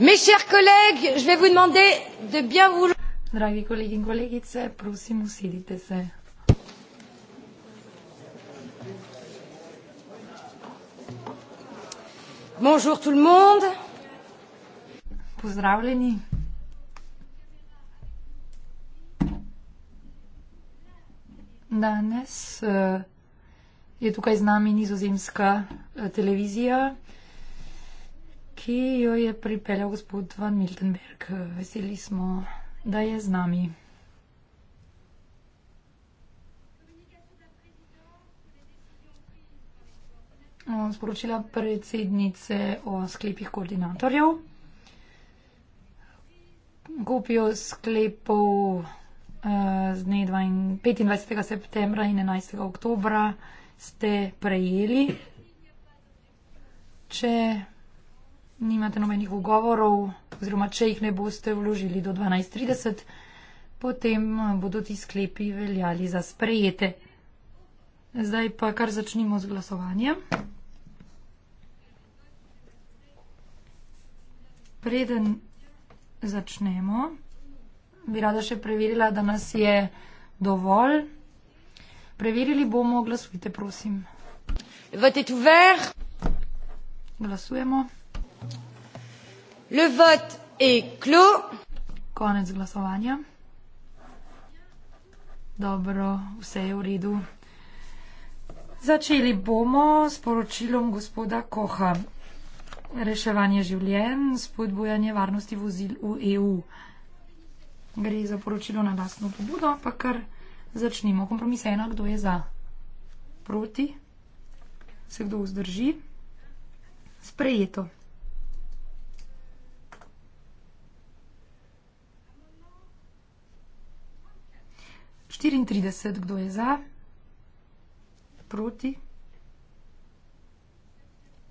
mes chers collègues je vais vous demander de bien vouloir dragi kolegi in kolegice prosim usedite se bonjour tout le monde pozdravljeni danes uh, je tukaj z nami nizozemska eh, televizija, ki jo je pripeljal gospod Van Miltenberg. Veseli smo, da je z nami. Sporočila predsednice o sklepih koordinatorjev. Kupijo sklepov eh, z dne 25. septembra in 11. oktobra ste prejeli. Če nimate nobenih ugovorov oziroma če jih ne boste vložili do 12.30, potem eh, bodo ti sklepi veljali za sprejete. Zdaj pa kar začnimo z glasovanjem. Preden začnemo, bi rada še preverila, da nas je dovolj. Preverili bomo, glasujte, prosim. Vote est ouvert. Glasujemo. Le vote est clos. Konec glasovanja. Dobro, vse je v redu. Začeli bomo s poročilom gospoda Koha. Reševanje življenj, spodbujanje varnosti vozil v EU. Gre za poročilo na lastno pobudo, pa kar začnimo. Kompromis je ena, kdo je za, proti, se kdo vzdrži, sprejeto. Štiriintrideset, kdo je za, proti,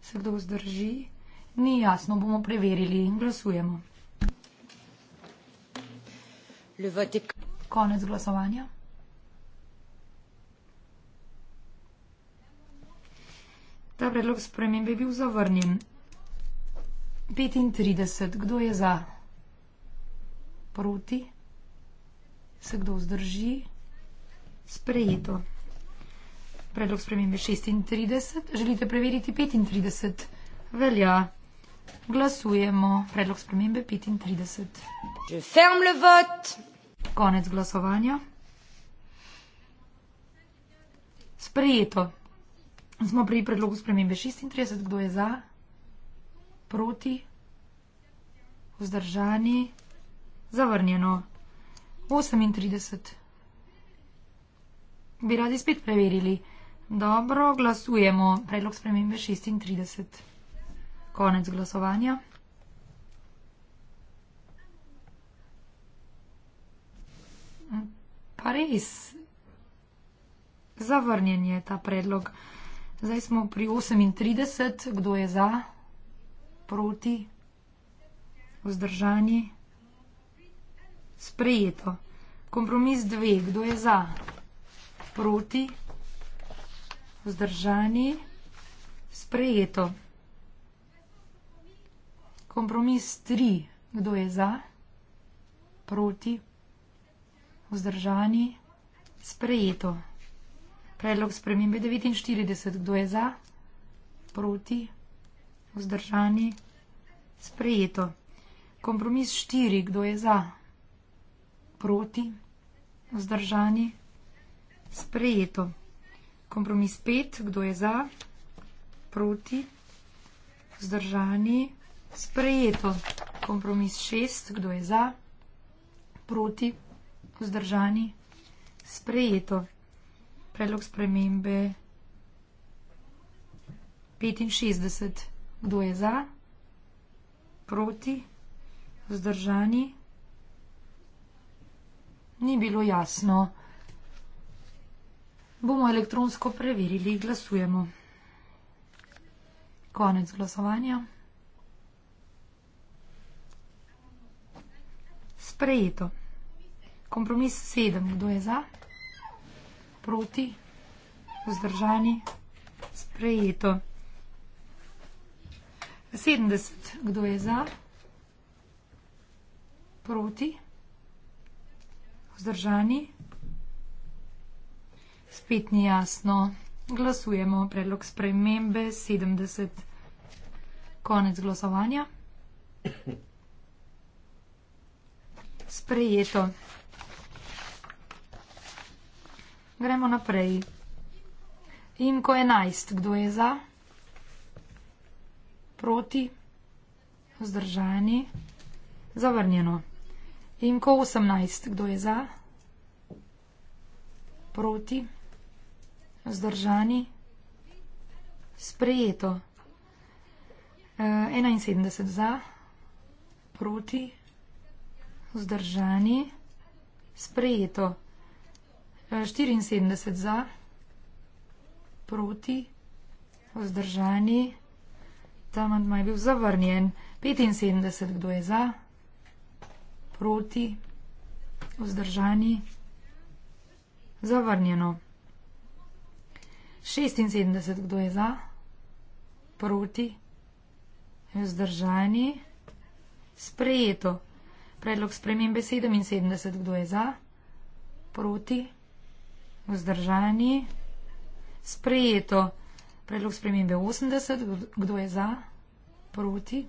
se kdo vzdrži, ni jasno, bomo preverili in glasujemo. Konec glasovanja. Ta predlog spremembe je bil zavrnjen. 35. Kdo je za? Proti? Se kdo vzdrži? Sprejeto. Predlog spremembe 36. Želite preveriti 35? Velja. Glasujemo. Predlog spremembe 35. Konec glasovanja. Sprejeto. Smo pri predlogu spremembe 36. Kdo je za? Proti? Vzdržani? Zavrnjeno. 38. Bi radi spet preverili. Dobro, glasujemo. Predlog spremembe 36. Konec glasovanja. Pa res. Zavrnjen je ta predlog. Zdaj smo pri 38, kdo je za, proti, vzdržani, sprejeto. Kompromis 2, kdo je za, proti, vzdržani, sprejeto. Kompromis 3, kdo je za, proti, vzdržani, sprejeto. Predlog spremembe 49. Kdo je za? Proti? Vzdržani? Sprejeto. Kompromis 4. Kdo je za? Proti? Vzdržani? Sprejeto. Kompromis 5. Kdo je za? Proti? Vzdržani? Sprejeto. Kompromis 6. Kdo je za? Proti? Vzdržani? Sprejeto. Predlog spremembe 65. Kdo je za? Proti? Zdržani? Ni bilo jasno. Bomo elektronsko preverili. Glasujemo. Konec glasovanja. Sprejeto. Kompromis 7. Kdo je za? proti, vzdržani, sprejeto. 70, kdo je za, proti, vzdržani, spet ni jasno, glasujemo, predlog spremembe 70, konec glasovanja. Sprejeto. Gremo naprej. In ko je enajst, kdo je za? Proti? Vzdržani? Zavrnjeno. In ko osemnajst, kdo je za? Proti? Vzdržani? Sprejeto. E, enainsedemdeset za? Proti? Vzdržani? Sprejeto. 74 za, proti, vzdržani. Ta amantma je bil zavrnjen. 75, kdo je za, proti, vzdržani, zavrnjeno. 76, kdo je za, proti, vzdržani, sprejeto. Predlog spremembe 77, kdo je za, proti, vzdržani. Vzdržani. Sprejeto. Predlog spremembe 80. Kdo je za? Proti.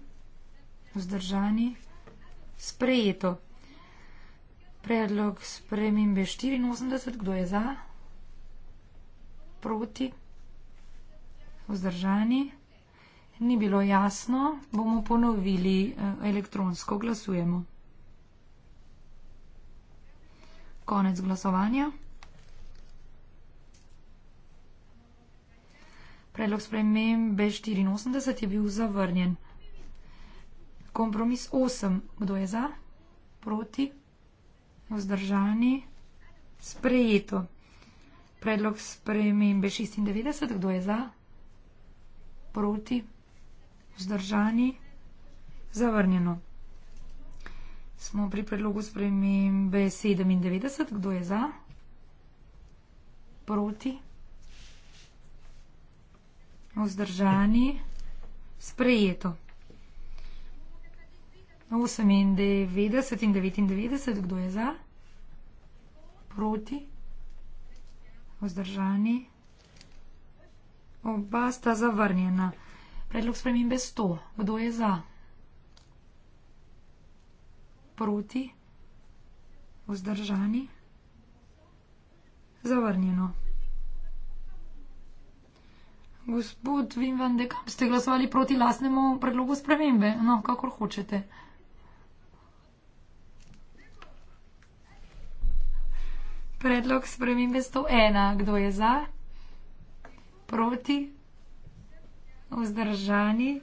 Vzdržani. Sprejeto. Predlog spremembe 84. Kdo je za? Proti. Vzdržani. Ni bilo jasno. Bomo ponovili eh, elektronsko. Glasujemo. Konec glasovanja. Predlog spremembe 84 je bil zavrnjen. Kompromis 8. Kdo je za? Proti? Vzdržani? Sprejeto. Predlog spremembe 96. Kdo je za? Proti? Vzdržani? Zavrnjeno. Smo pri predlogu spremembe 97. Kdo je za? Proti? Vzdržani? Vzdržani. Sprejeto. 98 in 99, kdo je za? Proti. Vzdržani. Oba sta zavrnjena. Predlog spremembe 100. Kdo je za? Proti. Vzdržani. Zavrnjeno. Gospod Vim van de Kamp, ste glasovali proti lasnemu predlogu spremembe? No, kakor hočete. Predlog spremembe 101. Kdo je za? Proti? Vzdržani?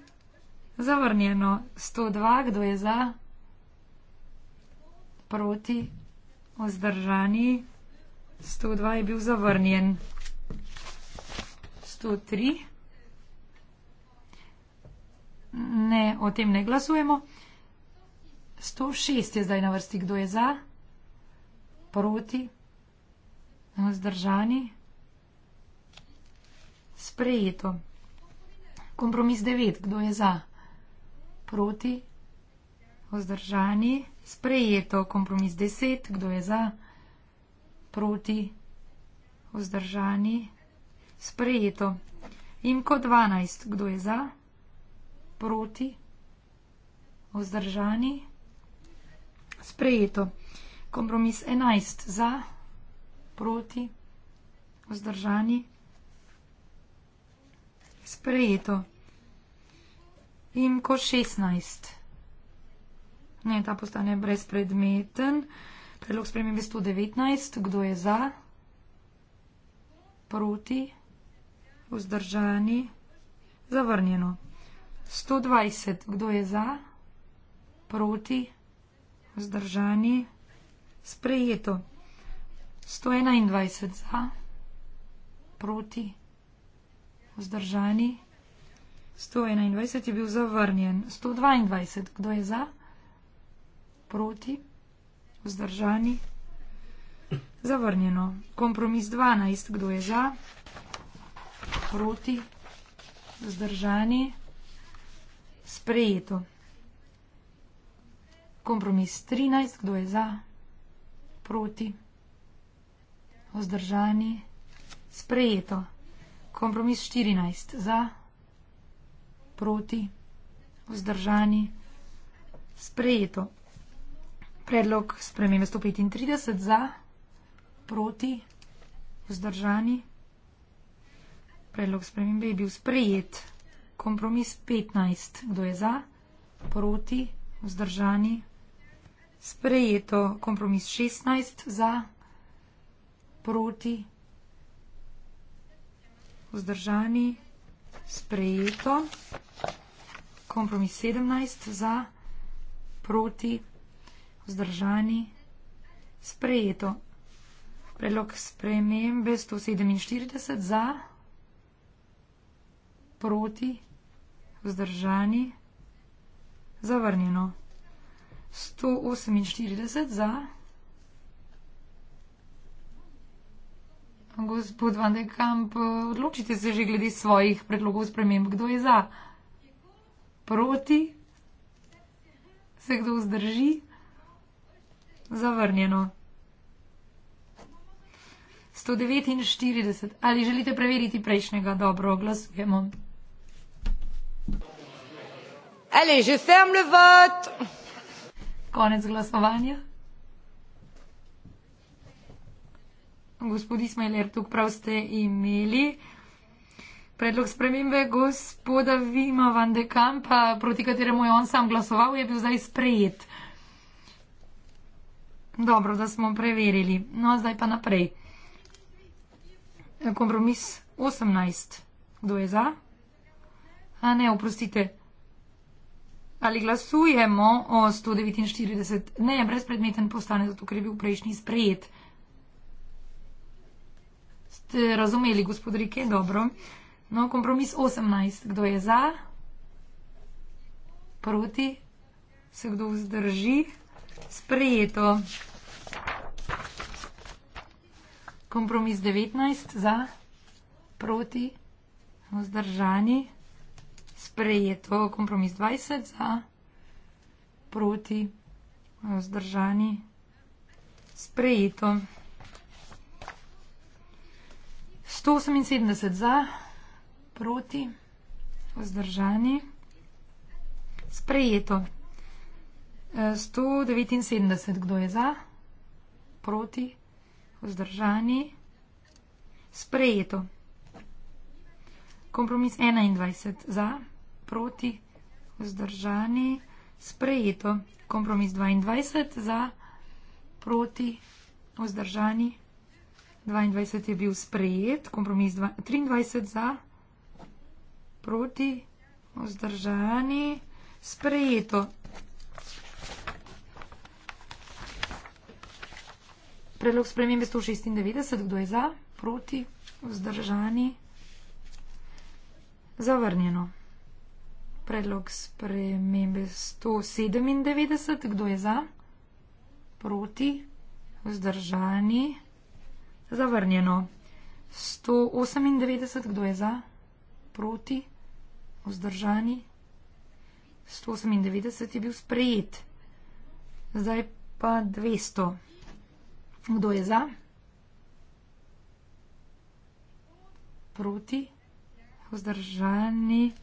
Zavrnjeno. 102. Kdo je za? Proti? Vzdržani? 102 je bil zavrnjen. 103. Ne, o tem ne glasujemo. 106 je zdaj na vrsti. Kdo je za? Proti? Zdržani? Sprejeto. Kompromis 9. Kdo je za? Proti? Vzdržani, sprejeto kompromis 10, kdo je za, proti, vzdržani, Sprejeto. In kot 12, kdo je za, proti, vzdržani, sprejeto. Kompromis 11, za, proti, vzdržani, sprejeto. In kot 16, ne, ta postane brezpredmeten. Predlog spremembe 119, kdo je za, proti, vzdržani vzdržani, zavrnjeno. 120, kdo je za, proti, vzdržani, sprejeto. 121 za, proti, vzdržani, 121 je bil zavrnjen. 122, kdo je za, proti, vzdržani, zavrnjeno. Kompromis 12, kdo je za, proti, vzdržani, sprejeto. Kompromis 13, kdo je za, proti, vzdržani, sprejeto. Kompromis 14, za, proti, vzdržani, sprejeto. Predlog spremembe 135 za, proti, vzdržani, sprejeto. Predlog spremembe je bil sprejet. Kompromis 15. Kdo je za? Proti? Vzdržani? Sprejeto. Kompromis 16. Za? Proti? Vzdržani? Sprejeto. Kompromis 17. Za? Proti? Vzdržani? Sprejeto. Predlog spremembe 147. Za? proti, vzdržani, zavrnjeno. 148 za. Gospod Van de Kamp, odločite se že glede svojih predlogov sprememb. Kdo je za? Proti? Se kdo vzdrži? Zavrnjeno. 149. Ali želite preveriti prejšnjega? Dobro, glasujemo. Allez, je ferme le vote. Konec glasovanja. Gospod Ismailer, tu prav ste imeli predlog spremembe gospoda Vima van de Kampa, proti kateremu je on sam glasoval, je bil zdaj sprejet. Dobro, da smo preverili. No, zdaj pa naprej. Kompromis 18. Kdo je za? A ne, oprostite. Ali glasujemo o 149? Ne, brezpredmeten postane, zato ker je bil prejšnji sprejet. Ste razumeli, gospod Rike? Dobro. No, kompromis 18. Kdo je za? Proti? Se kdo vzdrži? Sprejeto. Kompromis 19. Za? Proti? Vzdržani? sprejeto kompromis 20 za, proti, vzdržani, sprejeto. 178 za, proti, vzdržani, sprejeto. 179, kdo je za, proti, vzdržani, sprejeto. Kompromis 21 za proti, vzdržani, sprejeto. Kompromis 22 za, proti, vzdržani, 22 je bil sprejet, kompromis 23 za, proti, vzdržani, sprejeto. Predlog spremembe 196, kdo je za, proti, vzdržani, zavrnjeno predlog spremembe 197. Kdo je za? Proti? Vzdržani? Zavrnjeno. 198. Kdo je za? Proti? Vzdržani? 198 je bil sprejet. Zdaj pa 200. Kdo je za? Proti? Vzdržani?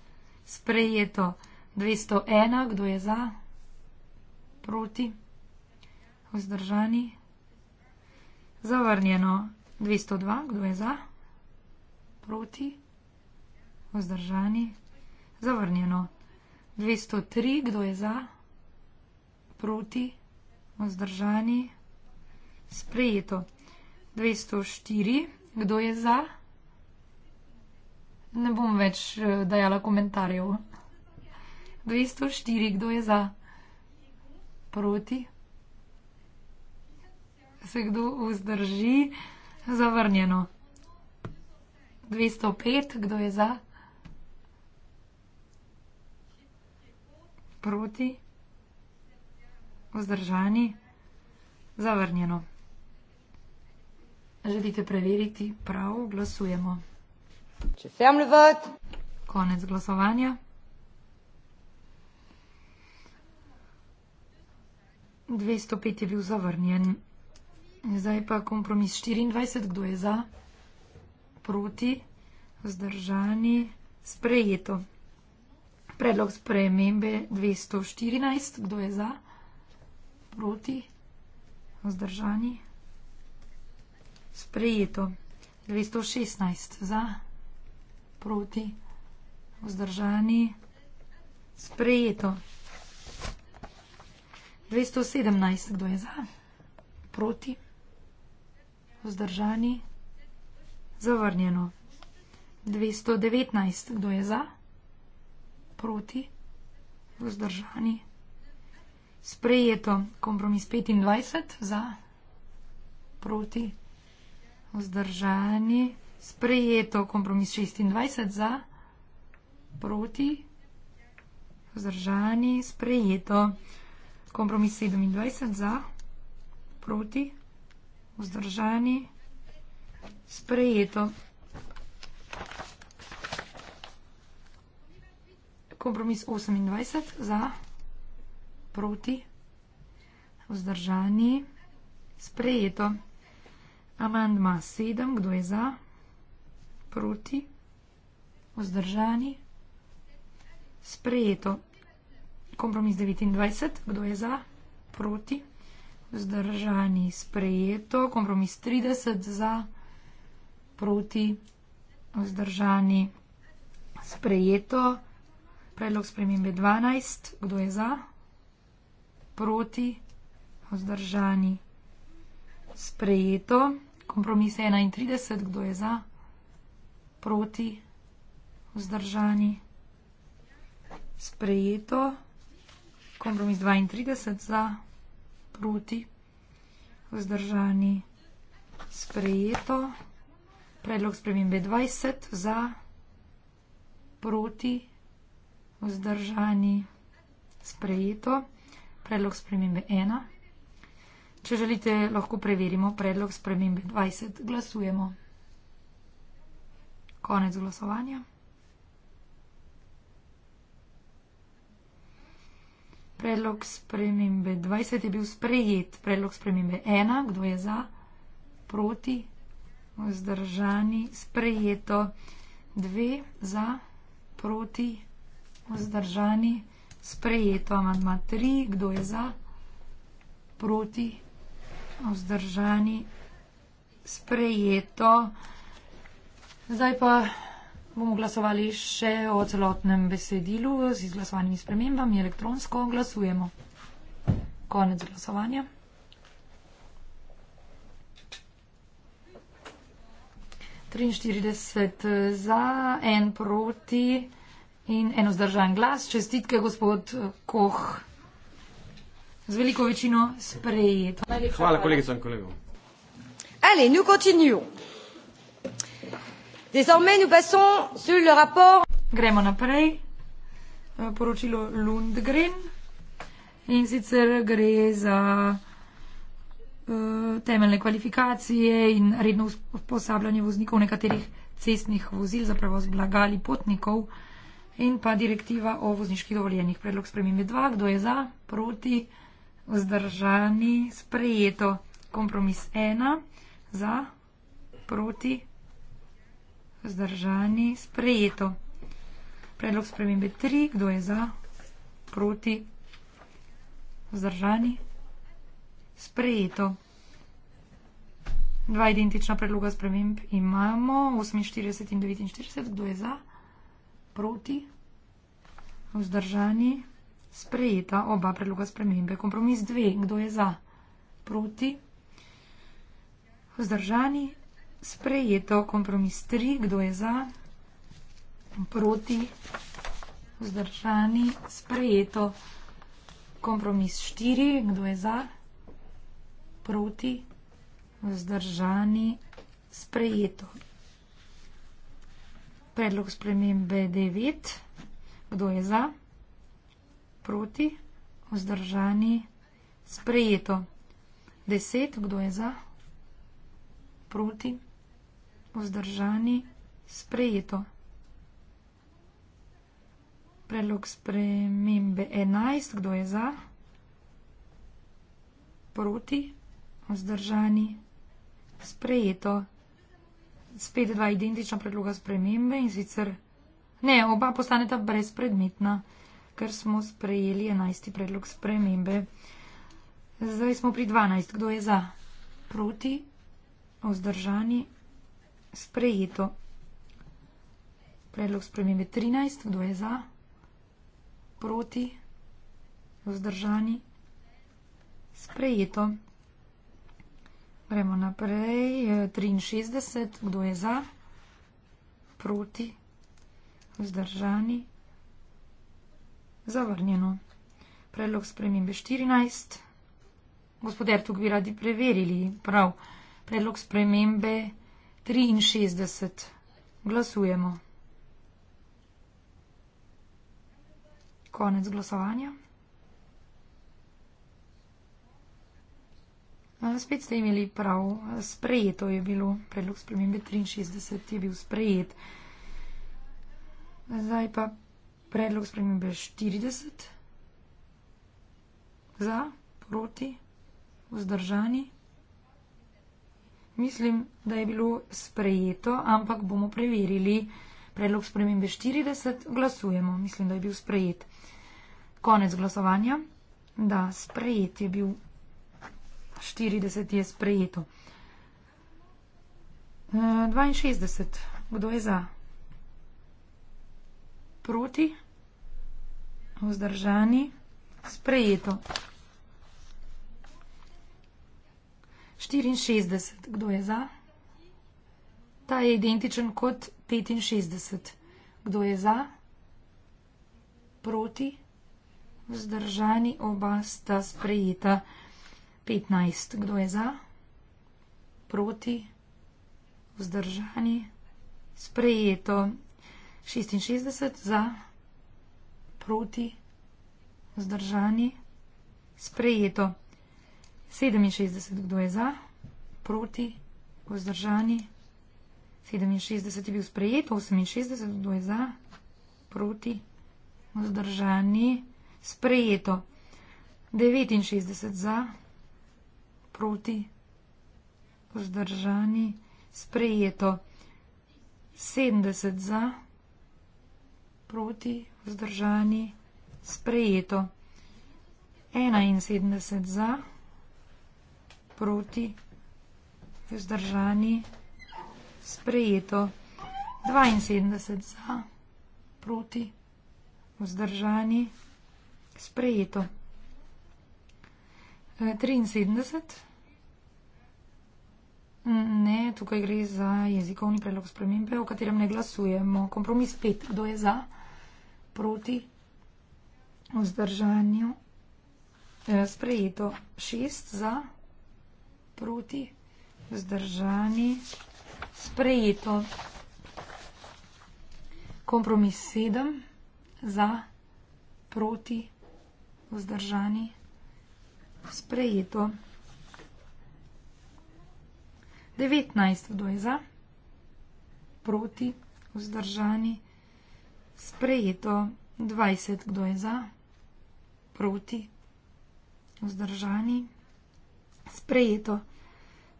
sprejeto. 201, kdo je za? Proti? Vzdržani? Zavrnjeno. 202, kdo je za? Proti? Vzdržani? Zavrnjeno. 203, kdo je za? Proti? Vzdržani? Sprejeto. 204, kdo je za? Proti? ne bom več eh, dajala komentarjev. 204, kdo je za? Proti? Se kdo vzdrži? Zavrnjeno. 205, kdo je za? Proti? Vzdržani? Zavrnjeno. Želite preveriti? Prav, glasujemo. Če sem le vod. Konec glasovanja. Dvesto pet je bil zavrnjen. Zdaj pa kompromis 24. Kdo je za? Proti? Zdržani? Sprejeto. Predlog spremembe 214. Kdo je za? Proti? Zdržani? Sprejeto. 216. Za? proti, vzdržani, sprejeto. 217, kdo je za, proti, vzdržani, zavrnjeno. 219, kdo je za, proti, vzdržani, sprejeto. Kompromis 25, za, proti, vzdržani sprejeto kompromis 26 za, proti, vzdržani, sprejeto kompromis 27 za, proti, vzdržani, sprejeto. Kompromis 28 za, proti, vzdržani, sprejeto. Amandma 7, kdo je za? proti, vzdržani, sprejeto. Kompromis 29, kdo je za, proti, vzdržani, sprejeto. Kompromis 30, za, proti, vzdržani, sprejeto. Predlog spremembe 12, kdo je za, proti, vzdržani, sprejeto. Kompromis 31, kdo je za proti, vzdržani, sprejeto. Kompromis 32 za, proti, vzdržani, sprejeto. Predlog spremembe 20 za, proti, vzdržani, sprejeto. Predlog spremembe 1. Če želite, lahko preverimo predlog spremembe 20. Glasujemo. Konec glasovanja. Predlog spremembe 20 je bil sprejet. Predlog spremembe 1. Kdo je za? Proti? Vzdržani? Sprejeto. 2. Za? Proti? Vzdržani? Sprejeto. Amandma 3. Kdo je za? Proti? Vzdržani? Sprejeto. Zdaj pa bomo glasovali še o celotnem besedilu z izglasovanimi spremembami. Elektronsko glasujemo. Konec glasovanja. Trinštirideset za, en proti in en vzdržan glas. Čestitke, gospod Koh. Z veliko večino sprejeto. Hvala, kolegica in kolego. Allez, nous continuons. Desormais, nous passons sur le rapport. Gremo naprej. Eh, poročilo Lundgren. In sicer gre za uh, temeljne kvalifikacije in redno usposabljanje voznikov nekaterih cestnih vozil za prevoz blaga ali potnikov. In pa direktiva o vozniških dovoljenjih. Predlog spremembe 2. Kdo je za? Proti? Vzdržani? Sprejeto. Kompromis 1. Za? Proti? Zdržani, sprejeto. Predlog spremembe 3. Kdo je za? Proti? Zdržani, sprejeto. Dva identična predloga sprememb imamo. 48 in 49. Kdo je za? Proti? Vzdržani, sprejeta oba predloga spremembe. Kompromis 2. Kdo je za? Proti? Vzdržani, sprejeto. Kompromis 3. Kdo je za? Proti. Vzdržani. Sprejeto. Kompromis 4. Kdo je za? Proti. Vzdržani. Sprejeto. Predlog spremembe 9. Kdo je za? Proti. Vzdržani. Sprejeto. 10. Kdo je za? Proti vzdržani, sprejeto. Predlog spremembe 11, kdo je za? Proti, vzdržani, sprejeto. Spet dva identična predloga spremembe in sicer ne, oba postaneta brezpredmetna, ker smo sprejeli 11. predlog spremembe. Zdaj smo pri 12. Kdo je za? Proti, vzdržani, sprejeto. Predlog spremembe 13, kdo je za, proti, vzdržani, sprejeto. Gremo naprej, 63, e, kdo je za, proti, vzdržani, zavrnjeno. Predlog spremembe 14, gospodar, tukaj bi radi preverili, prav, predlog spremembe 14 triinšestdeset. Glasujemo. Konec glasovanja. Spet ste imeli prav, sprejeto je bilo, predlog spremembe 63 je bil sprejet. Zdaj pa predlog spremembe 40 za, proti, vzdržani. Mislim, da je bilo sprejeto, ampak bomo preverili. Predlog spremembe 40 glasujemo. Mislim, da je bil sprejet. Konec glasovanja. Da, sprejet je bil. 40 je sprejeto. 62. E, Kdo je za? Proti? Vzdržani? Sprejeto. Štiriinšestdeset, kdo je za? Ta je identičen kot petinšestdeset. Kdo je za? Proti? Vzdržani oba sta sprejeta. Petnajst, kdo je za? Proti? Vzdržani? Sprejeto. Šestinšestdeset za? Proti? Vzdržani? Sprejeto. 67, kdo je za, proti, vzdržani. 67 je bil sprejet, 68, kdo je za, proti, vzdržani, sprejeto. 69 za, proti, vzdržani, sprejeto. 70 za, proti, vzdržani, sprejeto. 71 za, proti, vzdržani, sprejeto proti, vzdržani, sprejeto. 72 za, proti, vzdržani, sprejeto. 73. Eh, mm, ne, tukaj gre za jezikovni predlog spremembe, o katerem ne glasujemo. Kompromis 5. Kdo je za, proti, vzdržanju, eh, sprejeto. 6 za proti, vzdržani, sprejeto. Kompromis 7, za, proti, vzdržani, sprejeto. 19, kdo je za, proti, vzdržani, sprejeto. 20, kdo je za, proti, vzdržani, sprejeto sprejeto.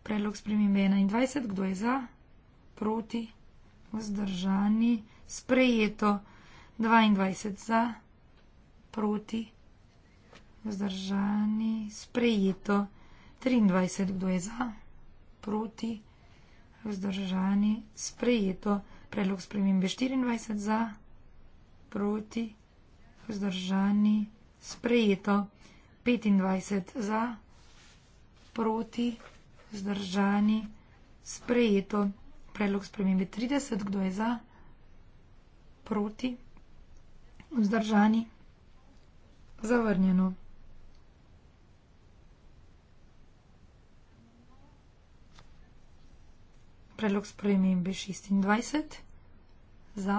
Predlog spremembe 21, kdo je za, proti, vzdržani, sprejeto. 22 za, proti, vzdržani, sprejeto. 23, kdo je za, proti, vzdržani, sprejeto. Predlog spremembe 24 za, proti, vzdržani, sprejeto. 25 za, proti proti, vzdržani, sprejeto. Predlog spremembe 30, kdo je za, proti, vzdržani, zavrnjeno. Predlog spremembe 26, za.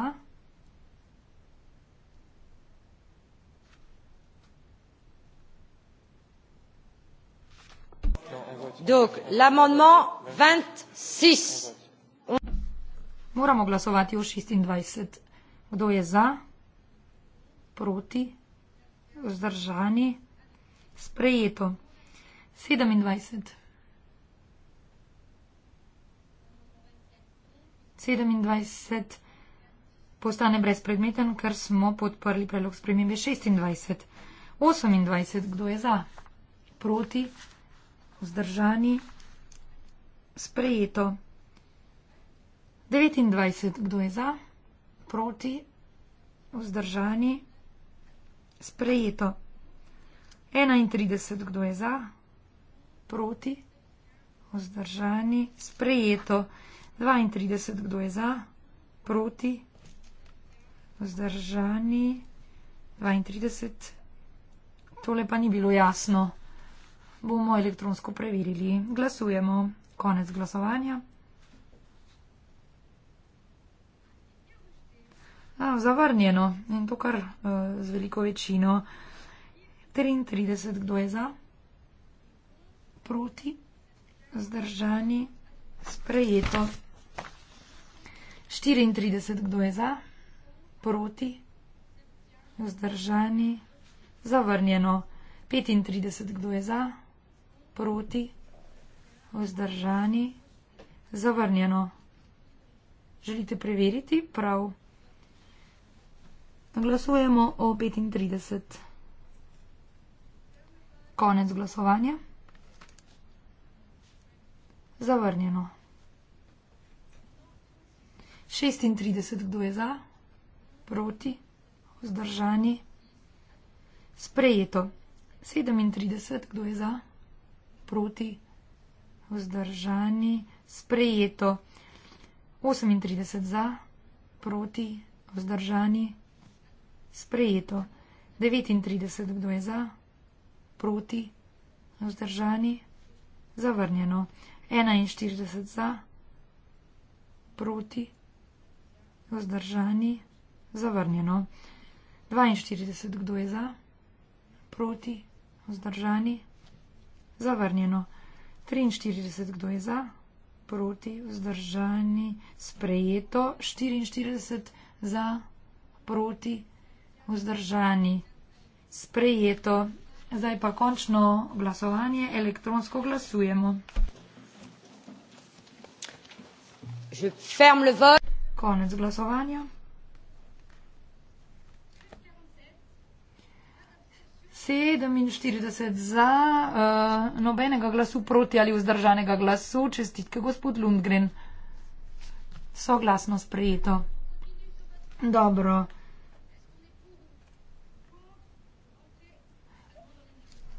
Donc, l'amendement 26. Moramo glasovati o 26. Kdo je za? Proti? Vzdržani? Sprejeto. 27. 27 postane brezpredmeten, ker smo podprli predlog spremembe 26. 28. Kdo je za? Proti? vzdržani, sprejeto. 29, kdo je za, proti, vzdržani, sprejeto. 31, kdo je za, proti, vzdržani, sprejeto. 32, kdo je za, proti, vzdržani, 32, tole pa ni bilo jasno bomo elektronsko preverili. Glasujemo. Konec glasovanja. A, zavrnjeno in to kar uh, z veliko večino. 33, kdo je za? Proti? Zdržani? Sprejeto. 34, kdo je za? Proti? Zdržani? Zavrnjeno. 35, kdo je za? proti, vzdržani, zavrnjeno. Želite preveriti? Prav. Glasujemo o 35. Konec glasovanja. Zavrnjeno. 36. Kdo je za? Proti, vzdržani. Sprejeto. 37. Kdo je za? proti vzdržani sprejeto. 38 za, proti vzdržani sprejeto. 39 kdo je za, proti vzdržani zavrnjeno. 41 za, proti vzdržani zavrnjeno. 42 kdo je za, proti vzdržani zavrnjeno zavrnjeno. 43, kdo je za, proti, vzdržani, sprejeto. 44 za, proti, vzdržani, sprejeto. Zdaj pa končno glasovanje, elektronsko glasujemo. Konec glasovanja. 47 za, uh, nobenega glasu proti ali vzdržanega glasu. Čestitke, gospod Lundgren. Soglasno sprejeto. Dobro.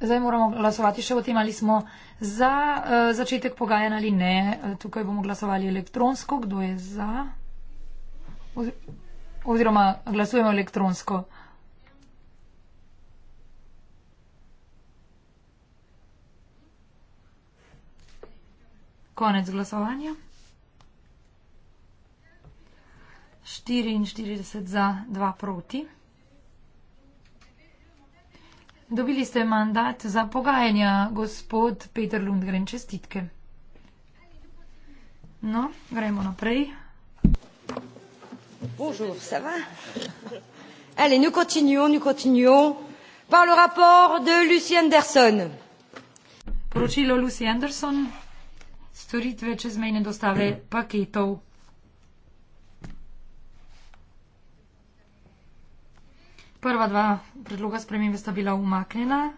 Zdaj moramo glasovati še o tem, ali smo za uh, začetek pogajanja ali ne. Eh, tukaj bomo glasovali elektronsko. Kdo je za? Oziroma glasujemo elektronsko. Konec glasovanja. 44 za, 2 proti. Dobili ste mandat za pogajanja, gospod Peter Lundgren, čestitke. No, gremo naprej. Bonjour, ça va? Allez, nous continuons, nous continuons. Par le rapport de Lucie Anderson. Poročilo Lucie Anderson storitve čezmejne dostave paketov. Prva dva predloga spremembe sta bila umaknjena,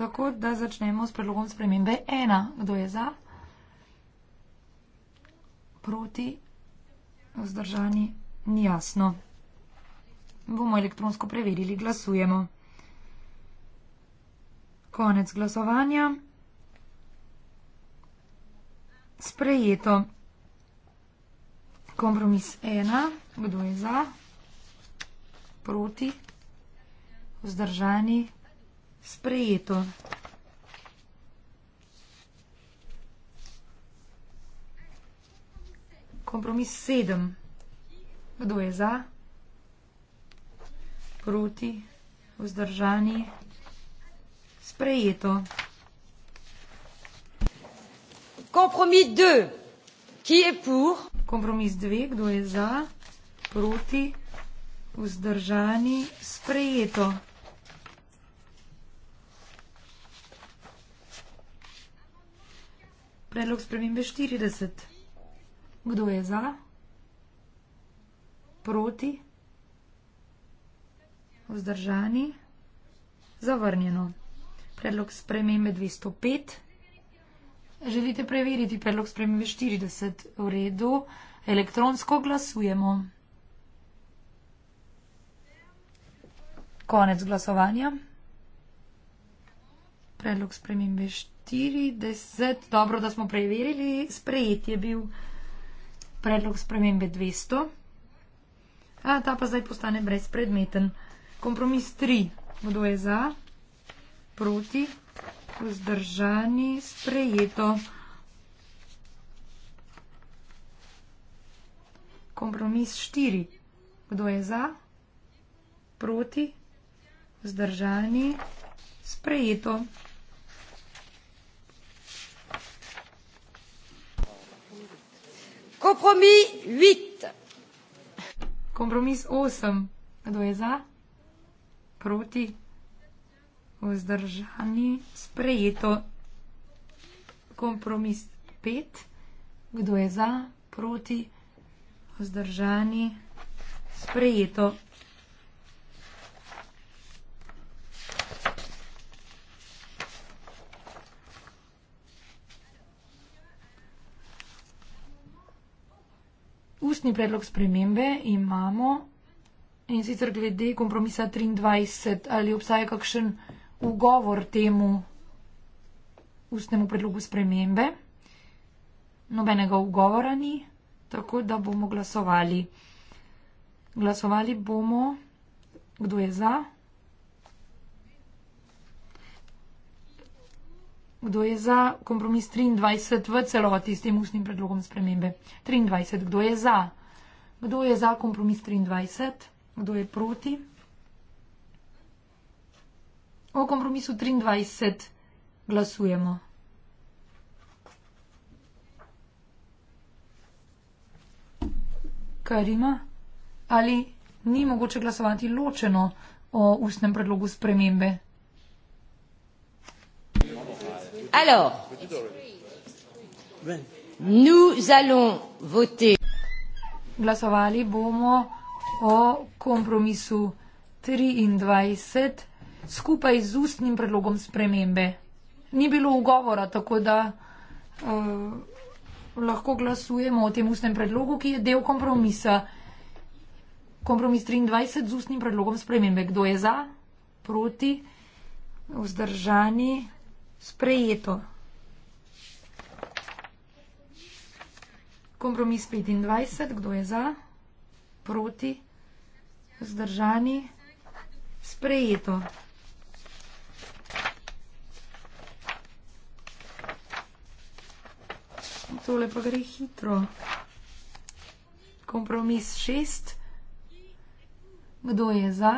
tako da začnemo s predlogom spremembe ena. Kdo je za? Proti? Vzdržani? Ni jasno. Bomo elektronsko preverili. Glasujemo. Konec glasovanja sprejeto. Kompromis ena, kdo je za, proti, vzdržani, sprejeto. Kompromis sedem, kdo je za, proti, vzdržani, sprejeto. Compromis 2. Qui est pour? Compromis 2. Kdo je za? Proti? Vzdržani? Sprejeto. Predlog spremembe 40. Kdo je za? Proti? Vzdržani? Zavrnjeno. Predlog spremembe 205. Želite preveriti predlog spremembe 40 v redu? Elektronsko glasujemo. Konec glasovanja. Predlog spremembe 40. Dobro, da smo preverili. Sprejet je bil predlog spremembe 200. A, ta pa zdaj postane brezpredmeten. Kompromis 3. Kdo je za? Proti? vzdržani, sprejeto. Kompromis štiri. Kdo je za? Proti? Vzdržani, sprejeto. Kompromis vit. Kompromis osem. Kdo je za? Proti? vzdržani, sprejeto kompromis 5. Kdo je za, proti, vzdržani, sprejeto. Ustni predlog spremembe imamo in sicer glede kompromisa 23, ali obstaja kakšen ugovor temu ustnemu predlogu spremembe. Nobenega ugovora ni, tako da bomo glasovali. Glasovali bomo, kdo je za. Kdo je za kompromis 23 v celoti s tem ustnim predlogom spremembe? 23. Kdo je za? Kdo je za kompromis 23? Kdo je proti? O kompromisu 23 glasujemo. Kar ima? Ali ni mogoče glasovati ločeno o ustnem predlogu spremembe? Glasovali bomo o kompromisu 23 skupaj z ustnim predlogom spremembe. Ni bilo ugovora, tako da uh, lahko glasujemo o tem ustnem predlogu, ki je del kompromisa. Kompromis 23 z ustnim predlogom spremembe. Kdo je za, proti, vzdržani, sprejeto. Kompromis 25. Kdo je za, proti, vzdržani, sprejeto. tole pa gre hitro. Kompromis šest. Kdo je za?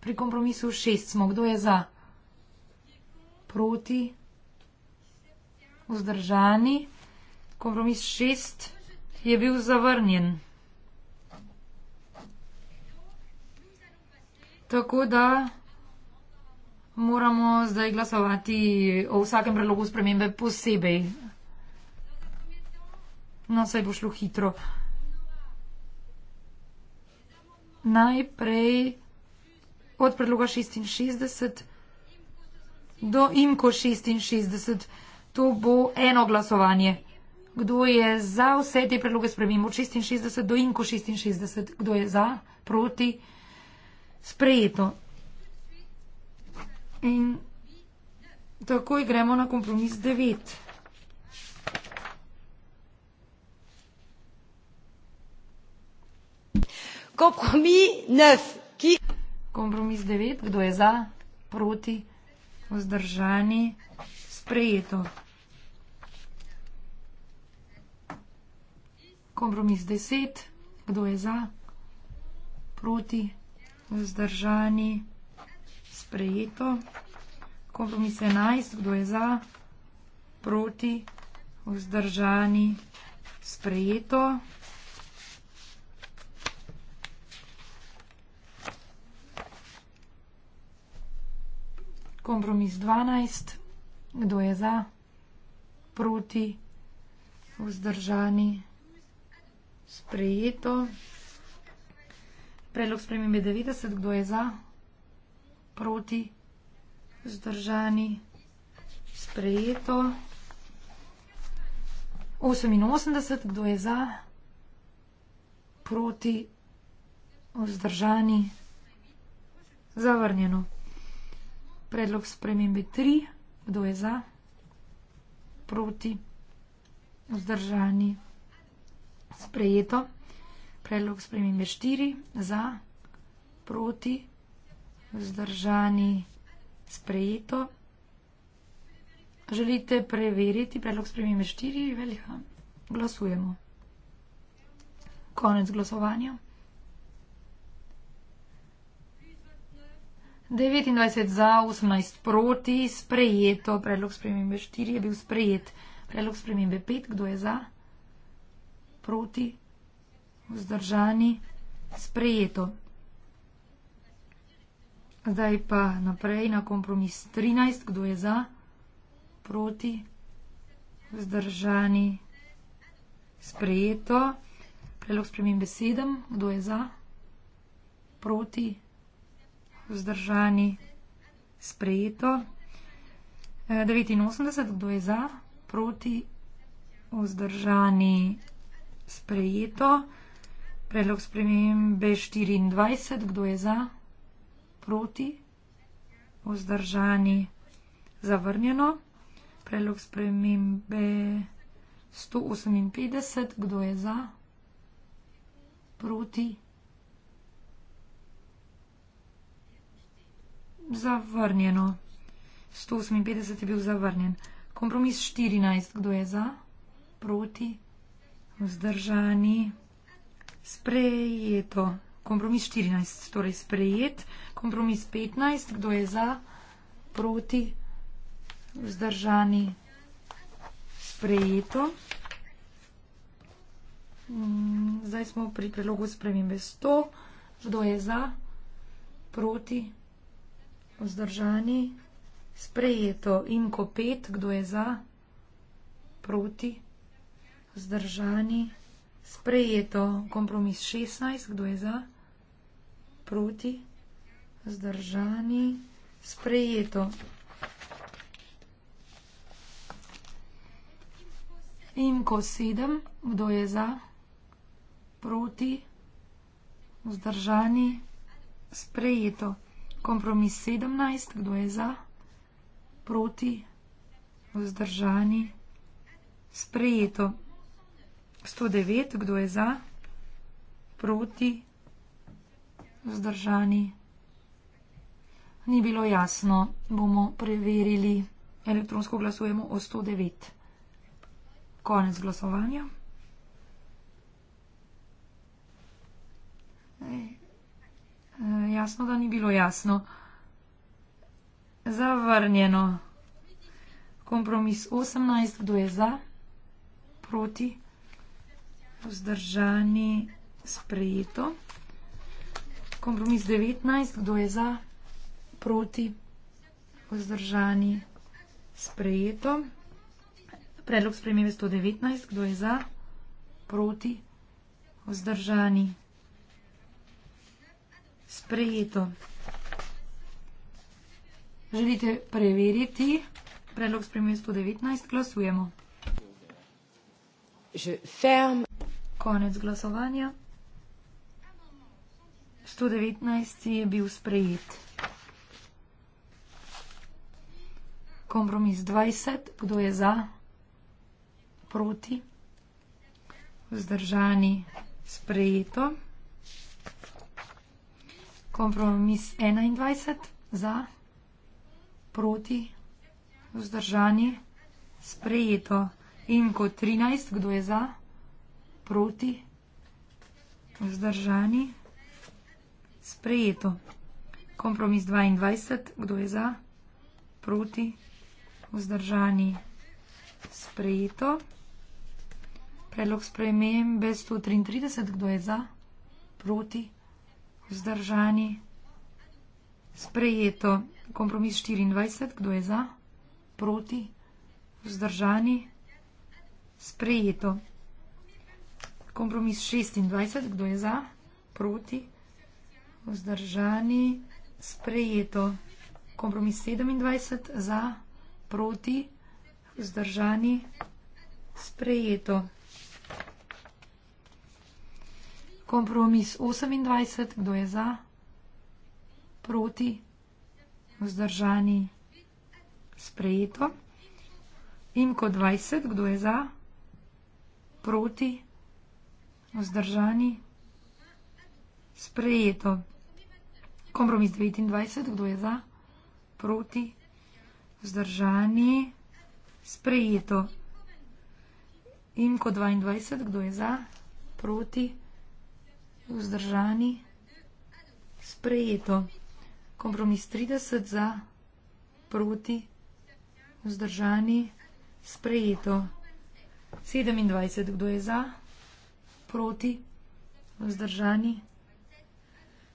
Pri kompromisu šest smo. Kdo je za? Proti? Vzdržani? Kompromis šest je bil zavrnjen. Tako da moramo zdaj glasovati o vsakem predlogu spremembe posebej. No, saj bo šlo hitro. Najprej od predloga 66 do imko 66. To bo eno glasovanje. Kdo je za vse te predloge spremembe od 66 do imko 66? Kdo je za, proti? Sprejeto. In takoj gremo na kompromis 9. Kompromis 9. Kompromis 9. Kdo je za, proti, vzdržani, sprejeto. Kompromis 10. Kdo je za, proti, vzdržani, sprejeto sprejeto. Kompromis 11, kdo je za, proti, vzdržani, sprejeto. Kompromis 12, kdo je za, proti, vzdržani, sprejeto. Predlog spremembe 90, kdo je za, proti, zdržani, sprejeto. 88, kdo je za, proti, vzdržani, zavrnjeno. Predlog spremembe 3, kdo je za, proti, vzdržani, sprejeto. Predlog spremembe 4, za, proti, vzdržani vzdržani, sprejeto. Želite preveriti predlog spremembe štiri velika? Glasujemo. Konec glasovanja. 29 za, 18 proti, sprejeto. Predlog spremembe 4 je bil sprejet. Predlog spremembe 5, kdo je za? Proti, vzdržani, sprejeto. Zdaj pa naprej na kompromis 13, kdo je za, proti, vzdržani, sprejeto. Predlog spremembe 7, kdo je za, proti, vzdržani, sprejeto. 89, eh, kdo je za, proti, vzdržani, sprejeto. Predlog spremembe 24, kdo je za, proti proti, vzdržani, zavrnjeno. Predlog spremembe 158, kdo je za, proti, zavrnjeno. 158 je bil zavrnjen. Kompromis 14, kdo je za, proti, vzdržani, sprejeto kompromis 14, torej sprejet, kompromis 15, kdo je za, proti, vzdržani, sprejeto. Mm, zdaj smo pri prilogu spremembe 100, kdo je za, proti, vzdržani, sprejeto in ko 5, kdo je za, proti, vzdržani, sprejeto, kompromis 16, kdo je za, sprejeto proti, zdržani, sprejeto. In ko sedem, kdo je za, proti, vzdržani, sprejeto. Kompromis sedemnajst, kdo je za, proti, vzdržani, sprejeto. Sto devet, kdo je za, proti, vzdržani vzdržani. Ni bilo jasno, bomo preverili. Elektronsko glasujemo o 109. Konec glasovanja. Eh, jasno, da ni bilo jasno. Zavrnjeno. Kompromis 18, kdo je za, proti, vzdržani, sprejeto kompromis 19. Kdo je za? Proti? Vzdržani? Sprejeto. Predlog spremembe 119. Kdo je za? Proti? Vzdržani? Sprejeto. Želite preveriti predlog spremembe 119? Glasujemo. Konec glasovanja. 119 je bil sprejet. Kompromis 20, kdo je za, proti, vzdržani, sprejeto. Kompromis 21, za, proti, vzdržani, sprejeto. In kot 13, kdo je za, proti, vzdržani, sprejeto. Sprejeto. Kompromis 22. Kdo je za? Proti. Vzdržani. Sprejeto. Predlog spremembe 133. Kdo je za? Proti. Vzdržani. Sprejeto. Kompromis 24. Kdo je za? Proti. Vzdržani. Sprejeto. Kompromis 26. Kdo je za? Proti. Vzdržani vzdržani, sprejeto. Kompromis 27 za, proti, vzdržani, sprejeto. Kompromis 28, kdo je za, proti, vzdržani, sprejeto. Imko 20, kdo je za, proti, vzdržani, sprejeto. Sprejeto. Kompromis 29, kdo je za? Proti? Vzdržani? Sprejeto. Imko 22, kdo je za? Proti? Vzdržani? Sprejeto. Kompromis 30 za? Proti? Vzdržani? Sprejeto. 27, kdo je za? Proti? Vzdržani?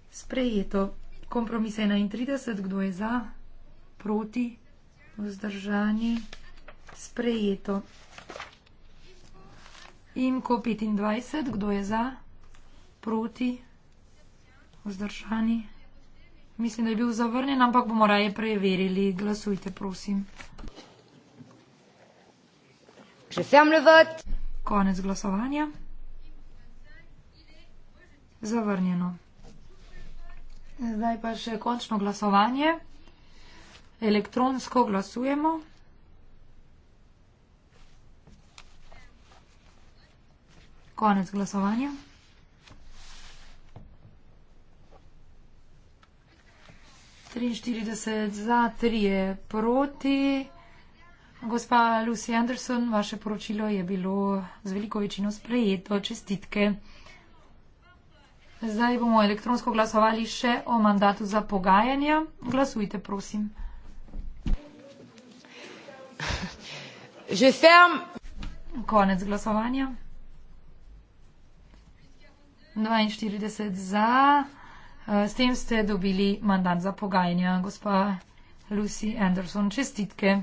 Sprejeto. Kompromis 31, kdo je za, proti, vzdržani, sprejeto. In ko 25, kdo je za, proti, vzdržani. Mislim, da je bil zavrnjen, ampak bomo raje preverili. Glasujte, prosim. Že sem levat. Konec glasovanja. Zavrnjeno. Zdaj pa še končno glasovanje. Elektronsko glasujemo. Konec glasovanja. Trinštirideset za, trije proti. Gospa Lucy Anderson, vaše poročilo je bilo z veliko večino sprejeto. Čestitke. Zdaj bomo elektronsko glasovali še o mandatu za pogajanja. Glasujte, prosim. Konec glasovanja. 42 za. Eh, s tem ste dobili mandat za pogajanja, gospa Lucy Anderson. Čestitke.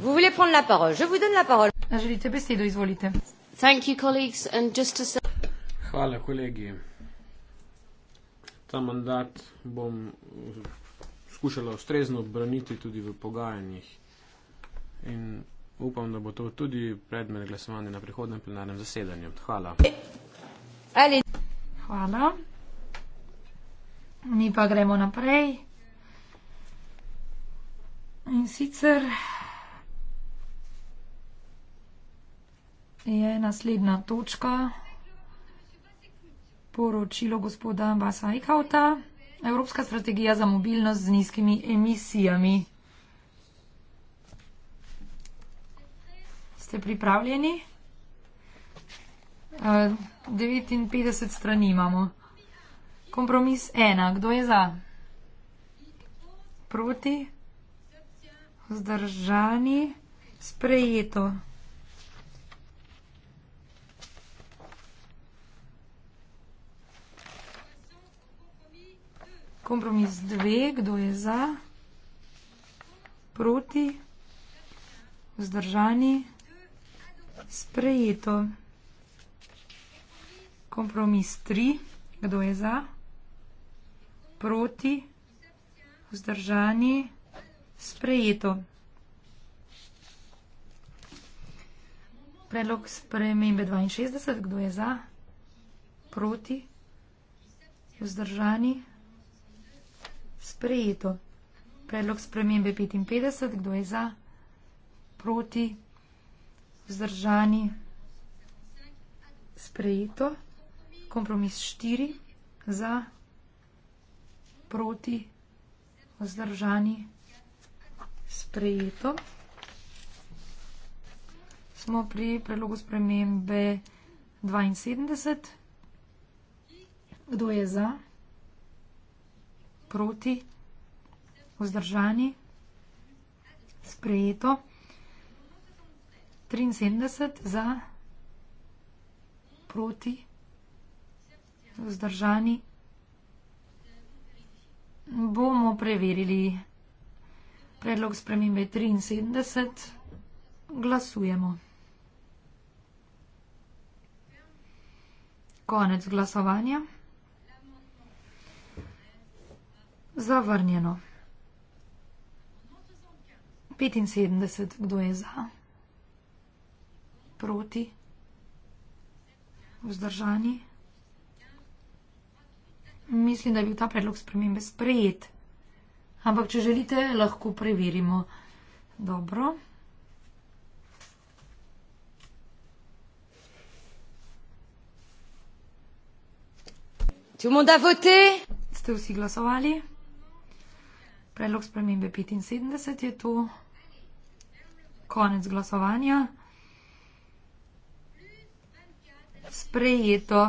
Vous voulez prendre la parole? Je vous donne la parole. Želite besedo, izvolite. Hvala, kolegi. Ta mandat bom skušala ustrezno obraniti tudi v pogajanjih in upam, da bo to tudi predmet glasovanja na prihodnem plenarnem zasedanju. Hvala. Hvala. Mi pa gremo naprej. In sicer je naslednja točka. Poročilo gospoda Ambasa Eichauta. Evropska strategija za mobilnost z nizkimi emisijami. Ste pripravljeni? 59 eh, strani imamo. Kompromis 1. Kdo je za? Proti? Zdržani? Sprejeto. Kompromis dve, kdo je za, proti, vzdržani, sprejeto. Kompromis tri, kdo je za, proti, vzdržani, sprejeto. Predlog spremembe 62, kdo je za, proti, vzdržani, sprejeto sprejeto. Predlog spremembe 55, kdo je za, proti, vzdržani, sprejeto. Kompromis 4, za, proti, vzdržani, sprejeto. Smo pri predlogu spremembe 72. Kdo je za? proti, vzdržani, sprejeto, 73 za, proti, vzdržani. Bomo preverili predlog spremembe 73. Glasujemo. Konec glasovanja. Zavrnjeno. 75, kdo je za? Proti? Vzdržani? Mislim, da je bil ta predlog spremembe sprejet. Ampak, če želite, lahko preverimo. Dobro. Ste vsi glasovali? Predlog spremembe 75 je tu. Konec glasovanja. Sprejeto.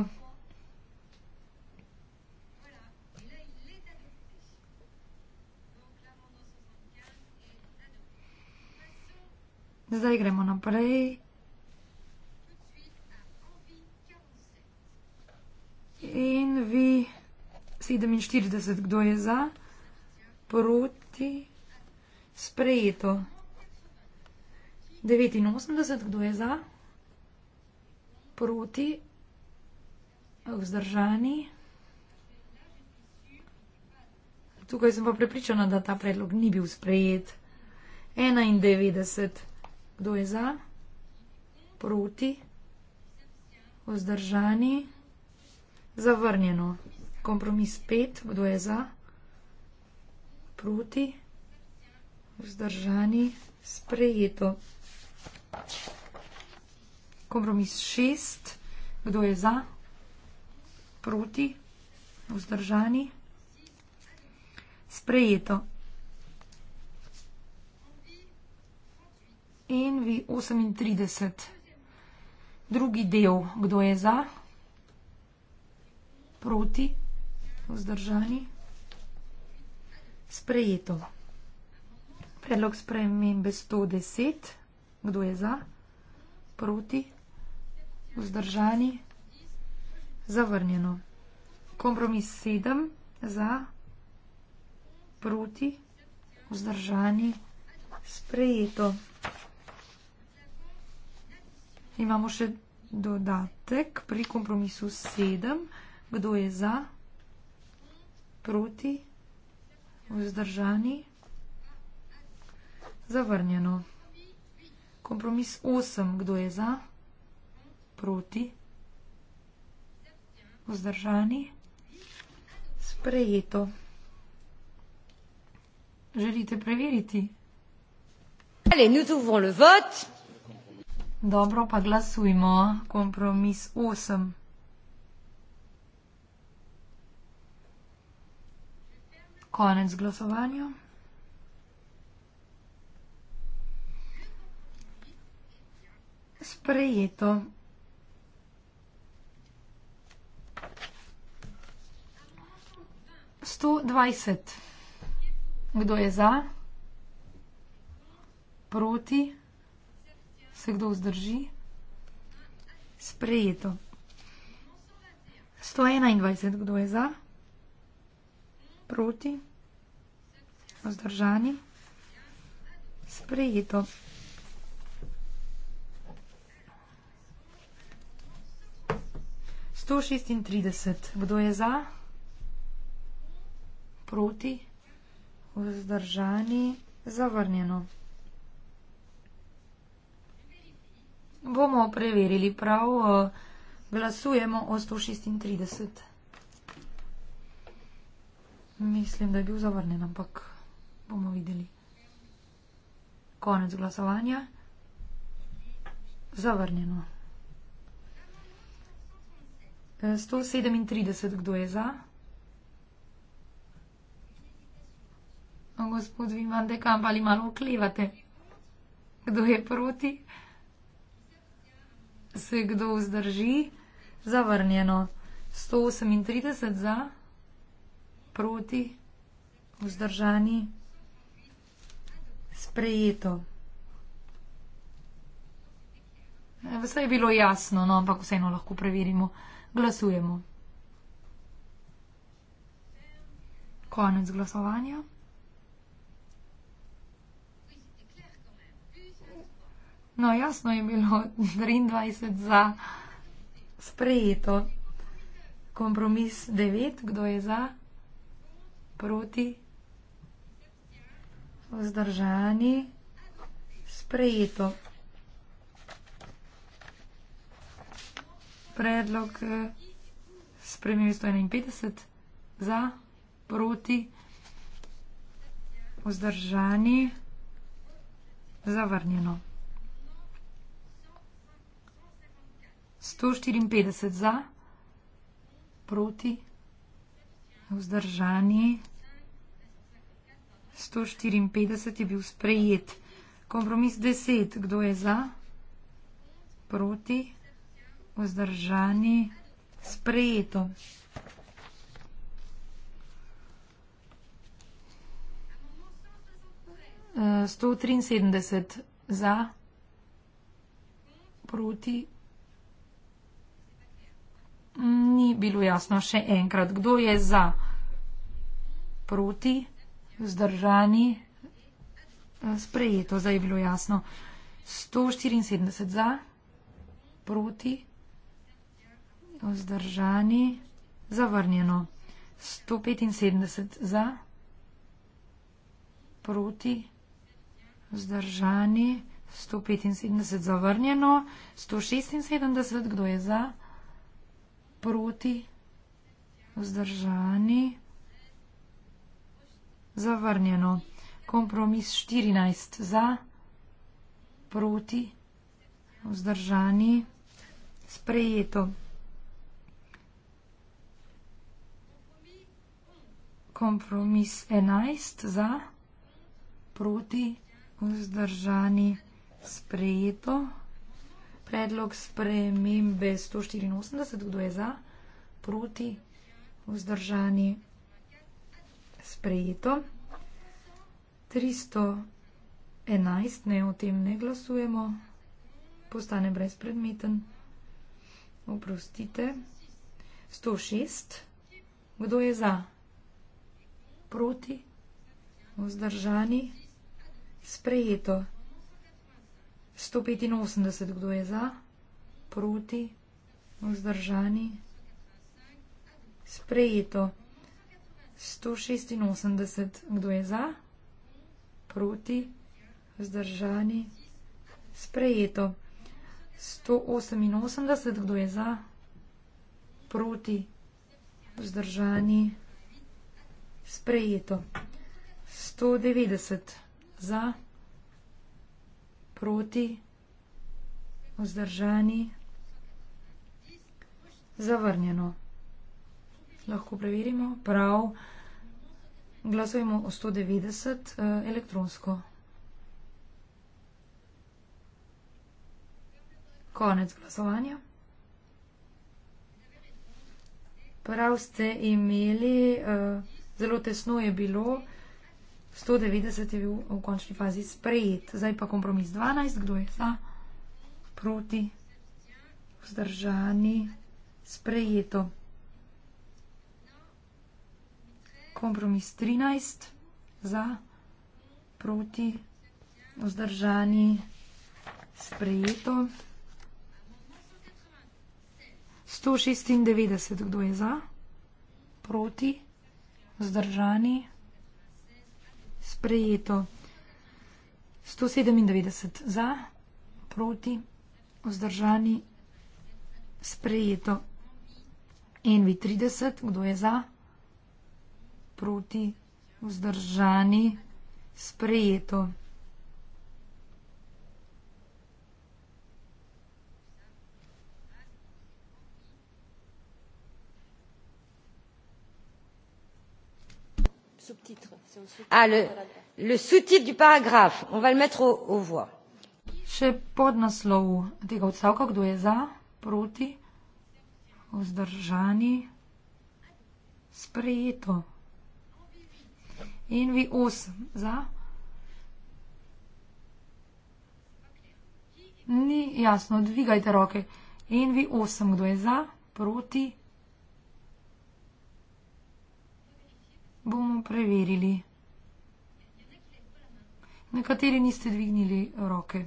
Zdaj gremo naprej. In vi 47, kdo je za? proti sprejeto. 89, kdo je za? Proti, vzdržani. Tukaj sem pa prepričana, da ta predlog ni bil sprejet. 91, kdo je za? Proti, vzdržani. Zavrnjeno. Kompromis 5, kdo je za? proti, vzdržani, sprejeto. Kompromis šest, kdo je za, proti, vzdržani, sprejeto. In vi 38. Drugi del, kdo je za, proti, vzdržani, sprejeto sprejeto. Predlog spremembe 110. Kdo je za? Proti? Vzdržani? Zavrnjeno. Kompromis 7. Za? Proti? Vzdržani? Sprejeto. Imamo še dodatek pri kompromisu 7. Kdo je za? Proti? Vzdržani? Zavrnjeno. Kompromis 8. Kdo je za? Proti? Vzdržani? Sprejeto. Želite preveriti? Ale, nous devons le vote. Dobro, pa glasujmo. Kompromis 8. Konec glasovanja. Sprejeto. Sto dvajset. Kdo je za? Proti? Se kdo vzdrži? Sprejeto. Sto enaindvajset. Kdo je za? Proti. Vzdržani. Sprejeto. Sto šestintrideset. Kdo je za? Proti. Vzdržani. Zavrnjeno. Bomo preverili prav. Eh, glasujemo o sto šestintrideset. Mislim, da je bil zavrnen, ampak bomo videli. Konec glasovanja. Zavrnjeno. 137, e, kdo je za? O, no, gospod Viman, da kam ali malo oklevate? Kdo je proti? Se kdo vzdrži? Zavrnjeno. 138 za proti, vzdržani, sprejeto. E, vse je bilo jasno, no, ampak vseeno lahko preverimo. Glasujemo. Konec glasovanja. No, jasno je bilo 23 za sprejeto. Kompromis 9, kdo je za? Proti? Vzdržani? Sprejeto. Predlog eh, spremenil 151. Za? Proti? Vzdržani? Zavrnjeno. 154 za, proti, vzdržani. 154 je bil sprejet. Kompromis 10. Kdo je za? Proti? Vzdržani? Sprejeto. Uh, e, 173 za, proti. Mm, ni bilo jasno še enkrat, kdo je za, proti vzdržani. Eh, sprejeto, zdaj je bilo jasno. 174 za, proti, vzdržani, zavrnjeno. 175 za, proti, vzdržani, 175 zavrnjeno. 176, kdo je za, proti, vzdržani. Zavrnjeno. Kompromis 14 za, proti, vzdržani, sprejeto. Kompromis 11 za, proti, vzdržani, sprejeto. Predlog spremembe 184, kdo je za, proti, vzdržani, sprejeto sprejeto. 311, ne, o tem ne glasujemo, postane brezpredmeten. Oprostite. 106, kdo je za? Proti? Vzdržani? Sprejeto. 185, kdo je za? Proti? Vzdržani? Sprejeto. 186, kdo je za, proti, vzdržani, sprejeto. 188, kdo je za, proti, vzdržani, sprejeto. 190, za, proti, vzdržani, zavrnjeno lahko preverimo. Prav, glasujemo o 190 uh, eh, elektronsko. Konec glasovanja. Prav ste imeli, uh, zelo tesno je bilo. 190 je bil v končni fazi sprejet, zdaj pa kompromis 12, kdo je za, proti, vzdržani, sprejeto. kompromis 13 za, proti, vzdržani, sprejeto. 196, kdo je za, proti, vzdržani, sprejeto. 197 za, proti, vzdržani, sprejeto. NV30, kdo je za? proti, vzdržani, sprejeto. Ah, le, le sous-titre du paragraphe, on va le mettre au, au voix. Še pod naslov tega odstavka, kdo je za, proti, vzdržani, sprejeto. In vi osem za. Ni jasno, dvigajte roke. In vi osem, kdo je za, proti. Bomo preverili. Nekateri niste dvignili roke.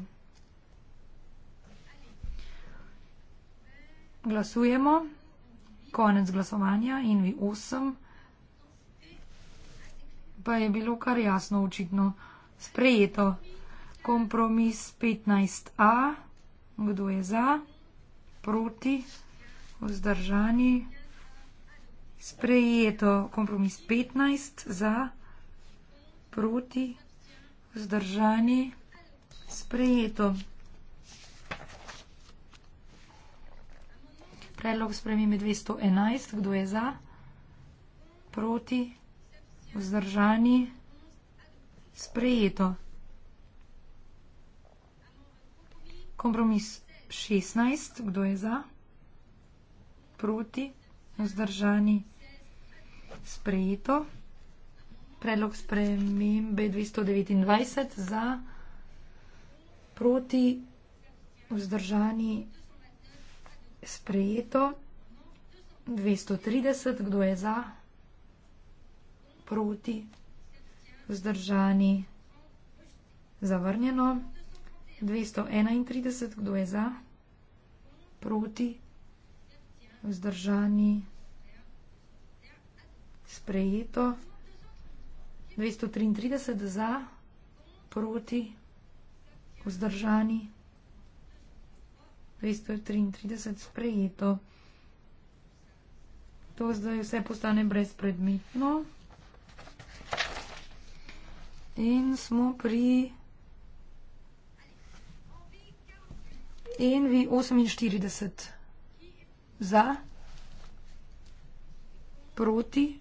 Glasujemo. Konec glasovanja in vi osem pa je bilo kar jasno očitno sprejeto. Kompromis 15a, kdo je za, proti, vzdržani, sprejeto. Kompromis 15 za, proti, vzdržani, sprejeto. Predlog spremembe 211, kdo je za, proti, vzdržani vzdržani, sprejeto. Kompromis šestnajst, kdo je za? Proti, vzdržani, sprejeto. Predlog spremembe 229 za, proti, vzdržani, sprejeto. 230, kdo je za? proti, vzdržani, zavrnjeno. 231, kdo je za, proti, vzdržani, sprejeto. 233 za, proti, vzdržani. 233 sprejeto. To zdaj vse postane brezpredmetno. In smo pri Envi 48. Za, proti,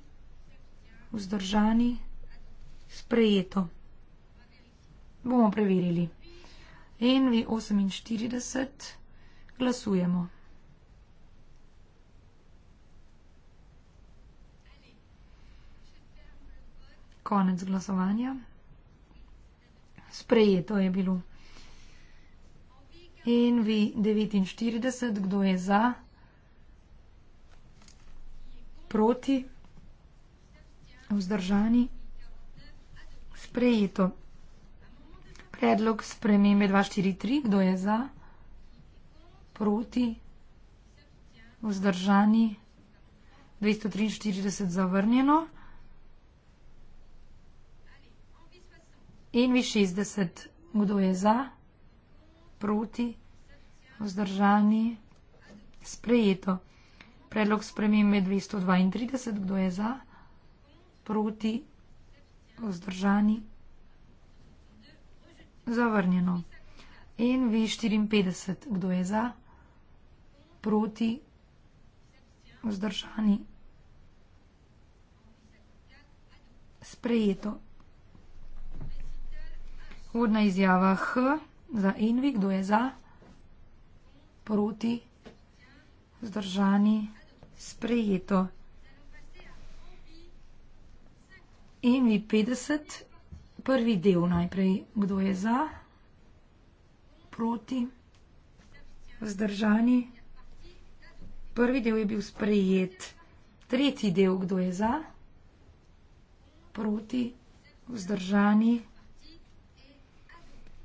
vzdržani, sprejeto. Bomo preverili. Envi 48. Glasujemo. Konec glasovanja sprejeto je bilo. In vi 49, kdo je za? Proti? Vzdržani? Sprejeto. Predlog spremembe 243, kdo je za? Proti? Vzdržani? 243 zavrnjeno. in vi 60. Kdo je za, proti, vzdržani, sprejeto. Predlog spremembe 232. Kdo je za, proti, vzdržani, zavrnjeno. In vi 54. Kdo je za, proti, vzdržani, sprejeto. Vodna izjava H za Envi, kdo je za, proti, zdržani, sprejeto. Envi 50, prvi del najprej, kdo je za, proti, zdržani. Prvi del je bil sprejet, tretji del, kdo je za, proti, zdržani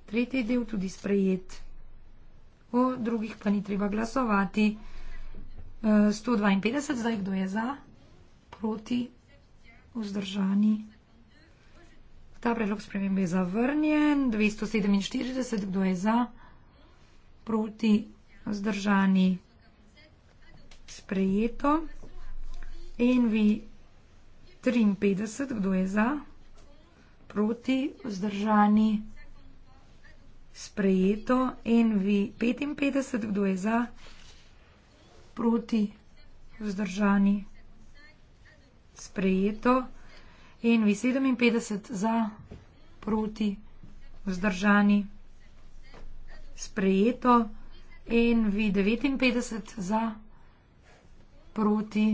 tretji del tudi sprejet. O drugih pa ni treba glasovati. 152, e, zdaj kdo je za, proti, vzdržani. Ta predlog spremembe je zavrnjen. 247, kdo je za, proti, vzdržani. Sprejeto. NV 53, kdo je za, proti, vzdržani sprejeto. En vi 55, kdo je za, proti, vzdržani, sprejeto. En vi 57 za, proti, vzdržani, sprejeto. En vi 59 za, proti,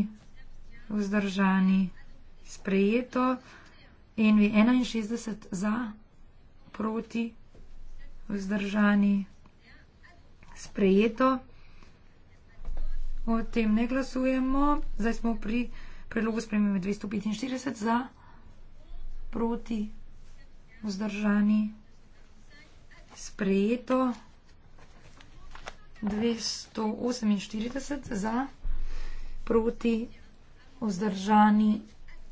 vzdržani, sprejeto. En vi 61 za, proti, vzdržani vzdržani, sprejeto. O tem ne glasujemo. Zdaj smo pri predlogu spremembe 245 za, proti, vzdržani, sprejeto. 248 za, proti, vzdržani,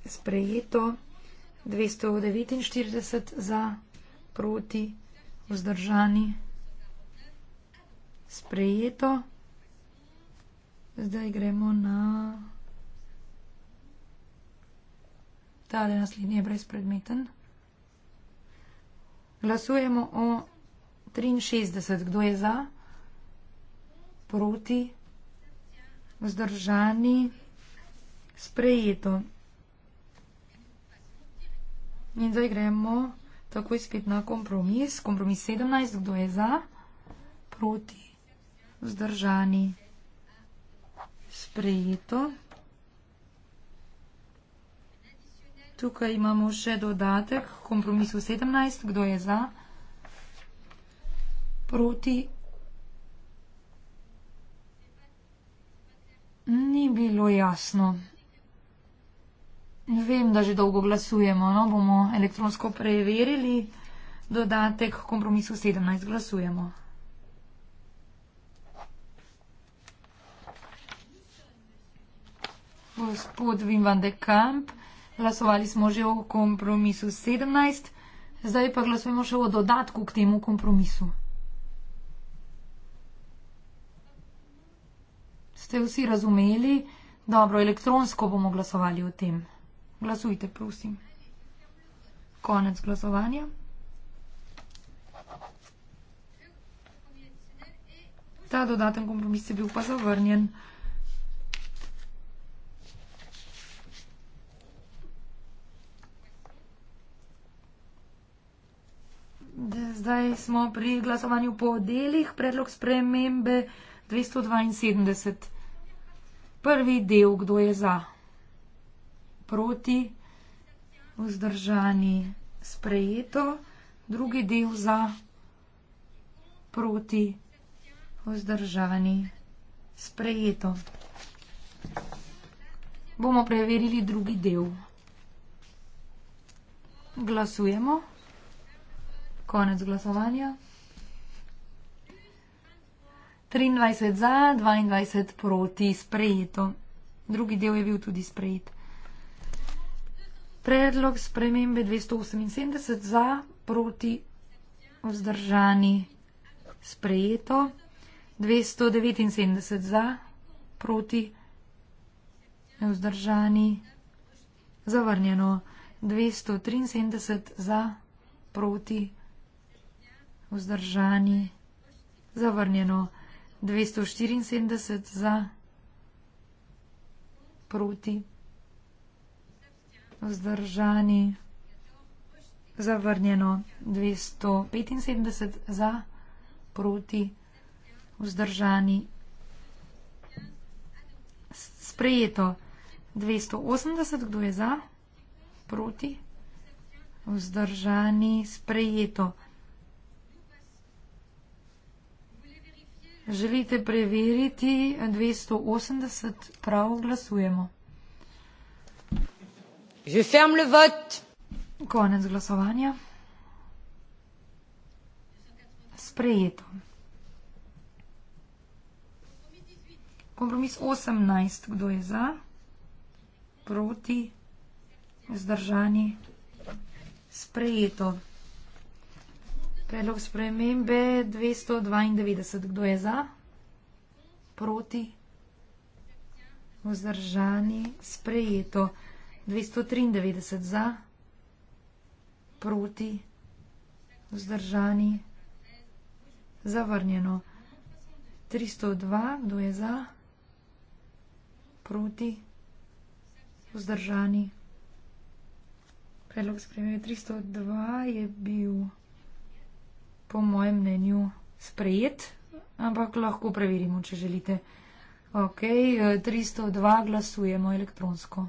sprejeto. 249 za, proti, vzdržani. Vzdržani. Sprejeto. Zdaj gremo na tale naslednji je brezpredmeten. Glasujemo o 63. Kdo je za? Proti? Vzdržani? Sprejeto. In zdaj gremo. Takoj spet na kompromis. Kompromis 17, kdo je za, proti, vzdržani, sprejeto. Tukaj imamo še dodatek kompromisu 17, kdo je za, proti. Ni bilo jasno. Vem, da že dolgo glasujemo. No? Bomo elektronsko preverili dodatek kompromisu 17. Glasujemo. Gospod Vim van de Kamp, glasovali smo že o kompromisu 17, zdaj pa glasujemo še o dodatku k temu kompromisu. Ste vsi razumeli? Dobro, elektronsko bomo glasovali o tem. Glasujte, prosim. Konec glasovanja. Ta dodaten kompromis je bil pa zavrnjen. Zdaj smo pri glasovanju po delih. Predlog spremembe 272. Prvi del, kdo je za? proti, vzdržani, sprejeto. Drugi del za, proti, vzdržani, sprejeto. Bomo preverili drugi del. Glasujemo. Konec glasovanja. 23 za, 22 proti, sprejeto. Drugi del je bil tudi sprejet. Predlog spremembe 278 za, proti, vzdržani, sprejeto. 279 za, proti, vzdržani, zavrnjeno. 273 za, proti, vzdržani, zavrnjeno. 274 za, proti, vzdržani vzdržani. Zavrnjeno 275 za, proti vzdržani. Sprejeto 280, kdo je za, proti vzdržani. Sprejeto. Želite preveriti 280, prav glasujemo. Konec glasovanja. Sprejeto. Kompromis 18. Kdo je za? Proti? Vzdržani? Sprejeto. Predlog spremembe 292. Kdo je za? Proti? Vzdržani? Sprejeto. 293 za, proti, vzdržani, zavrnjeno. 302, kdo je za, proti, vzdržani. Predlog sprejme 302 je bil po mojem mnenju sprejet, ampak lahko preverimo, če želite. Ok, eh, 302 glasujemo elektronsko.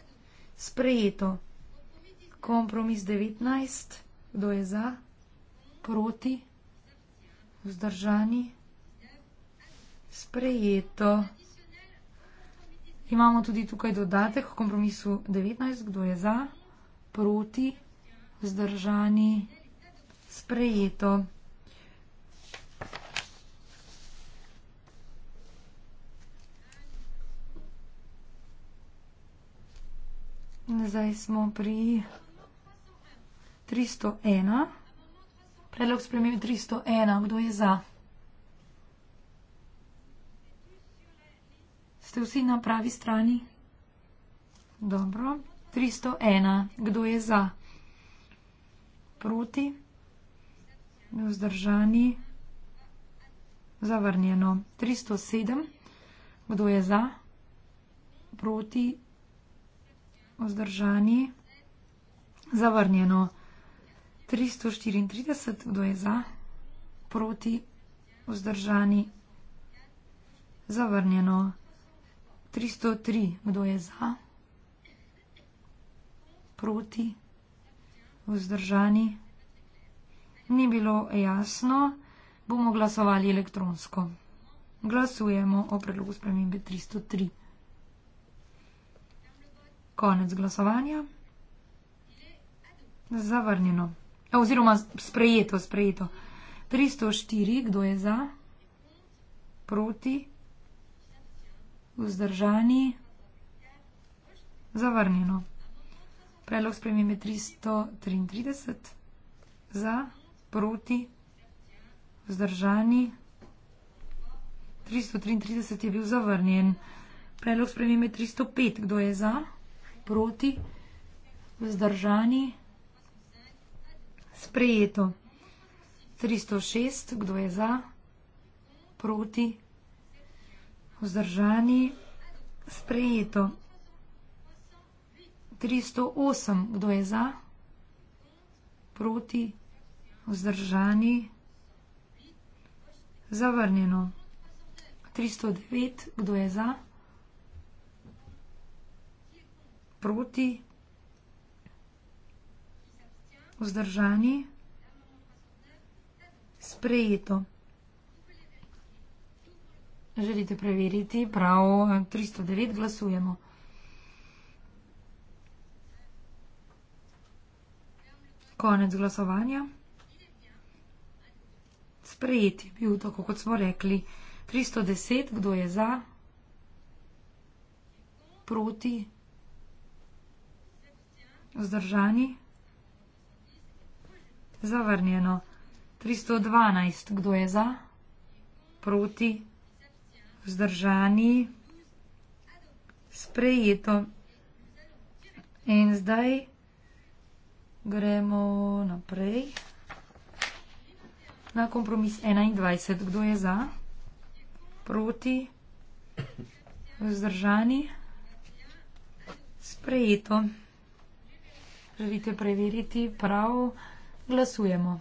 sprejeto. Kompromis 19. Kdo je za? Proti? Vzdržani? Sprejeto. Imamo tudi tukaj dodatek v kompromisu 19. Kdo je za? Proti? Vzdržani? Sprejeto. zdaj smo pri 301. Predlog spremembe 301. Kdo je za? Ste vsi na pravi strani? Dobro. 301. Kdo je za? Proti? Vzdržani? Zavrnjeno. 307. Kdo je za? Proti? vzdržani. Zavrnjeno 334, kdo je za, proti vzdržani. Zavrnjeno 303, kdo je za, proti vzdržani. Ni bilo jasno, bomo glasovali elektronsko. Glasujemo o predlogu spremembe 303. Konec glasovanja. Zavrnjeno. E, oziroma sprejeto, sprejeto. 304, kdo je za? Proti? Vzdržani? Zavrnjeno. Predlog spremem je 333. Za? Proti? Vzdržani? 333 je bil zavrnjen. Predlog spremem je 305, kdo je za? proti, vzdržani, sprejeto. 306, kdo je za, proti, vzdržani, sprejeto. 308, kdo je za, proti, vzdržani, zavrnjeno. 309, kdo je za, proti, vzdržani, zavrnjeno. proti, vzdržani, sprejeto. Želite preveriti? Prav, 309 glasujemo. Konec glasovanja. Sprejeti je bil, tako kot smo rekli. 310, kdo je za? Proti. Vzdržani? Zavrnjeno. 312. Kdo je za? Proti? Vzdržani? Sprejeto. In zdaj gremo naprej. Na kompromis 21. Kdo je za? Proti? Vzdržani? Sprejeto. Želite preveriti prav? Glasujemo.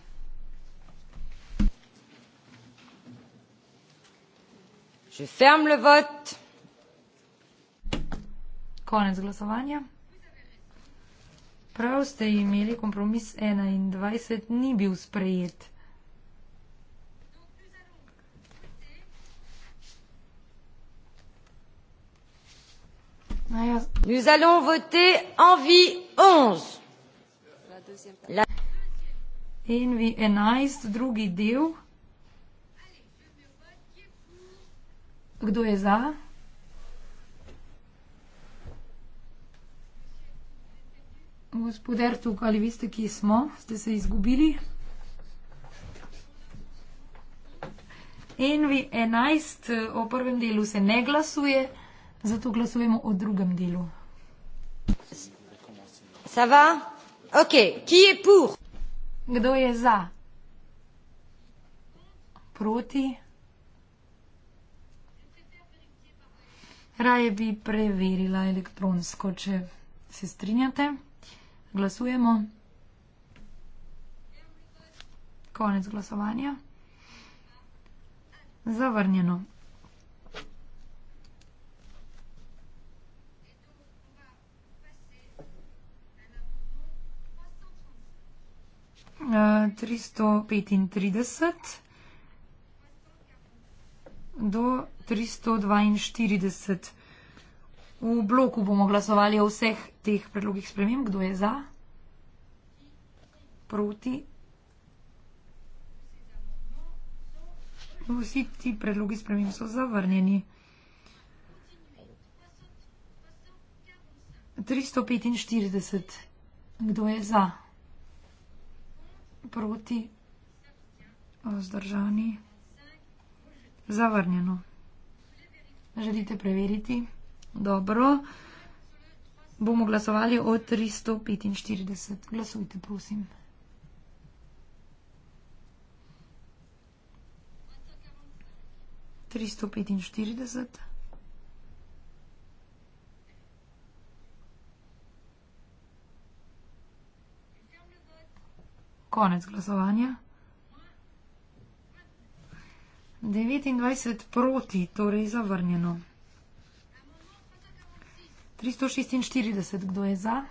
Je ferm le vot. Konec glasovanja. Prav ste imeli kompromis 21, ni bil sprejet. Nous allons voter envie 11. Envi 11, drugi del. Kdo je za? Gospod Ertug, ali veste, kje smo? Ste se izgubili? Envi 11, o prvem delu se ne glasuje, zato glasujemo o drugem delu. Sava? Ok, qui est pour? Kdo je za? Proti? Raje bi preverila elektronsko, če se strinjate. Glasujemo. Konec glasovanja. Zavrnjeno. 335 do 342. V bloku bomo glasovali o vseh teh predlogih sprememb. Kdo je za? Proti? Vsi ti predlogi sprememb so zavrnjeni. 345. Kdo je za? proti, vzdržani, zavrnjeno. Želite preveriti? Dobro. Bomo glasovali o 345. Glasujte, prosim. 345. Konec glasovanja. 29 proti, torej zavrnjeno. 346, kdo je za?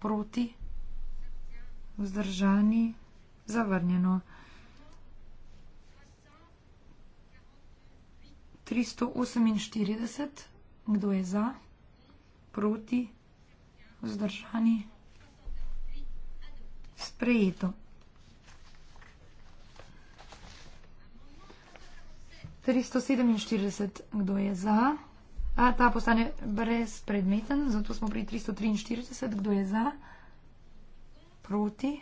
Proti, vzdržani, zavrnjeno. 348, kdo je za? Proti, vzdržani, zavrnjeno sprejeto. Tristo sedeminštirideset, kdo je za? A, ta postane brezpredmeten, zato smo pri 343, kdo je za? Proti?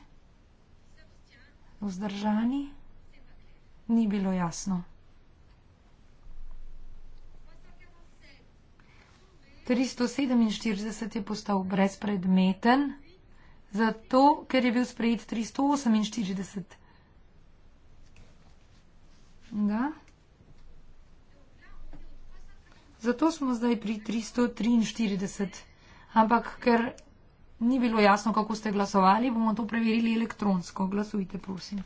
Vzdržani? Ni bilo jasno. 347 je postal brezpredmeten zato ker je bil sprejet 348. Da. Zato smo zdaj pri 343. Ampak ker ni bilo jasno, kako ste glasovali, bomo to preverili elektronsko. Glasujte, prosim.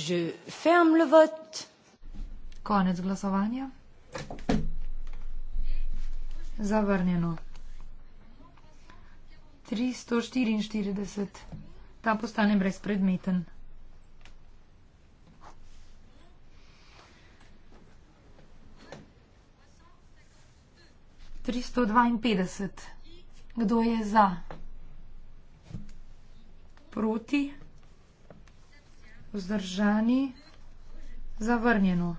Je ferm le vot. Konec glasovanja. Zavrnjeno. 344. Ta postane brezpredmeten. Tristo dvainpetdeset. Kdo je za? Proti? Vzdržani? Zavrnjeno.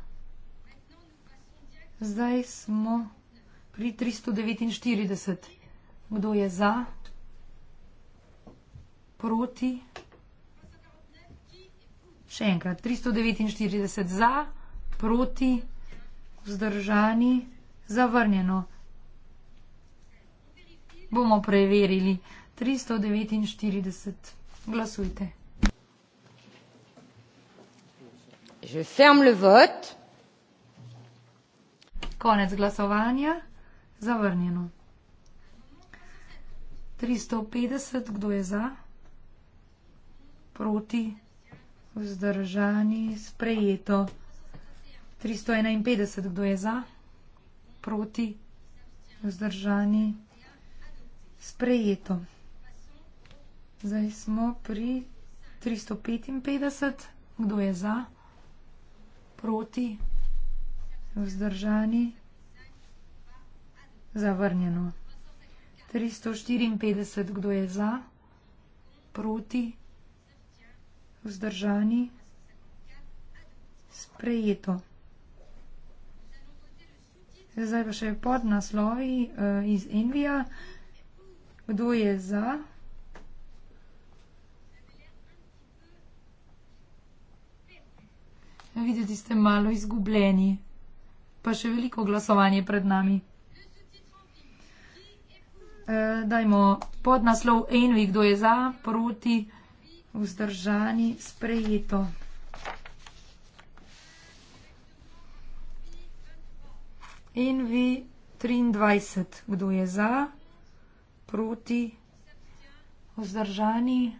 Zdaj smo pri tristo devetinštirideset. Kdo je za? Proti? proti. Še enkrat, 349 za, proti, vzdržani, zavrnjeno. Bomo preverili. 349. Glasujte. Je ferme le vote. Konec glasovanja. Zavrnjeno. 350. Kdo je za? proti, vzdržani, sprejeto. 351, kdo je za, proti, vzdržani, sprejeto. Zdaj smo pri 355, kdo je za, proti, vzdržani, zavrnjeno. 354, kdo je za, proti, vzdržani vzdržani, sprejeto. Zdaj pa še pod naslovi eh, iz Envija. Kdo je za? Ja, videti ste malo izgubljeni. Pa še veliko glasovanje pred nami. Eh, dajmo pod naslov Envi, kdo je za, proti vzdržani, sprejeto. In vi 23, kdo je za, proti, vzdržani,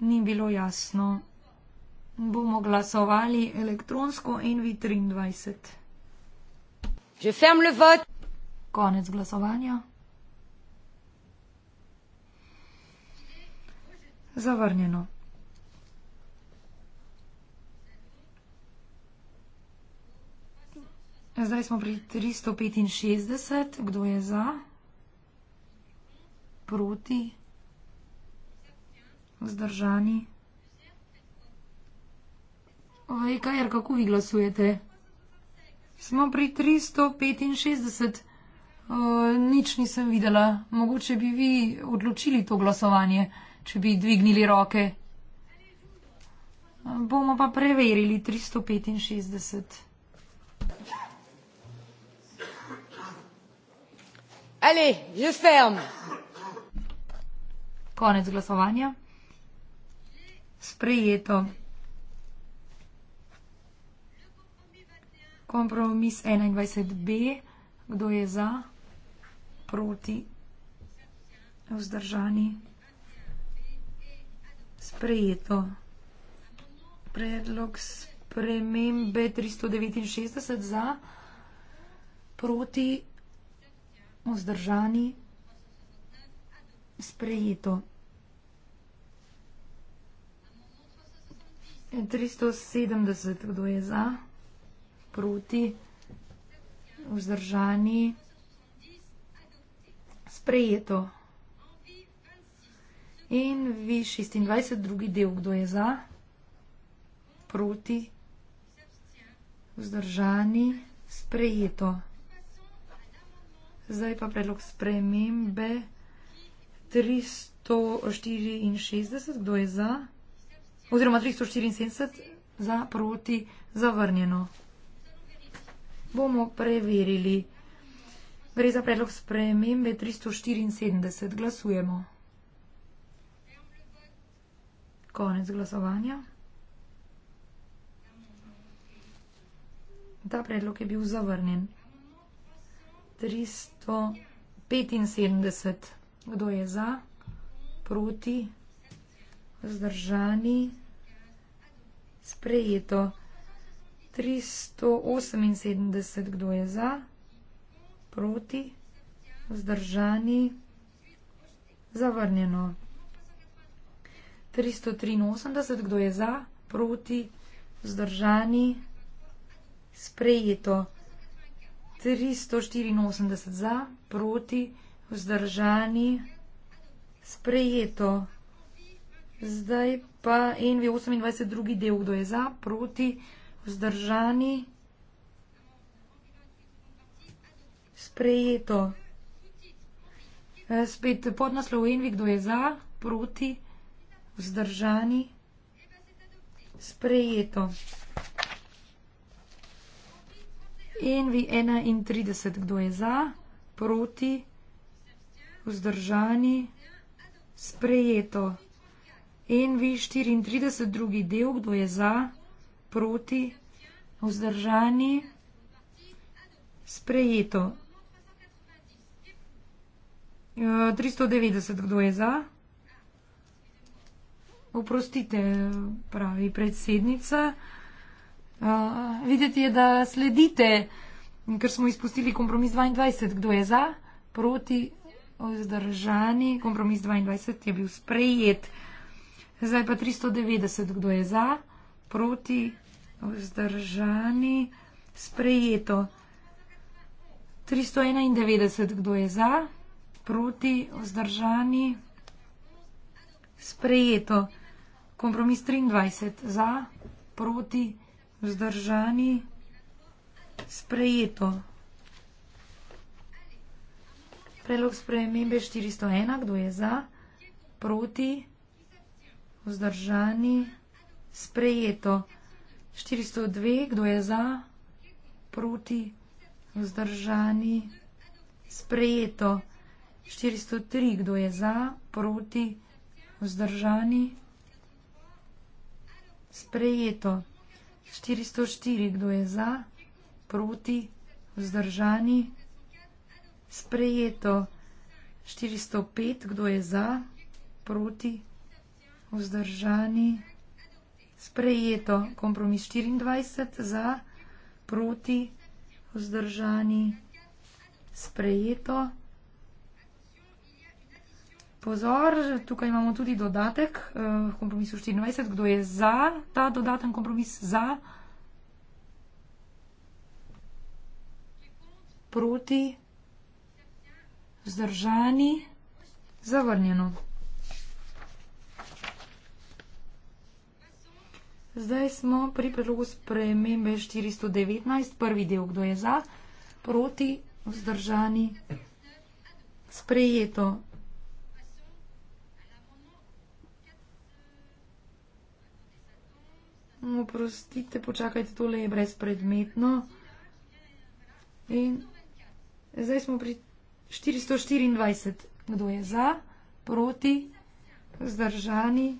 ni bilo jasno. Bomo glasovali elektronsko in vi 23. Konec glasovanja. zavrnjeno. Zdaj smo pri 365, kdo je za, proti, vzdržani. Ovej, kaj je, kako vi glasujete? Smo pri 365, o, nič nisem videla, mogoče bi vi odločili to glasovanje če bi dvignili roke. Bomo pa preverili 365. Ali, že ste. Konec glasovanja. Sprejeto. Kompromis 21b. Kdo je za? Proti? Vzdržani? sprejeto. Predlog spremembe 369 za, proti, vzdržani, sprejeto. 370, kdo je za, proti, vzdržani, sprejeto. In vi 26, drugi del, kdo je za, proti, vzdržani, sprejeto. Zdaj pa predlog spremembe 364, kdo je za, oziroma 374, za, proti, zavrnjeno. Bomo preverili. Gre za predlog spremembe 374. Glasujemo. Konec glasovanja. Ta predlog je bil zavrnjen. 375. Kdo je za? Proti? Zdržani? Sprejeto. 378. Kdo je za? Proti? Zdržani? Zavrnjeno. 383, kdo je za, proti, vzdržani, sprejeto. 384 za, proti, vzdržani, sprejeto. Zdaj pa NV28, drugi del, kdo je za, proti, vzdržani, sprejeto. Eh, spet podnaslov NV, kdo je za, proti, vzdržani vzdržani, sprejeto. In vi 31, kdo je za, proti, vzdržani, sprejeto. In vi 34, drugi del, kdo je za, proti, vzdržani, sprejeto. 390, e, kdo je za? Oprostite, pravi predsednica. Uh, videti je, da sledite, ker smo izpustili kompromis 22. Kdo je za, proti, vzdržani? Kompromis 22 je bil sprejet. Zdaj pa 390. Kdo je za, proti, vzdržani? Sprejeto. 391. Kdo je za, proti, vzdržani? Sprejeto. Kompromis 23 za, proti, vzdržani, sprejeto. Predlog spremembe 401, kdo je za, proti, vzdržani, sprejeto. 402, kdo je za, proti, vzdržani, sprejeto. 403, kdo je za, proti, vzdržani, sprejeto. Sprejeto. 404, kdo je za, proti, vzdržani. Sprejeto. 405, kdo je za, proti, vzdržani. Sprejeto. Kompromis 24, za, proti, vzdržani. Sprejeto. Pozor, tukaj imamo tudi dodatek eh, v kompromisu 24. Kdo je za ta dodaten kompromis? Za? Proti? Zdržani? Zavrnjeno. Zdaj smo pri predlogu spremembe 419. Prvi del, kdo je za? Proti? Vzdržani? Sprejeto. Oprostite, počakajte, tole je brezpredmetno. In zdaj smo pri 424. Kdo je za, proti, zdržani?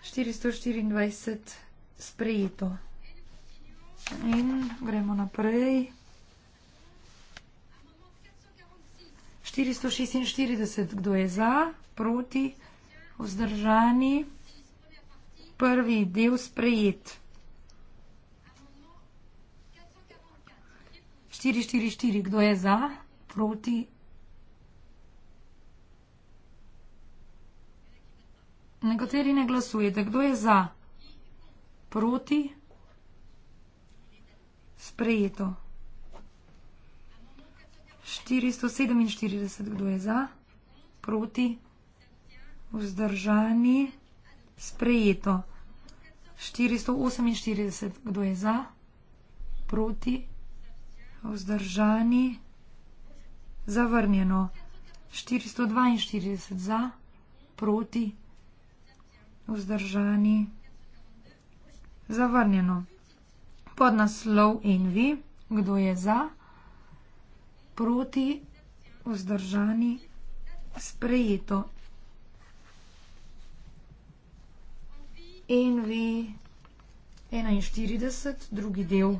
424 sprejeto. In gremo naprej. 446. Kdo je za, proti, vzdržani? prvi del sprejet. 444, kdo je za, proti? Nekateri ne glasujete, kdo je za, proti? Sprejeto. 447, kdo je za, proti? Vzdržani, sprejeto. 448, kdo je za, proti, vzdržani, zavrnjeno. 442 za, proti, vzdržani, zavrnjeno. Podnaslov in vi, kdo je za, proti, vzdržani, sprejeto. NV 41, drugi del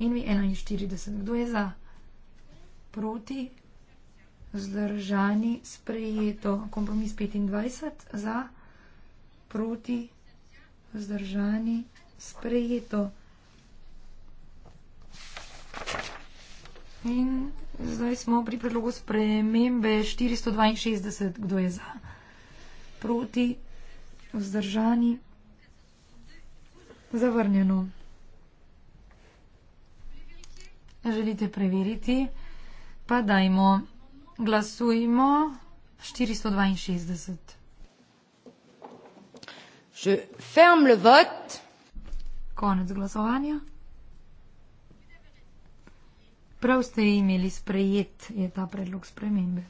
NV 41. Kdo je za? Proti? Zdržani, sprejeto. Kompromis 25, za? Proti? Zdržani, sprejeto. In zdaj smo pri predlogu spremembe 462. Kdo je za? Proti? Vzdržani, Zavrnjeno. Želite preveriti? Pa dajmo. Glasujmo 462. Konec glasovanja. Prav ste imeli sprejet, je ta predlog spremembe.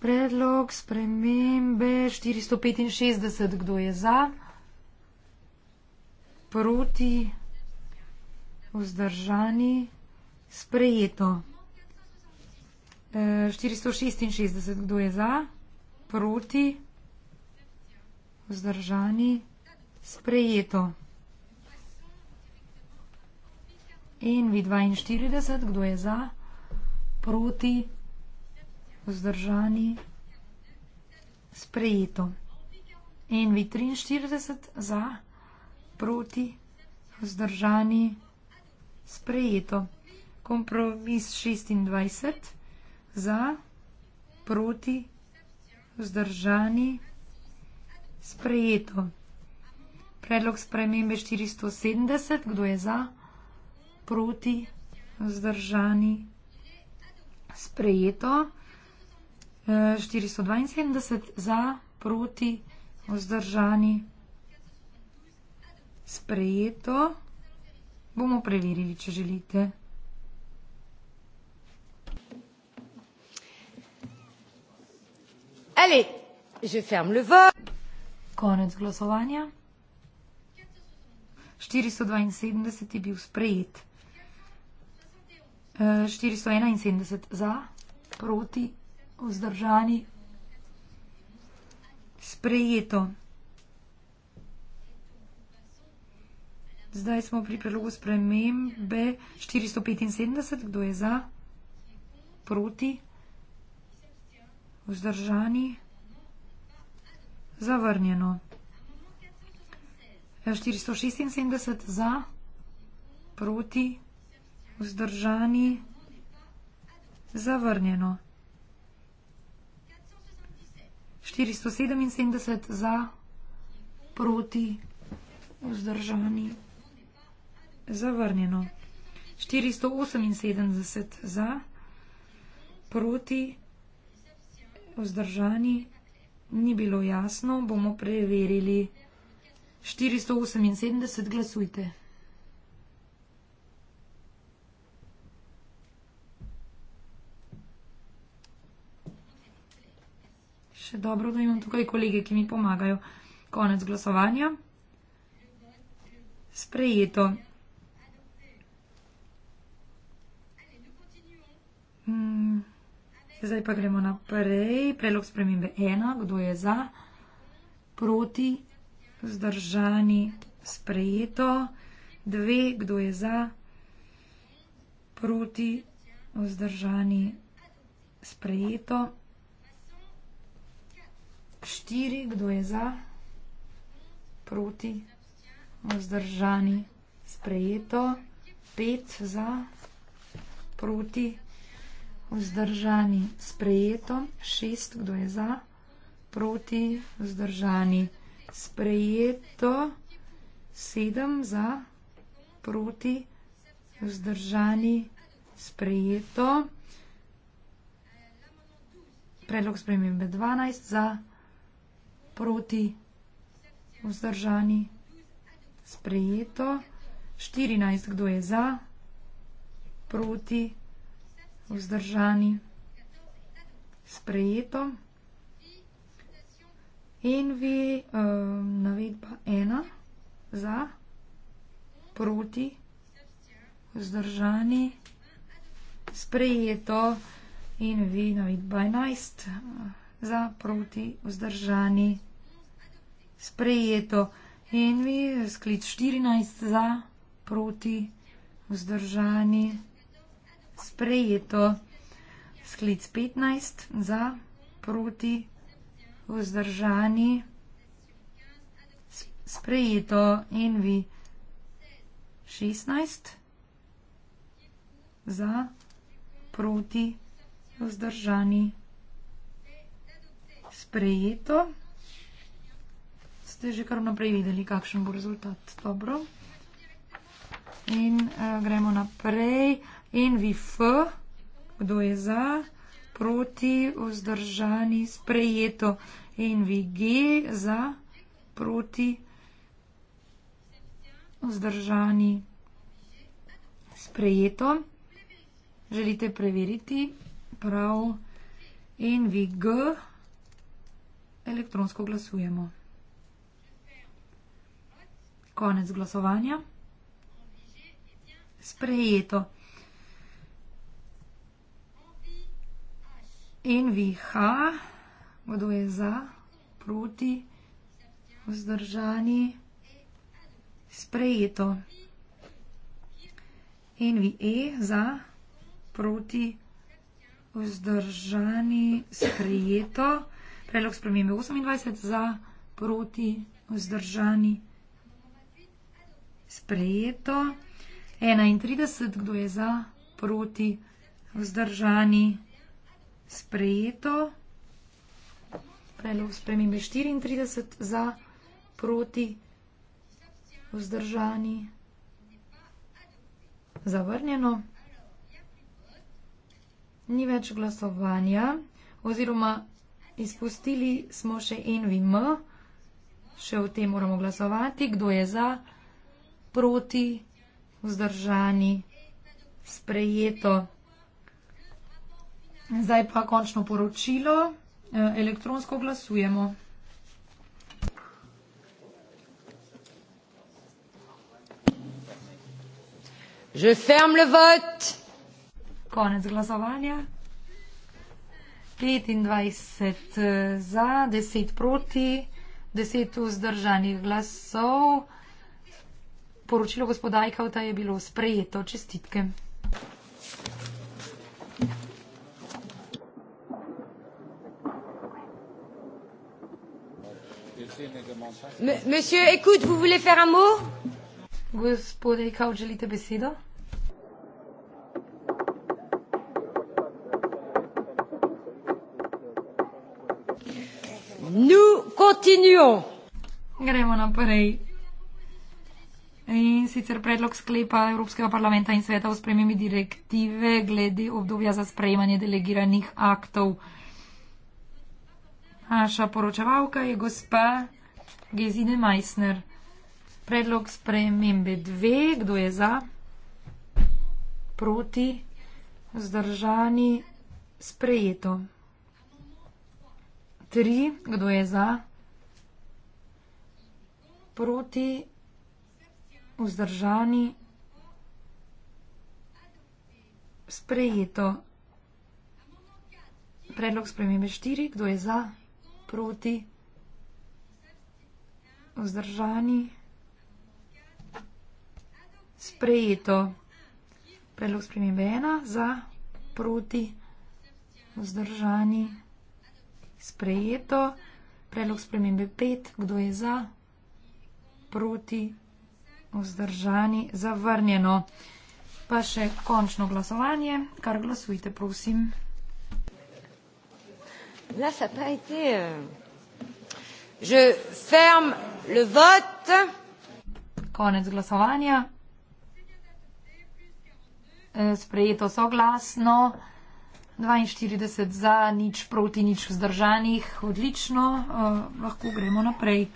Predlog spremembe 465. Kdo je za? Proti? Vzdržani? Sprejeto. 466. E, Kdo je za? Proti? Vzdržani? Sprejeto. In vi 42. Kdo je za? Proti? vzdržani, sprejeto. In vi 43 za, proti, vzdržani, sprejeto. Kompromis 26 za, proti, vzdržani, sprejeto. Predlog spremembe 470, kdo je za, proti, vzdržani, sprejeto. 472 za, proti, vzdržani, sprejeto. Bomo preverili, če želite. Allez, je ferme le vote. Konec glasovanja. 472 je bil sprejet. 471 e, za, proti, Vzdržani. Sprejeto. Zdaj smo pri prilogu spremembe 475. Kdo je za? Proti? Vzdržani? Zavrnjeno. 476 za, proti, vzdržani, zavrnjeno. 477 za, proti, vzdržani, zavrnjeno. 478 za, proti, vzdržani, ni bilo jasno, bomo preverili. 478 glasujte. še dobro, da imam tukaj kolege, ki mi pomagajo. Konec glasovanja. Sprejeto. Mm, zdaj pa gremo naprej. Predlog spremembe ena. Kdo je za? Proti? Zdržani? Sprejeto. Dve. Kdo je za? Proti? Vzdržani? Sprejeto. Štiri, kdo je za, proti, vzdržani, sprejeto. Pet za, proti, vzdržani, sprejeto. Šest, kdo je za, proti, vzdržani, sprejeto. Sedem za, proti, vzdržani, sprejeto. Predlog spremembe 12 za proti, vzdržani, sprejeto. 14, kdo je za, proti, vzdržani, sprejeto. In vi, um, eh, navedba ena, za, proti, vzdržani, sprejeto. In vi, navedba enajst, za, proti, vzdržani, sprejeto sprejeto. In vi, sklic 14 za, proti, vzdržani, sprejeto. Sklic 15 za, proti, vzdržani, sprejeto. In vi, 16 za, proti, vzdržani, sprejeto ste že kar naprej videli, kakšen bo rezultat. Dobro. In uh, gremo naprej. In vi F, kdo je za, proti, vzdržani, sprejeto. In vi G, za, proti, vzdržani, sprejeto. Želite preveriti prav. In vi G, elektronsko glasujemo. Konec glasovanja. Sprejeto. NVH, kdo je za, proti, vzdržani, sprejeto. NVE, za, proti, vzdržani, sprejeto. Predlog spremembe 28, za, proti, vzdržani, sprejeto sprejeto. 31, kdo je za, proti, vzdržani, sprejeto. Predlog spremembe 34, za, proti, vzdržani, zavrnjeno. Ni več glasovanja, oziroma izpustili smo še NVM, še o tem moramo glasovati, kdo je za proti, vzdržani, sprejeto. Zdaj pa končno poročilo, e, elektronsko glasujemo. Je ferme le vote. Konec glasovanja. 25 e, za, 10 proti, 10 vzdržanih glasov. Poročilo gospoda Ikauta je bilo sprejeto. Čestitke. Gospod Ikaut, želite besedo? Nous continuons. Gremo naprej. In sicer predlog sklepa Evropskega parlamenta in sveta o spremembi direktive glede obdobja za sprejemanje delegiranih aktov. Naša poročevalka je gospa Gezine Meissner. Predlog spremembe dve, kdo je za, proti, vzdržani, sprejeto. Tri, kdo je za, proti, vzdržani vzdržani, sprejeto. Predlog spremembe štiri, kdo je za, proti, vzdržani, sprejeto. Predlog spremembe ena, za, proti, vzdržani, sprejeto. Predlog spremembe pet, kdo je za, proti, vzdržani vzdržani, zavrnjeno. Pa še končno glasovanje, kar glasujte, prosim. La ça pas été. Euh, je ferme le vote. Konec glasovanja. E, sprejeto soglasno. 42 za, nič proti, nič vzdržanih. Odlično, uh, lahko gremo naprej.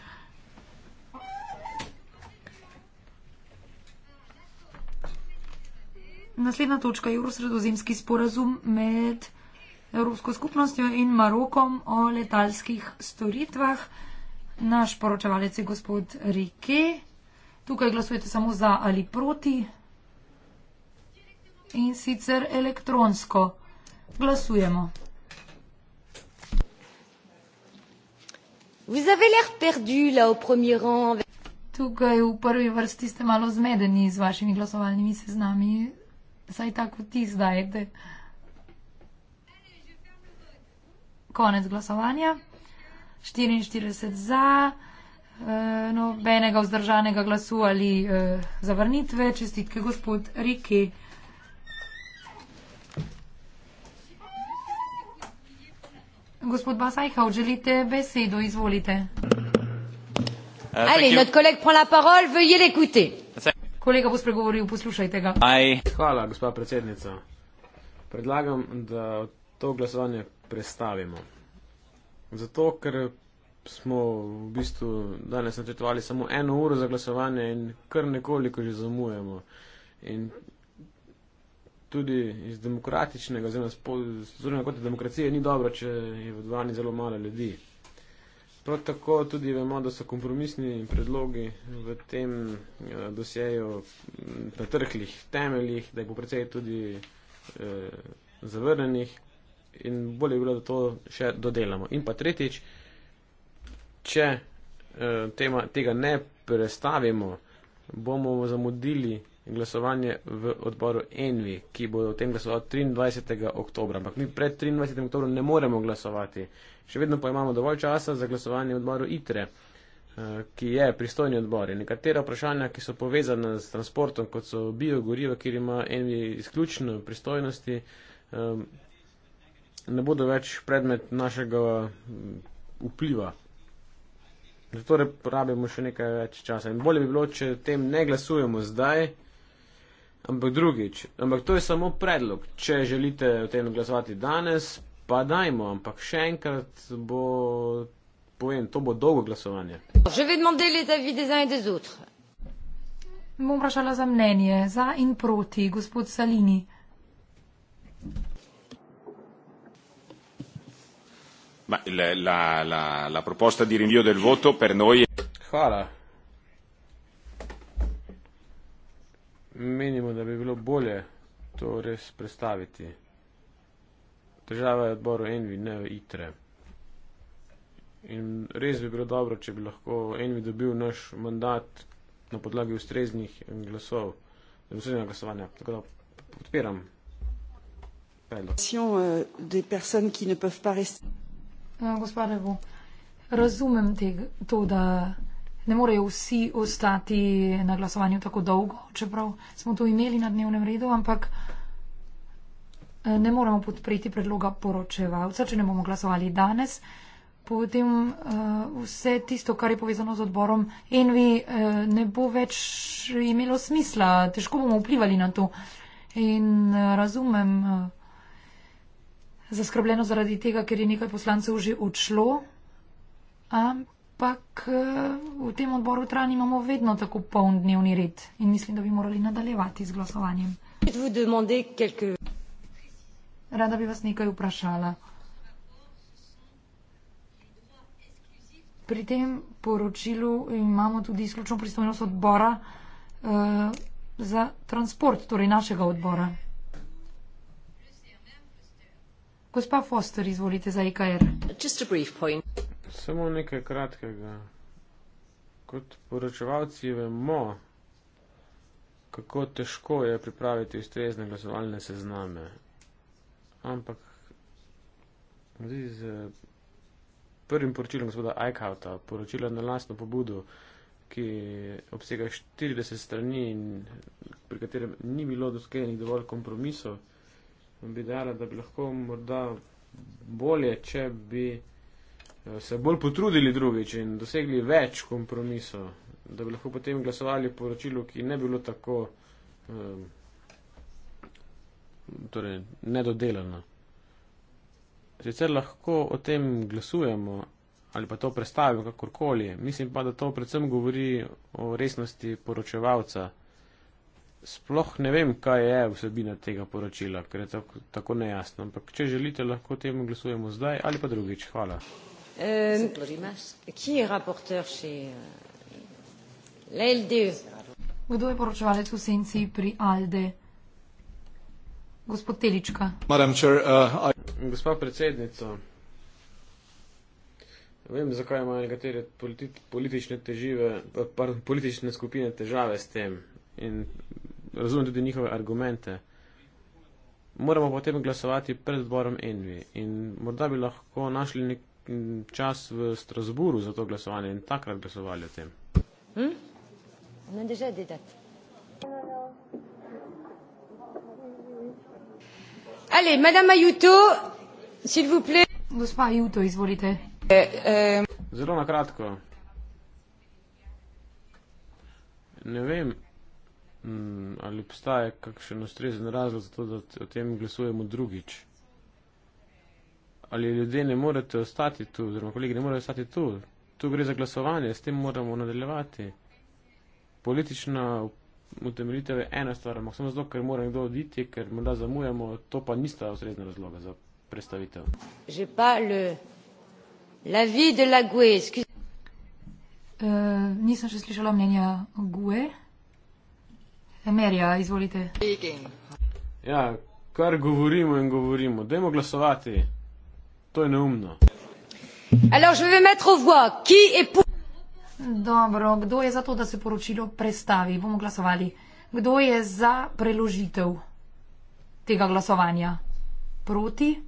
Naslednja točka je Jurosredozemski sporazum med Evropsko skupnostjo in Marokom o letalskih storitvah. Naš poročevalec je gospod Rike. Tukaj glasujete samo za ali proti. In sicer elektronsko. Glasujemo. Vous avez l'air perdu là au premier rang. Tukaj v prvi vrsti ste malo zmedeni z vašimi glasovalnimi seznami. Saj tako ti zdaj, da. Konec glasovanja. 44 za, e, nobenega vzdržanega glasu ali e, zavrnitve. Čestitke, gospod Riki. Gospod Basajha, želite besedo? Izvolite. Uh, Allez, notre collègue prend la parole, veuillez l'écouter. Kolega bo spregovoril, poslušajte ga. Aj. Hvala, gospa predsednica. Predlagam, da to glasovanje prestavimo. Zato, ker smo v bistvu danes načrtovali samo eno uro za glasovanje in kar nekoliko že zamujamo. In tudi iz demokratičnega, zelo na kote demokracije, ni dobro, če je v dvani zelo malo ljudi. Prav tako tudi vemo, da so kompromisni predlogi v tem eh, dosjeju na trhlih temeljih, da je po precej tudi eh, zavrnenih in bolje bi bilo, da to še dodelamo. In pa tretjič, če eh, tema, tega ne prestavimo, bomo zamudili glasovanje v odboru Envi, ki bo o tem glasoval 23. oktober. Ampak mi pred 23. oktober ne moremo glasovati še vedno pa imamo dovolj časa za glasovanje v odboru ITRE, eh, ki je pristojni odbor. In nekatera vprašanja, ki so povezana s transportom, kot so biogoriva, kjer ima eni izključno pristojnosti, ne bodo več predmet našega mm, vpliva. Zato rabimo še nekaj več časa. In bolje bi bilo, če tem ne glasujemo zdaj, ampak drugič. Ampak to je samo predlog. Če želite o tem glasovati danes, pa dajmo, ampak še enkrat bo, povem, to bo dolgo glasovanje. Že vedno delite, vidite, zdaj je zjutraj. Bom vprašala za mnenje, za in proti, gospod Salini. Ma, la, la, la, la proposta di rinvio del voto per noi è. Hvala. Menimo, da bi bilo bolje to res predstaviti. Težava je odboru Envi, ne ITRE. In res bi bilo dobro, če bi lahko Envi dobil naš mandat na podlagi ustreznih glasov, da bi se na glasovanje. Tako da podpiram. Eh, ja, Gospode, razumem te, to, da ne morejo vsi ostati na glasovanju tako dolgo, čeprav smo to imeli na dnevnem redu, ampak. Eh, ne moremo podpreti predloga poročevalca, če ne bomo glasovali danes. Potem eh, vse tisto, kar je povezano z odborom Envi, eh, ne bo več imelo smisla. Težko bomo vplivali na to. In razumem zaskrbljeno zaradi tega, ker je nekaj poslancev že odšlo. Ampak v tem odboru tran imamo vedno tako poln dnevni red in mislim, da bi morali nadaljevati z glasovanjem. Rada bi vas nekaj vprašala. Pri tem poročilu imamo tudi izključno pristojnost odbora eh, za transport, torej našega odbora. Gospa Foster, izvolite za IKR. E Samo nekaj kratkega. Kot poročevalci vemo, kako težko je pripraviti ustrezne glasovalne sezname ampak z uh, prvim poročilom gospoda Eichhauta, poročila na lastno pobudo, ki obsega 40 strani in pri katerem ni bilo doskenih dovolj kompromisov, bi dejala, da bi lahko morda bolje, če bi eh, se bolj potrudili drugič in dosegli več kompromisov, da bi lahko potem glasovali poročilu, ki ne bilo tako. Um, torej nedodelana. Sicer lahko o tem glasujemo ali pa to predstavimo kakorkoli, mislim pa, da to predvsem govori o resnosti poročevalca. Sploh ne vem, kaj je vsebina tega poročila, ker je tako, tako nejasno. Ampak, če želite, lahko temu glasujemo zdaj ali pa drugič. Hvala. Euh, euh, e? Kdo je poročevalec v senci pri Alde? Gospod Telička. Chair, uh, I... Gospa predsednica, vem, zakaj imajo nekatere politi politične, težive, pardon, politične skupine težave s tem in razumem tudi njihove argumente. Moramo potem glasovati pred odborom Envi in morda bi lahko našli nek čas v Strasburu za to glasovanje in takrat glasovali o tem. Hm? Ne, ne, ne, ne, ne. Allez, madame Ayuto, s'il vous plaît. Gospa Ayuto, izvolite. Eh, eh. Zelo na kratko. Ne vem, mm, ali obstaja kakšen ustrezen razlog za to, da o tem glasujemo drugič. Ali ljudje ne morete ostati tu, oziroma kolegi ne morejo ostati tu. Tu gre za glasovanje, s tem moramo nadaljevati. Politična utemeljitev je ena stvar, ampak samo zato, ker mora nekdo oditi, ker morda zamujamo, to pa nista ustrezna razloga za predstavitev. Uh, nisem še slišala mnenja Gue. Emerija, izvolite. Ja, kar govorimo in govorimo. Dajmo glasovati. To je neumno. Alors, je pour... Dobro, kdo je za to, da se poročilo prestavi? Bomo glasovali. Kdo je za preložitev tega glasovanja? Proti?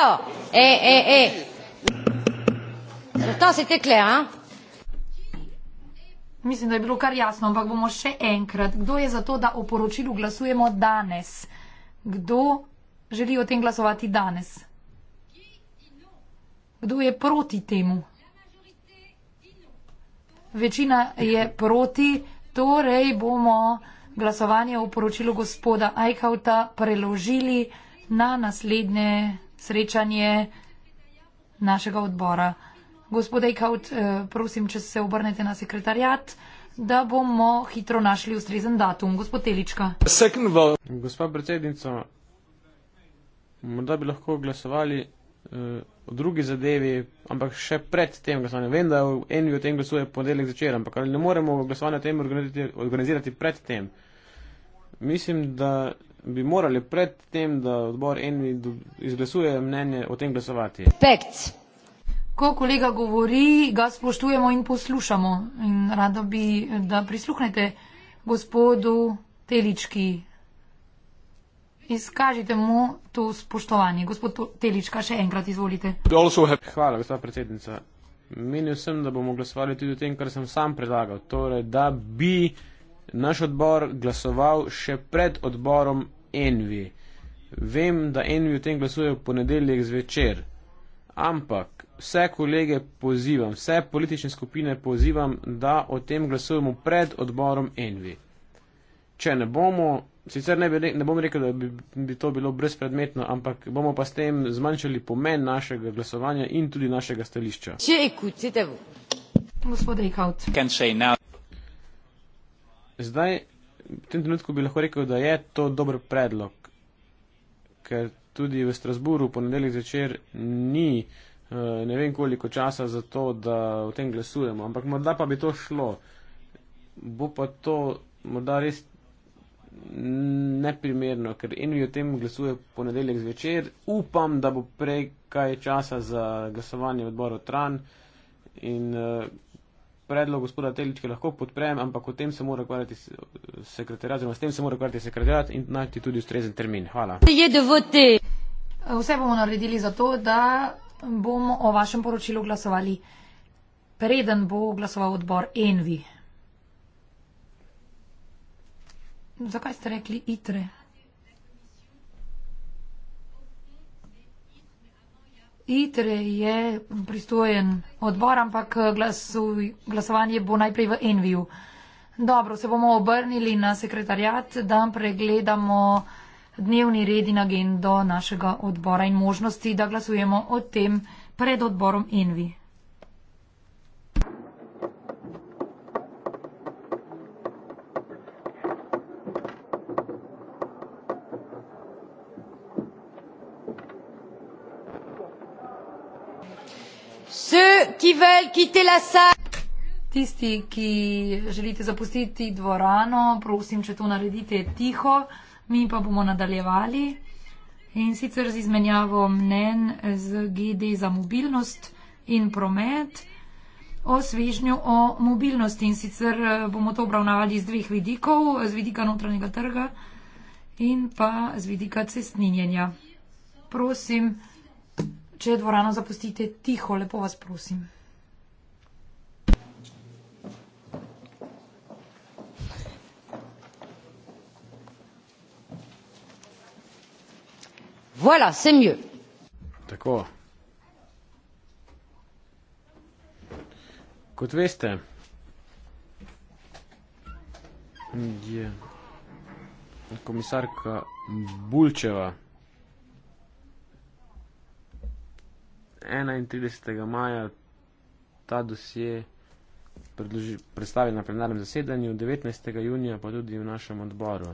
Oh, eh, eh, eh. Pourtant, c'était clair, hein? Mislim, da je bilo kar jasno, ampak bomo še enkrat. Kdo je za to, da o poročilu glasujemo danes? Kdo želi o tem glasovati danes? Kdo je proti temu? Večina je proti, torej bomo glasovanje o poročilu gospoda Ajkauta preložili na naslednje srečanje našega odbora. Gospod Eichhout, eh, prosim, če se obrnete na sekretarjat, da bomo hitro našli ustrezen datum. Gospod Telička. Gospa predsednica, morda bi lahko glasovali uh, o drugi zadevi, ampak še pred tem glasovanjem. Vem, da eni o tem glasuje ponedeljek začer, ampak ali ne moremo glasovanje o tem organizirati, organizirati pred tem? Mislim, da bi morali pred tem, da odbor eni izglasuje mnenje, o tem glasovati. Facts ko kolega govori, ga spoštujemo in poslušamo. In rada bi, da prisluhnete gospodu Telički. Izkažite mu to spoštovanje. Gospod Telička, še enkrat izvolite. Hvala, gospod predsednica. Menil sem, da bomo glasovali tudi o tem, kar sem sam predlagal. Torej, da bi naš odbor glasoval še pred odborom Envi. Vem, da Envi o tem glasuje v ponedeljek zvečer. Ampak vse kolege pozivam, vse politične skupine pozivam, da o tem glasujemo pred odborom Envi. Če ne bomo, sicer ne, bi, ne bom rekel, da bi, bi to bilo brezpredmetno, ampak bomo pa s tem zmanjšali pomen našega glasovanja in tudi našega stališča. Če je kučite, gospod Rikaut. Zdaj, v tem trenutku bi lahko rekel, da je to dober predlog, ker tudi v Strasburu ponedeljek zvečer ni. Eh, ne vem koliko časa za to, da o tem glasujemo, ampak morda pa bi to šlo. Bo pa to morda res neprimerno, ker eni o tem glasuje ponedeljek zvečer. Upam, da bo prej kaj časa za glasovanje odboru Tran in uh, predlog gospoda Teličke lahko podprem, ampak o tem se mora ukvarjati sekretarjat, oziroma s tem se mora ukvarjati sekretarjat in najti tudi ustrezen termin. Hvala. Vse bomo naredili za to, da bomo o vašem poročilu glasovali, preden bo glasoval odbor Envi. Zakaj ste rekli itre? Itre je pristojen odbor, ampak glasuj, glasovanje bo najprej v Enviju. Dobro, se bomo obrnili na sekretarjat, da pregledamo uh, dnevni red in agendo našega odbora in možnosti, da glasujemo o tem pred odborom Envi. Tisti, ki želite zapustiti dvorano, prosim, če to naredite tiho mi pa bomo nadaljevali in sicer z izmenjavo mnen z GD za mobilnost in promet o svežnju o mobilnosti in sicer eh, bomo to obravnavali z dveh vidikov, z vidika notranjega trga in pa z vidika cestninjenja. Prosim, če dvorano zapustite tiho, lepo vas prosim. voilà c'est mieux. kot veste je komisarka Bulčeva enaintrideset maja ta dosje predložil predstavil na plenarnem zasedanju devetnajst junija pa tudi v našem odboru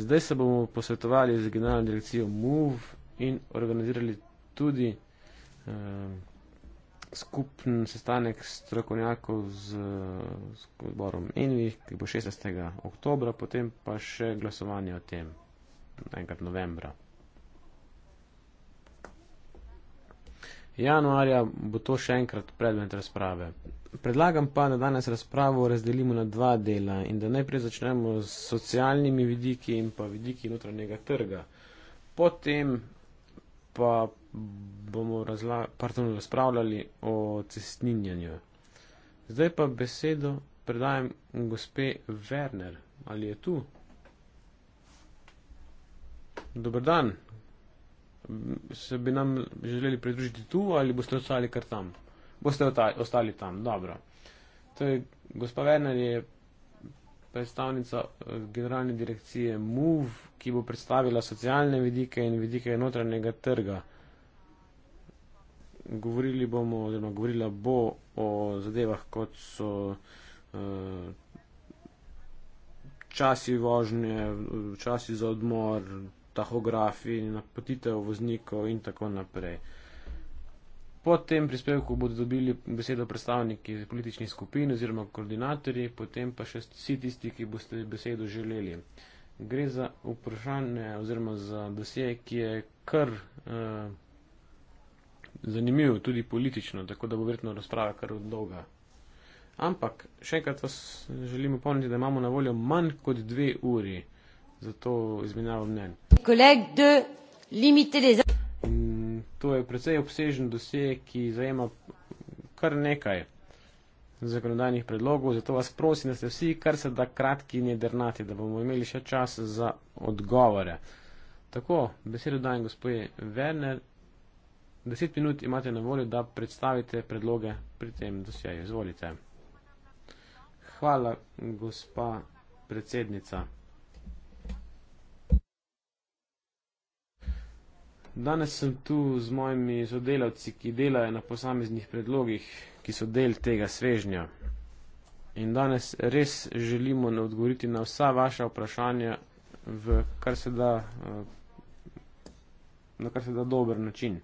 Zdaj se bomo posvetovali z generalno direkcijo MUV in organizirali tudi eh, skupen sestanek strokovnjakov z, z odborom Envih, ki bo 16. oktober, potem pa še glasovanje o tem enkrat novembra. Januarja bo to še enkrat predmet razprave. Predlagam pa, da danes razpravo razdelimo na dva dela in da najprej začnemo s socialnimi vidiki in pa vidiki notranjega trga. Potem pa bomo partner razpravljali o cestninjanju. Zdaj pa besedo predajam gospe Werner. Ali je tu? Dobr dan. Se bi nam želeli pridružiti tu ali boste ostali kar tam? boste ostali tam. Dobro. To je gospa Werner, je predstavnica eh, generalne direkcije MUV, ki bo predstavila socialne vidike in vidike notranjega trga. Govorili bomo, oziroma govorila bo o zadevah, kot so uh, časi vožnje, časi za odmor, tahografi, napotitev voznikov in tako naprej. Po tem prispevku bodo dobili besedo predstavniki političnih skupin oziroma koordinatorji, potem pa še vsi tisti, ki boste besedo želeli. Gre za vprašanje oziroma za dosje, ki je kar eh, zanimiv tudi politično, tako da bo verjetno razprava kar dolga. Ampak še enkrat vas želim upomniti, da imamo na voljo manj kot dve uri za to izmenjavo mnen. Kolek, de, limite, de to je precej obsežen dosje, ki zajema kar nekaj zakonodajnih predlogov, zato vas prosim, da ste vsi kar se da kratki in jedrnati, da bomo imeli še čas za odgovore. Tako, besedo dajem gospodje Werner. Deset minut imate na voljo, da predstavite predloge pri tem dosjeju. Izvolite. Hvala, gospa predsednica. Danes sem tu z mojimi sodelavci, ki delajo na posameznih predlogih, ki so del tega svežnja. In danes res želimo odgovoriti na vsa vaša vprašanja, kar da, eh, na kar se da dober način.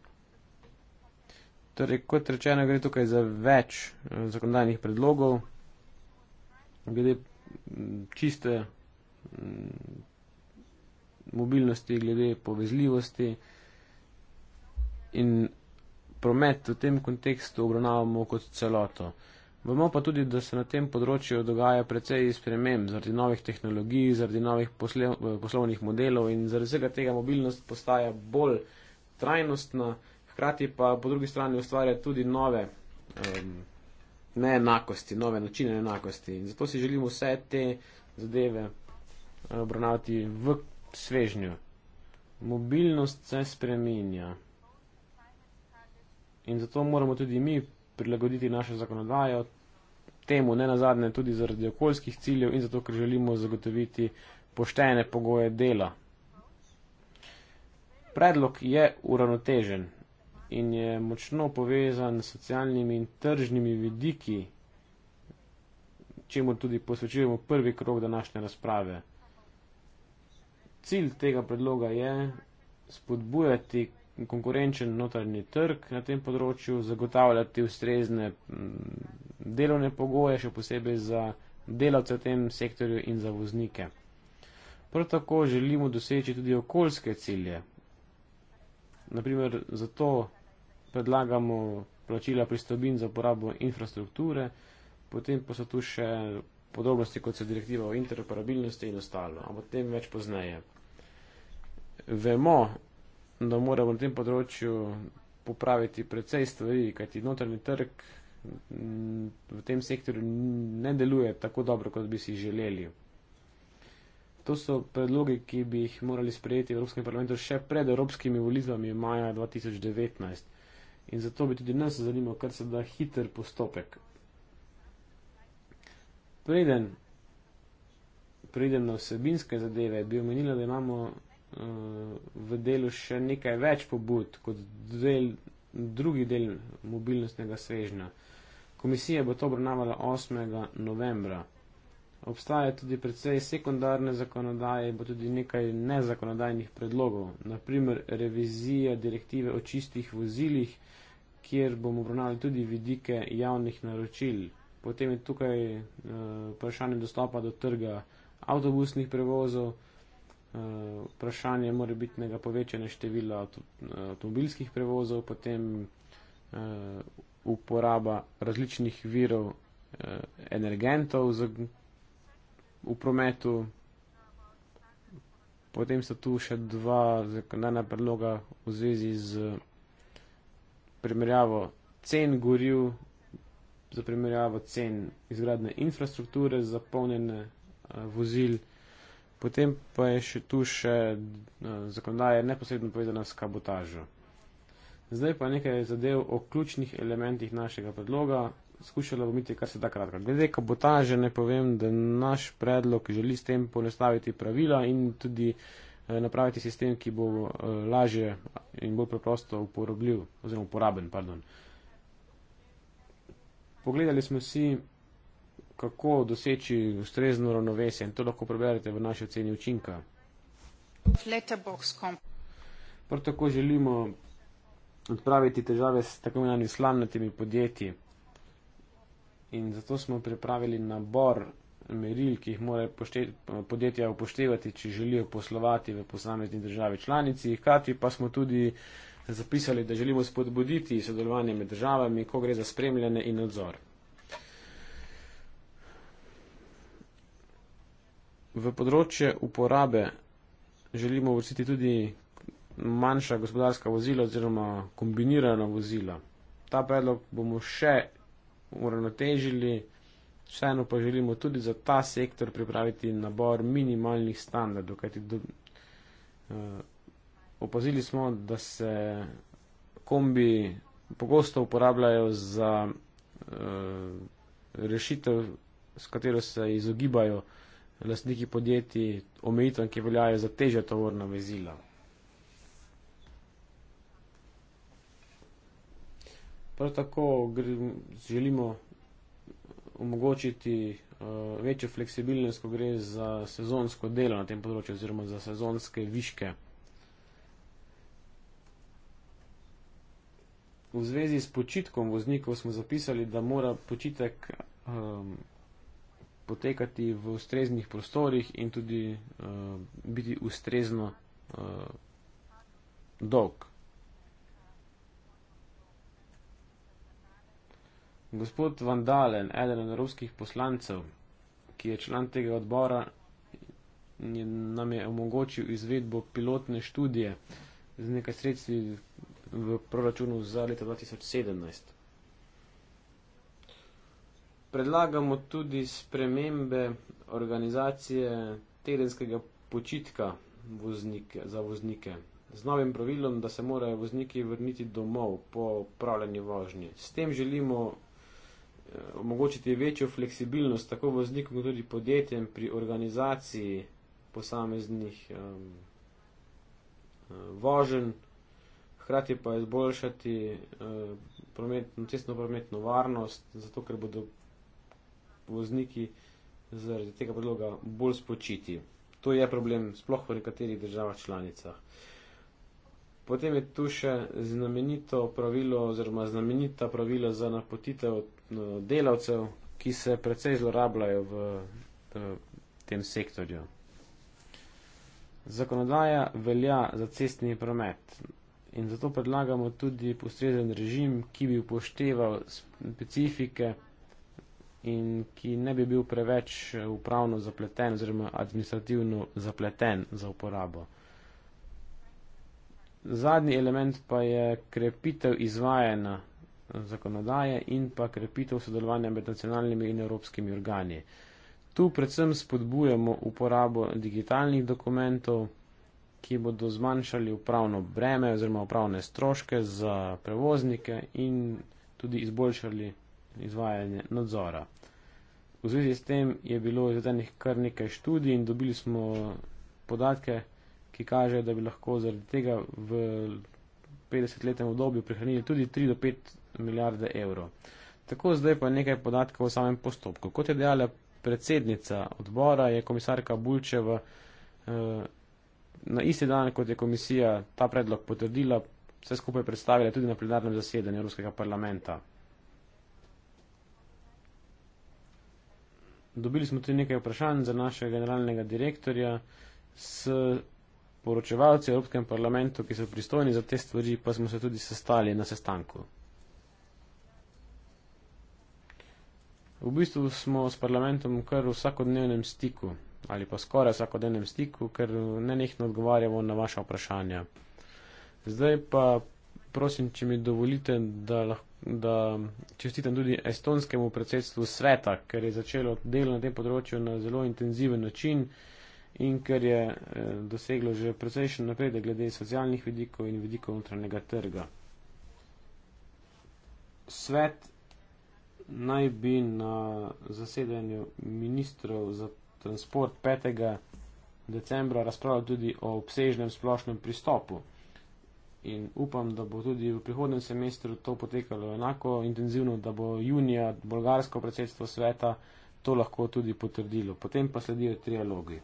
Torej, kot rečeno, gre tukaj za več eh, zakonodajnih predlogov, glede čiste mobilnosti, glede povezljivosti in promet v tem kontekstu obravnavamo kot celoto. Vemo pa tudi, da se na tem področju dogaja precej sprememb zaradi novih tehnologij, zaradi novih poslev, poslovnih modelov in zaradi vsega tega mobilnost postaja bolj trajnostna, hkrati pa po drugi strani ustvarja tudi nove um, neenakosti, nove načine neenakosti. In zato si želimo vse te zadeve eh, obravnavati v svežnju. Mobilnost se spreminja in zato moramo tudi mi prilagoditi našo zakonodajo temu, ne nazadnje tudi zaradi okoljskih ciljev in zato, ker želimo zagotoviti poštene pogoje dela. Predlog je uravnotežen in je močno povezan s socialnimi in tržnimi vidiki, čemu tudi posvečujemo prvi krok današnje razprave. Cilj tega predloga je spodbujati konkurenčen notranji trg na tem področju, zagotavljati ustrezne mm, delovne pogoje, še posebej za delavce v tem sektorju in za voznike. Prav tako želimo doseči tudi okoljske cilje. Naprimer, zato predlagamo plačila pristobin za uporabo infrastrukture, potem pa so tu še podrobnosti, kot so direktiva o interoperabilnosti in ostalo, ampak tem več pozneje. Vemo, da moramo na tem področju popraviti precej stvari, kajti notranji trg mm, v tem sektorju ne deluje tako dobro, kot bi si želeli. To so predloge, ki bi jih morali sprejeti v Evropskem parlamentu še pred evropskimi volitvami maja 2019. In zato bi tudi nas zanimal, kar se da hiter postopek. Preden, preden na vsebinske zadeve bi omenila, da imamo v delu še nekaj več pobud kot del, drugi del mobilnostnega svežnja. Komisija bo to obravnavala 8. novembra. Obstaja tudi predvsej sekundarne zakonodaje in bo tudi nekaj nezakonodajnih predlogov, naprimer revizija direktive o čistih vozilih, kjer bomo obravnavali tudi vidike javnih naročil. Potem je tukaj uh, vprašanje dostopa do trga avtobusnih prevozov, uh, Eh, vprašanje mora biti nekaj povečanja števila avtomobilskih prevozov, potem eh, uporaba različnih virov eh, energentov v prometu. Potem so tu še dva zakonodajna predloga v zvezi z primerjavo cen goril, za primerjavo cen izgradne infrastrukture za polnjene vozil. Potem pa je še tu še uh, zakonodaja neposredno povezana s kabotažo. Zdaj pa nekaj zadev o ključnih elementih našega predloga. Skušala bom biti kar se da kratka. Glede kabotaže ne povem, da naš predlog želi s tem ponestaviti pravila in tudi eh, napraviti sistem, ki bo eh, lažje in bolj preprosto uporabljiv oziroma uporaben. Pardon. Pogledali smo si kako doseči ustrezno ravnovesje in to lahko preberete v naši oceni učinka. Prav tako želimo odpraviti težave s tako imenovanimi slamnatimi podjetji. In zato smo pripravili nabor meril, ki jih morajo podjetja upoštevati, če želijo poslovati v posamezni državi članici. Hkrati pa smo tudi zapisali, da želimo spodbuditi sodelovanje med državami, ko gre za spremljanje in nadzor. v področje uporabe želimo vrstiti tudi manjša gospodarska vozila oziroma kombinirana vozila. Ta predlog bomo še uravnotežili, vseeno pa želimo tudi za ta sektor pripraviti nabor minimalnih standardov, kajti do, eh, opazili smo, da se kombi pogosto uporabljajo za eh, rešitev, s katero se izogibajo eh, lastniki podjetij omejitvam, ki veljajo za teže tovorna vezila. Prav tako želimo omogočiti eh, večjo fleksibilnost, ko gre za sezonsko delo na tem področju oziroma za sezonske viške. V zvezi s počitkom voznikov smo zapisali, da mora počitek um, potekati v ustreznih prostorih in tudi uh, biti ustrezno uh, dolg. Gospod Vandalen, eden od evropskih poslancev, ki je član tega odbora, je, nam je omogočil izvedbo pilotne študije z nekaj sredstvi v proračunu za leto 2017 predlagamo tudi spremembe organizacije tedenskega počitka voznike, za voznike. Z novim pravilom, da se morajo vozniki vrniti domov po upravljanju vožnje. S tem želimo eh, omogočiti večjo fleksibilnost tako voznikom, kot tudi podjetjem pri organizaciji posameznih um, voženj, hkrati pa izboljšati uh, prometno, cestno prometno varnost, zato ker bodo vozniki zaradi tega predloga bolj spočiti. To je problem sploh v nekaterih državah članicah. Potem je tu še znamenito pravilo oziroma znamenita pravila za napotitev no, delavcev, ki se precej zlorabljajo v tem sektorju. Zakonodaja velja za cestni promet in zato predlagamo tudi ustrezen režim, ki bi upošteval specifike in ki ne bi bil preveč eh, upravno zapleten oziroma administrativno zapleten za uporabo. Zadnji element pa je krepitev izvajanja eh, zakonodaje in pa krepitev sodelovanja med nacionalnimi in evropskimi organi. Tu predvsem spodbujamo uporabo digitalnih dokumentov, ki bodo zmanjšali upravno breme oziroma upravne stroške za prevoznike in tudi izboljšali izvajanje nadzora. V zvezi s tem je bilo izvedenih kar nekaj študij in dobili smo podatke, ki kažejo, da bi lahko zaradi tega v 50-letnem obdobju prihranili tudi 3 do 5 milijarde evrov. Tako zdaj pa nekaj podatkov o samem postopku. Kot je dejala predsednica odbora, je komisarka Bulčeva eh, na isti dan, kot je komisija ta predlog potrdila, vse skupaj predstavila tudi na plenarnem zasedanju Evropskega parlamenta. Dobili smo tudi nekaj vprašanj za našega generalnega direktorja s poročevalci Evropskem parlamentu, ki so pristojni za te stvari, pa smo se tudi sestali na sestanku. V bistvu smo s parlamentom kar v vsakodnevnem stiku ali pa skoraj vsakodnevnem stiku, ker ne nekno odgovarjamo na vaša vprašanja. Zdaj pa prosim, če mi dovolite, da lahko da čestitam tudi estonskemu predsedstvu sveta, ker je začelo delo na tem področju na zelo intenziven način in ker je eh, doseglo že precejšen napredek glede socialnih vidikov in vidikov notranjega trga. Svet naj bi na zasedanju ministrov za transport 5. decembra razpravljal tudi o obsežnem splošnem pristopu in upam, da bo tudi v prihodnem semestru to potekalo enako intenzivno, da bo junija bolgarsko predsedstvo sveta to lahko tudi potrdilo. Potem pa sledijo trialogi.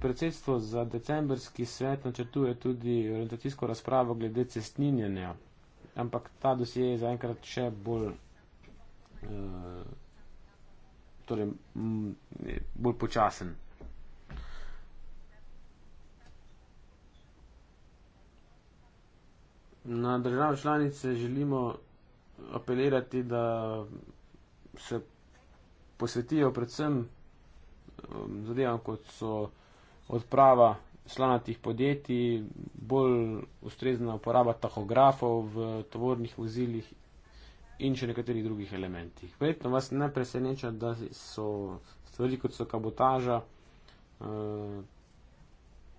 Predsedstvo za decembrski svet načrtuje tudi orientacijsko razpravo glede cestninjenja, ampak ta dosje je zaenkrat še bolj, eh, torej, m, bolj počasen. Na države članice želimo apelirati, da se posvetijo predvsem um, zadevam, kot so odprava slanatih podjetij, bolj ustrezna uporaba tahografov v tovornih vozilih in še nekaterih drugih elementih. Verjetno vas ne preseneča, da so stvari, kot so kabotaža, uh,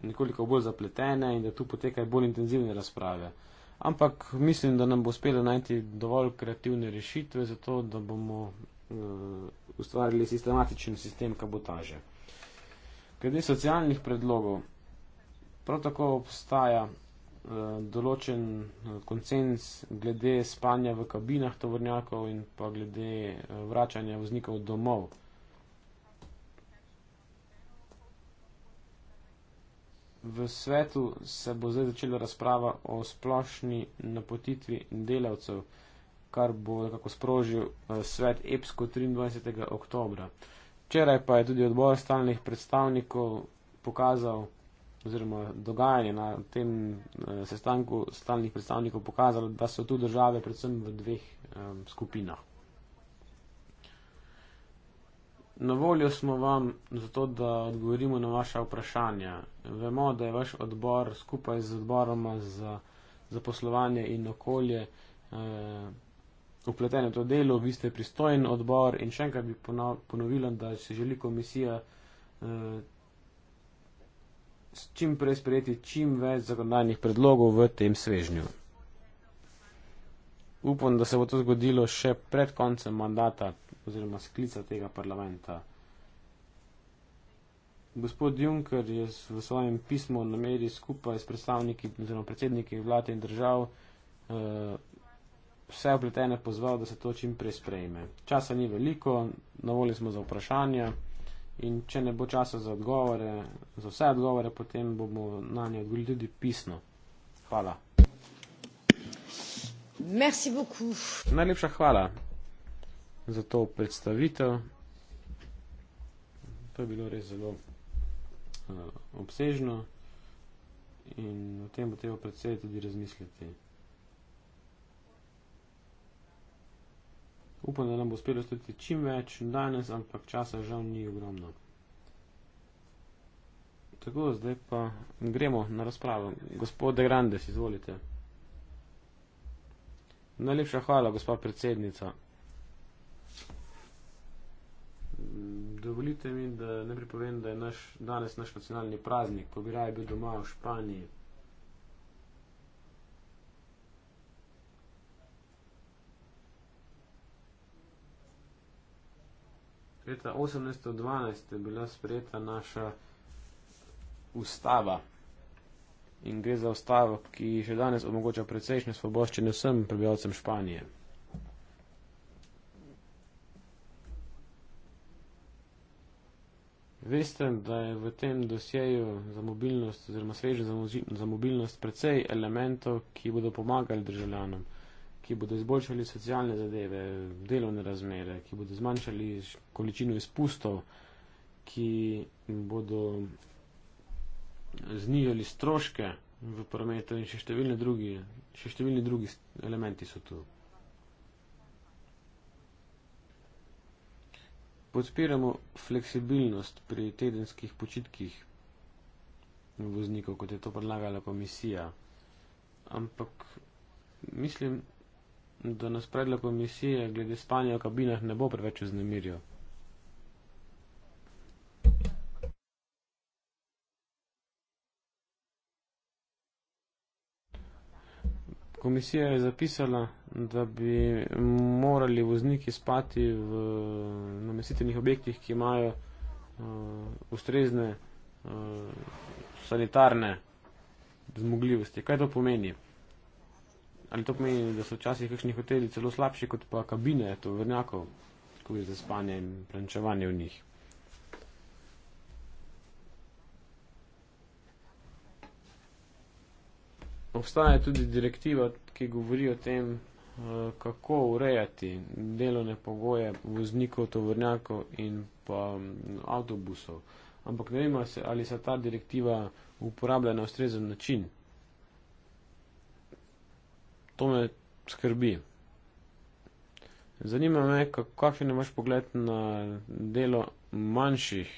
nekoliko bolj zapletene in da tu potekajo bolj intenzivne razprave. Ampak mislim, da nam bo uspelo najti dovolj kreativne rešitve za to, da bomo uh, ustvarili sistematičen sistem kabotaže. Glede socialnih predlogov, prav tako obstaja uh, določen uh, eh, koncens glede spanja v kabinah tovornjakov in pa glede uh, vračanja voznikov domov. V svetu se bo zdaj začela razprava o splošni napotitvi delavcev, kar bo nekako sprožil eh, svet EPSKO 23. oktober. Včeraj pa je tudi odbor stalnih predstavnikov pokazal, oziroma dogajanje na tem eh, sestanku stalnih predstavnikov pokazalo, da so tu države predvsem v dveh eh, skupinah. Na voljo smo vam zato, da odgovorimo na vaša vprašanja. Vemo, da je vaš odbor skupaj z odboroma za zaposlovanje in okolje eh, upleten v to delo, vi ste pristojen odbor in še enkrat bi ponovila, da se želi komisija eh, čim prej sprejeti čim več zakonodajnih predlogov v tem svežnju. Upam, da se bo to zgodilo še pred koncem mandata oziroma sklica tega parlamenta. Gospod Juncker je v svojem pismu nameri skupaj s predstavniki oziroma predsedniki vlade in držav eh, vse opletene pozval, da se to čim prej sprejme. Časa ni veliko, na voljo smo za vprašanja in če ne bo časa za odgovore, za vse odgovore, potem bomo na nje odgovorili tudi pisno. Hvala. Merci beaucoup. Najlepša hvala za to predstavitev. To je bilo res zelo uh, obsežno in o tem bo treba predvsej tudi razmisliti. Upam, da nam bo uspelo stati čim več danes, ampak časa žal ni ogromno. Tako, zdaj pa gremo na razpravo. Gospod De Grandes, izvolite. Najlepša hvala, gospod predsednica. Dovolite mi, da ne pripovem, da je naš, danes naš nacionalni praznik, ko bi raje bil doma v Španiji. Leta 1812 je bila sprejeta naša ustava in gre za ustavo, ki še danes omogoča precejšnje svoboščine vsem prebivalcem Španije. Veste, da je v tem dosjeju za mobilnost oziroma sveže za, za mobilnost precej elementov, ki bodo pomagali državljanom, ki bodo izboljšali socialne zadeve, delovne razmere, ki bodo zmanjšali količino izpustov, ki bodo znižali stroške v prometu in še številni drugi, drugi elementi so tu. podpiramo fleksibilnost pri tedenskih počitkih voznikov, kot je to predlagala komisija. Ampak mislim, da nas predlog komisije glede spanja v kabinah ne bo preveč vznemirjal. komisija je zapisala, da bi morali vozniki spati v namestitvenih objektih, ki imajo uh, ustrezne uh, sanitarne zmogljivosti. Kaj to pomeni? Ali to pomeni, da so včasih kakšni hoteli celo slabši kot pa kabine, to vrnjakov, ko je za spanje in prančevanje v njih? obstaja tudi direktiva, ki govori o tem, eh, kako urejati delovne pogoje voznikov, tovornjakov in pa mm, avtobusov. Ampak ne vem, ali se ta direktiva uporablja na ustrezen način. To me skrbi. Zanima me, kakšen je vaš pogled na delo manjših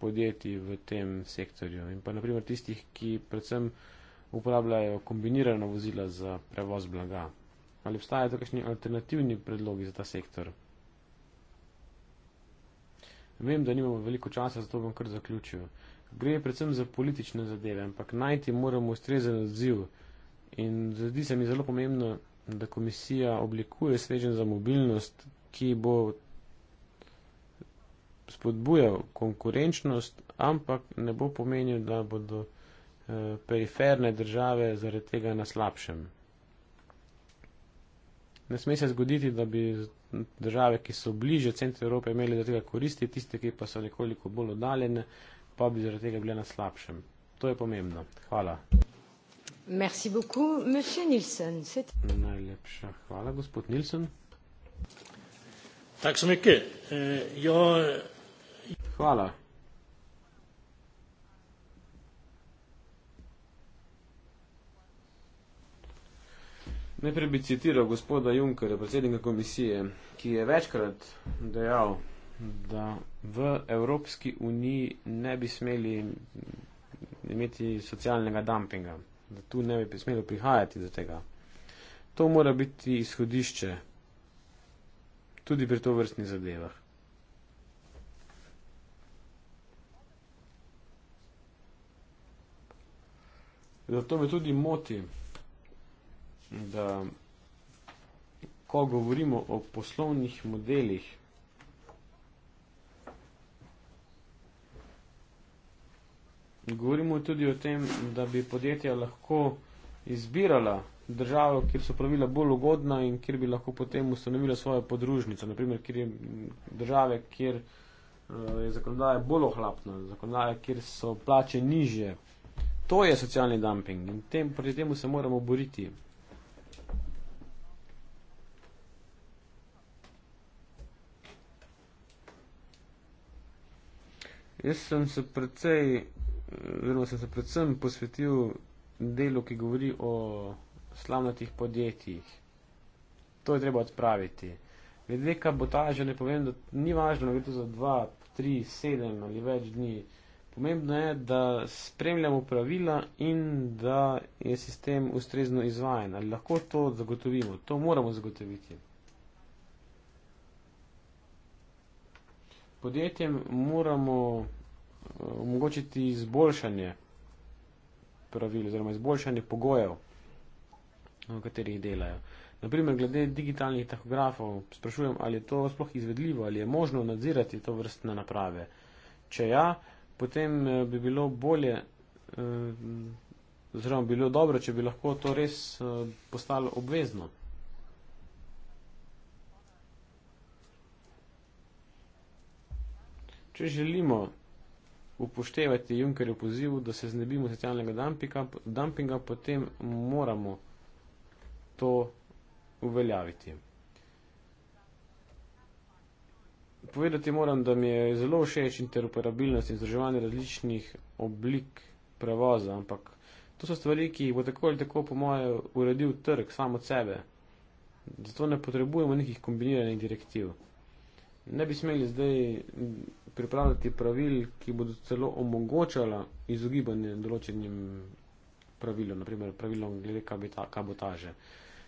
podjetij v tem sektorju in pa naprimer tistih, ki predvsem uporabljajo kombinirana vozila za prevoz blaga. Ali obstajajo kakšni alternativni predlogi za ta sektor? Vem, da nimamo veliko časa, zato bom kar zaključil. Gre predvsem za politične zadeve, ampak najti moramo ustrezen odziv. In zdi se mi zelo pomembno, da komisija oblikuje svežen za mobilnost, ki bo spodbujal konkurenčnost, ampak ne bo pomenil, da bodo. Eh, periferne države zaradi tega na slabšem. Ne sme se zgoditi, da bi države, ki so bliže centru Evrope, imeli zaradi tega koristi, tiste, ki pa so nekoliko bolj oddaljene, pa bi zaradi tega bile na slabšem. To je pomembno. Hvala. Merci beaucoup, monsieur Nilsson. Najlepša hvala, gospod Nilsson. Tak so mi kje. Eh, ja, hvala. Najprej bi citiral gospoda Junckerja, predsednika komisije, ki je večkrat dejal, da v Evropski uniji ne bi smeli imeti socialnega dumpinga, da tu ne bi smelo prihajati do tega. To mora biti izhodišče tudi pri to vrstnih zadevah. Zato me tudi moti da ko govorimo o poslovnih modelih, govorimo tudi o tem, da bi podjetja lahko izbirala državo, kjer so pravila bolj ugodna in kjer bi lahko potem ustanovila svojo podružnico, naprimer kjer je države, kjer eh, je zakonodaja bolj ohlapna, zakonodaja, kjer so plače niže. To je socialni dumping in tem, proti temu se moramo boriti. Jaz sem se predvsej, zelo sem se predvsem posvetil delu, ki govori o slavnatih podjetjih. To je treba odpraviti. Glede kabotaže ne povem, da ni važno, da je to za dva, tri, sedem ali več dni. Pomembno je, da spremljamo pravila in da je sistem ustrezno izvajen. Ali lahko to zagotovimo? To moramo zagotoviti. podjetjem moramo eh, omogočiti izboljšanje pravil oziroma izboljšanje pogojev, v katerih delajo. Naprimer, glede digitalnih tahografov, sprašujem, ali je to sploh izvedljivo, ali je možno nadzirati to vrstne naprave. Če ja, potem eh, bi bilo bolje, eh, oziroma bi bilo dobro, če bi lahko to res postalo obvezno. Če želimo upoštevati Junkerjev poziv, da se znebimo socialnega dumpinga, dumpinga, potem moramo to uveljaviti. Povedati moram, da mi je zelo všeč interoperabilnost in vzdrževanje različnih oblik prevoza, ampak to so stvari, ki jih bo tako ali tako po moje uredil trg samo od sebe. Zato ne potrebujemo nekih kombiniranih direktiv. Ne bi smeli zdaj pripravljati pravil, ki bodo celo omogočala izogibanje določenim pravilom, naprimer pravilom glede kabotaže.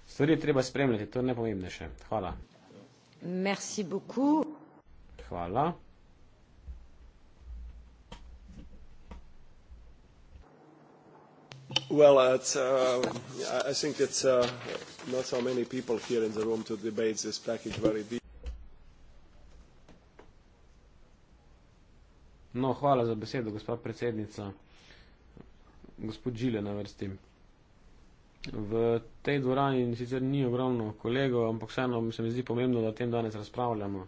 Stvari je treba spremljati, to je najpomembnejše. Hvala. Merci beaucoup. Hvala. Well, uh, it's, uh, I think it's uh, not so many people here in the room to debate this package very deep. No, hvala za besedo, gospod predsednica. Gospod Žile na vrsti. V tej dvorani sicer ni ogromno kolegov, ampak vseeno mi se mi zdi pomembno, da o tem danes razpravljamo.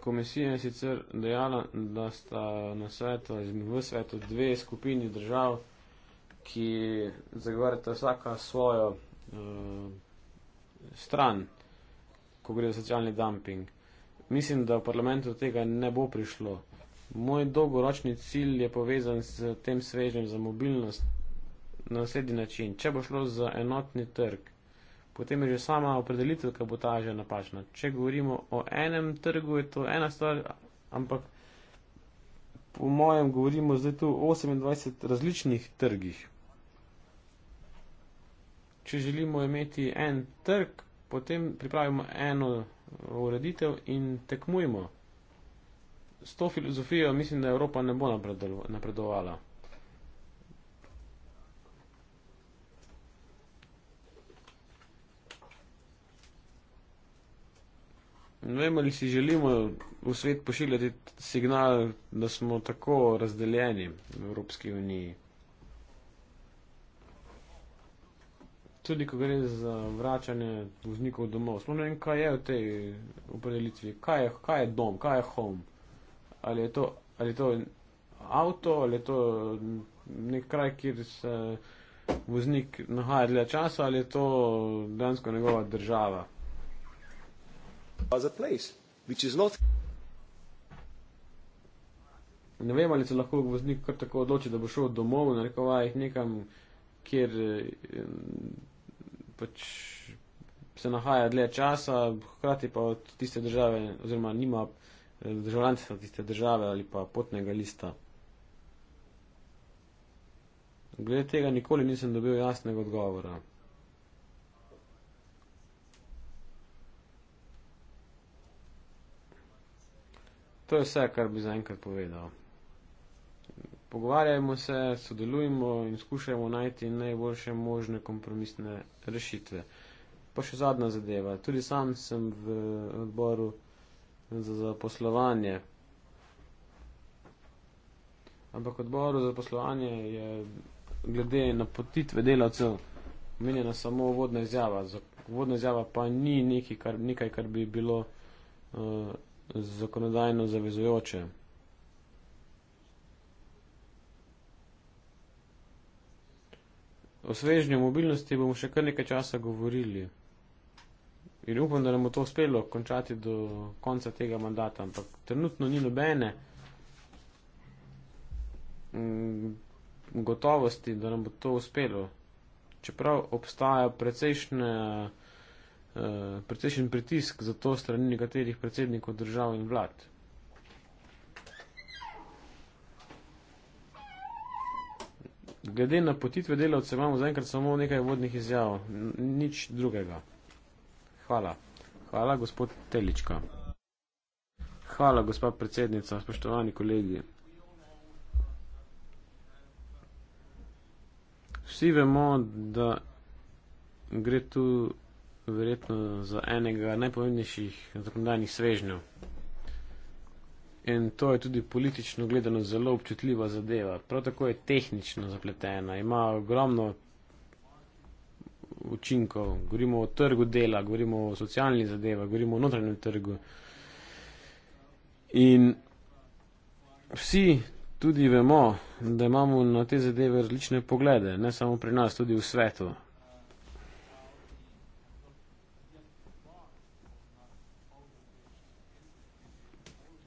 Komisija je sicer dejala, da sta na svetu, v svetu dve skupini držav, ki zagovarjata vsaka svojo. Uh, stran, ko gre za socialni dumping. Mislim, da v parlamentu tega ne bo prišlo. Moj dolgoročni cilj je povezan s tem svežnjem za mobilnost na naslednji način. Če bo šlo za enotni trg, potem je že sama opredelitev kabotaže napačna. Če govorimo o enem trgu, je to ena stvar, ampak po mojem govorimo zdaj tu o 28 različnih trgih če želimo imeti en trg, potem pripravimo eno ureditev in tekmujmo. S to filozofijo mislim, da Evropa ne bo napredovala. Ne vemo, ali si želimo v svet pošiljati signal, da smo tako razdeljeni v Evropski uniji. tudi, ko gre za vračanje voznikov domov. Sploh ne vem, kaj je v tej opredelitvi, kaj je, kaj je dom, kaj je home. Ali je to, ali je to avto, ali je to nek kraj, kjer se voznik nahaja dlje časa, ali je to dansko njegova država. Ne vem, ali se lahko voznik kar tako odloči, da bo šel domov, narekovaj nekam, kjer eh, pač se nahaja dlje časa, hkrati pa od tiste države, oziroma nima eh, državljanstva tiste države ali pa potnega lista. Glede tega nikoli nisem dobil jasnega odgovora. To je vse, kar bi zaenkrat povedal pogovarjajmo se, sodelujmo in skušajmo najti najboljše možne kompromisne rešitve. Pa še zadnja zadeva. Tudi sam sem v odboru za zaposlovanje. Ampak odboru za poslovanje je glede na potitve delavcev menjena samo vodna izjava. Vodna izjava pa ni nekaj, kar, nekaj, kar bi bilo uh, zakonodajno zavezujoče. O svežnju mobilnosti bomo še kar nekaj časa govorili. In upam, da nam bo to uspelo končati do konca tega mandata, ampak trenutno ni nobene mm, gotovosti, da nam bo to uspelo. Čeprav obstaja eh, precejšen pritisk za to strani nekaterih predsednikov držav in vlad. Glede na potitve delavce imamo zaenkrat samo nekaj vodnih izjav, nič drugega. Hvala. Hvala, gospod Telička. Hvala, gospod predsednica, spoštovani kolegi. Vsi vemo, da gre tu verjetno za enega najpomembnejših zakonodajnih svežnjev in to je tudi politično gledano zelo občutljiva zadeva. Prav tako je tehnično zapletena, ima ogromno učinkov. Govorimo o trgu dela, govorimo o socialni zadevi, govorimo o notranjem trgu. In vsi tudi vemo, da imamo na te zadeve različne poglede, ne samo pri nas, tudi v svetu.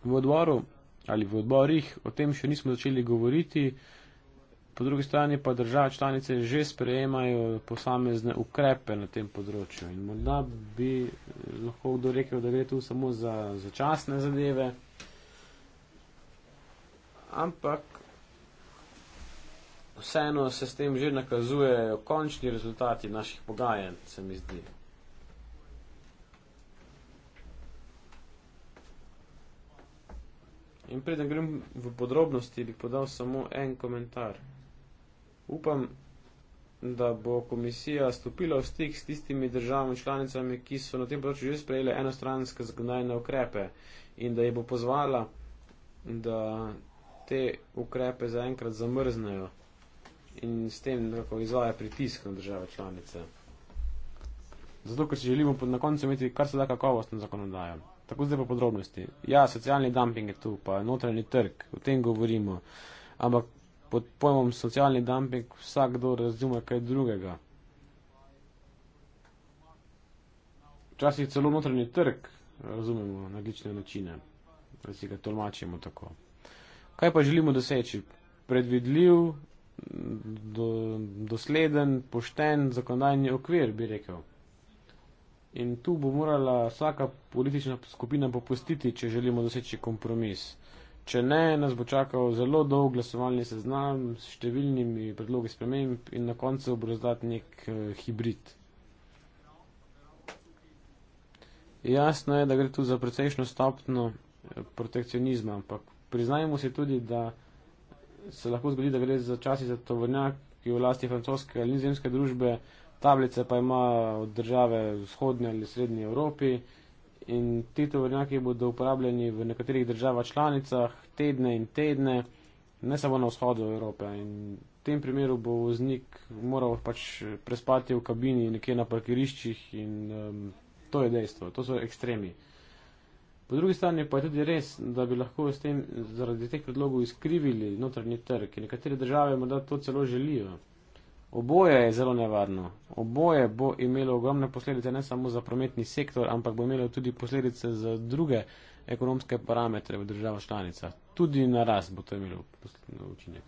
v odboru ali v odborih, o tem še nismo začeli govoriti. Po drugi strani pa država članice že sprejemajo posamezne ukrepe na tem področju in morda bi eh, lahko kdo rekel, da gre tu samo za začasne zadeve. Ampak vseeno se s tem že nakazujejo končni rezultati naših pogajanj, se mi zdi. In preden grem v podrobnosti, bi podal samo en komentar. Upam, da bo komisija stopila v stik s tistimi državami članicami, ki so na tem področju že sprejeli enostranske zakonodajne ukrepe in da jih bo pozvala, da te ukrepe zaenkrat zamrznejo in s tem nekako izvaja pritisk na države članice. Zato, ker si želimo na koncu imeti kar se da kakovostno zakonodajo. Tako zdaj po podrobnosti. Ja, socialni dumping je tu, pa notranji trg, o tem govorimo. Ampak pod pojmom socialni dumping vsakdo razume kaj drugega. Včasih celo notranji trg razumemo na različne načine, da si ga tolmačimo tako. Kaj pa želimo doseči? Predvidljiv, do, dosleden, pošten zakonodajni okvir, bi rekel. In tu bo morala vsaka politična skupina popustiti, če želimo doseči kompromis. Če ne, nas bo čakal zelo dolg glasovalni seznam s številnimi predlogi sprememb in na koncu bo razdat nek uh, hibrid. Jasno je, da gre tu za precejšno stopno eh, protekcionizma, ampak priznajmo se tudi, da se lahko zgodi, da gre za časi za tovrnjak, ki je v lasti francoske ali nizemske družbe, uh, tablice pa ima od države vzhodne ali srednje Evropi in ti tovornjaki bodo uporabljeni v nekaterih državah članicah tedne in tedne, ne samo na vzhodu Evrope. In v tem primeru bo voznik moral pač prespati v kabini nekje na parkiriščih in um, to je dejstvo, to so ekstremi. Po drugi strani pa je tudi res, da bi lahko s tem zaradi teh predlogov izkrivili notranji trg in nekatere države morda to celo želijo. Oboje je zelo nevarno. Oboje bo imelo ogromne posledice ne samo za prometni sektor, ampak bo imelo tudi posledice za druge ekonomske parametre v državah članicah. Tudi na rast bo to imelo učinek.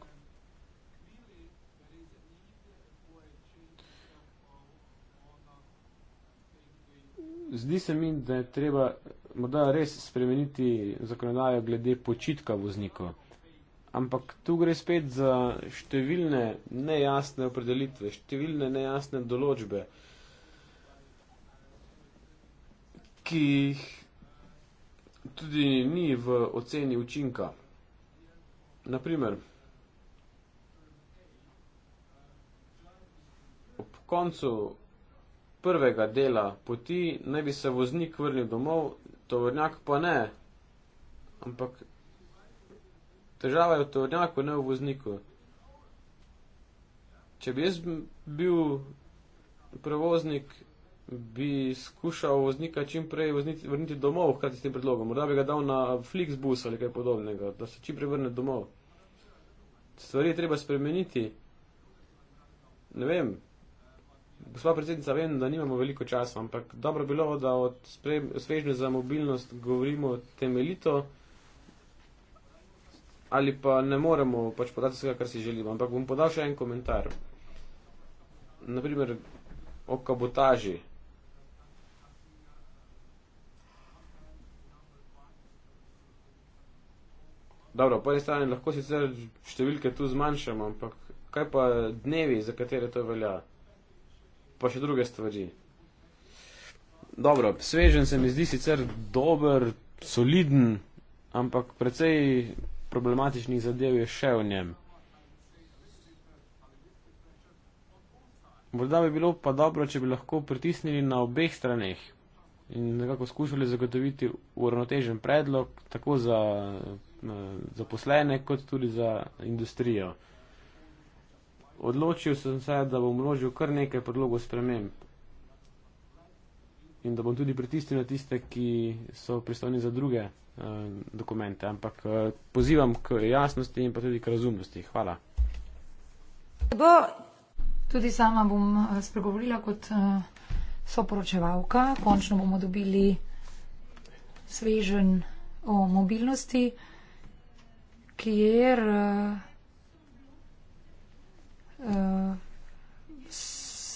Zdi se mi, da je treba morda res spremeniti zakonodajo glede počitka voznikov. Ampak tu gre spet za številne nejasne opredelitve, številne nejasne določbe, ki jih tudi ni v oceni učinka. Naprimer, ob koncu prvega dela poti naj bi se voznik vrnil domov, tovornjak pa ne. Ampak Težava je v tovornjaku, ne v vozniku. Če bi jaz bil prevoznik, bi skušal voznika čim prej vrniti, vrniti domov, hkrati s tem predlogom. Morda bi ga dal na Flixbus ali kaj podobnega, da se čim prej vrne domov. Stvari je treba spremeniti. Ne vem, gospod predsednica, vem, da nimamo veliko časa, ampak dobro bilo, da od svežne za mobilnost govorimo temeljito ali pa ne moremo pač podati vsega, kar si želimo. Ampak bom podal še en komentar. Naprimer o kabotaži. Dobro, po eni strani lahko sicer številke tu zmanjšamo, ampak kaj pa dnevi, za katere to velja, pa še druge stvari. Dobro, svežen se mi zdi sicer dober, soliden, ampak precej problematičnih zadev je še v njem. Morda bi bilo pa dobro, če bi lahko pritisnili na obeh straneh in nekako skušali zagotoviti uravnotežen predlog tako za eh, zaposlene kot tudi za industrijo. Odločil sem se, da bom vložil kar nekaj predlogov sprememb in da bom tudi pritisnil na tiste, ki so pristojni za druge eh, dokumente. Ampak eh, pozivam k jasnosti in pa tudi k razumnosti. Hvala. Bo, tudi sama bom eh, spregovorila kot eh, soporočevalka. Končno bomo dobili svežen o mobilnosti, kjer. Eh, eh,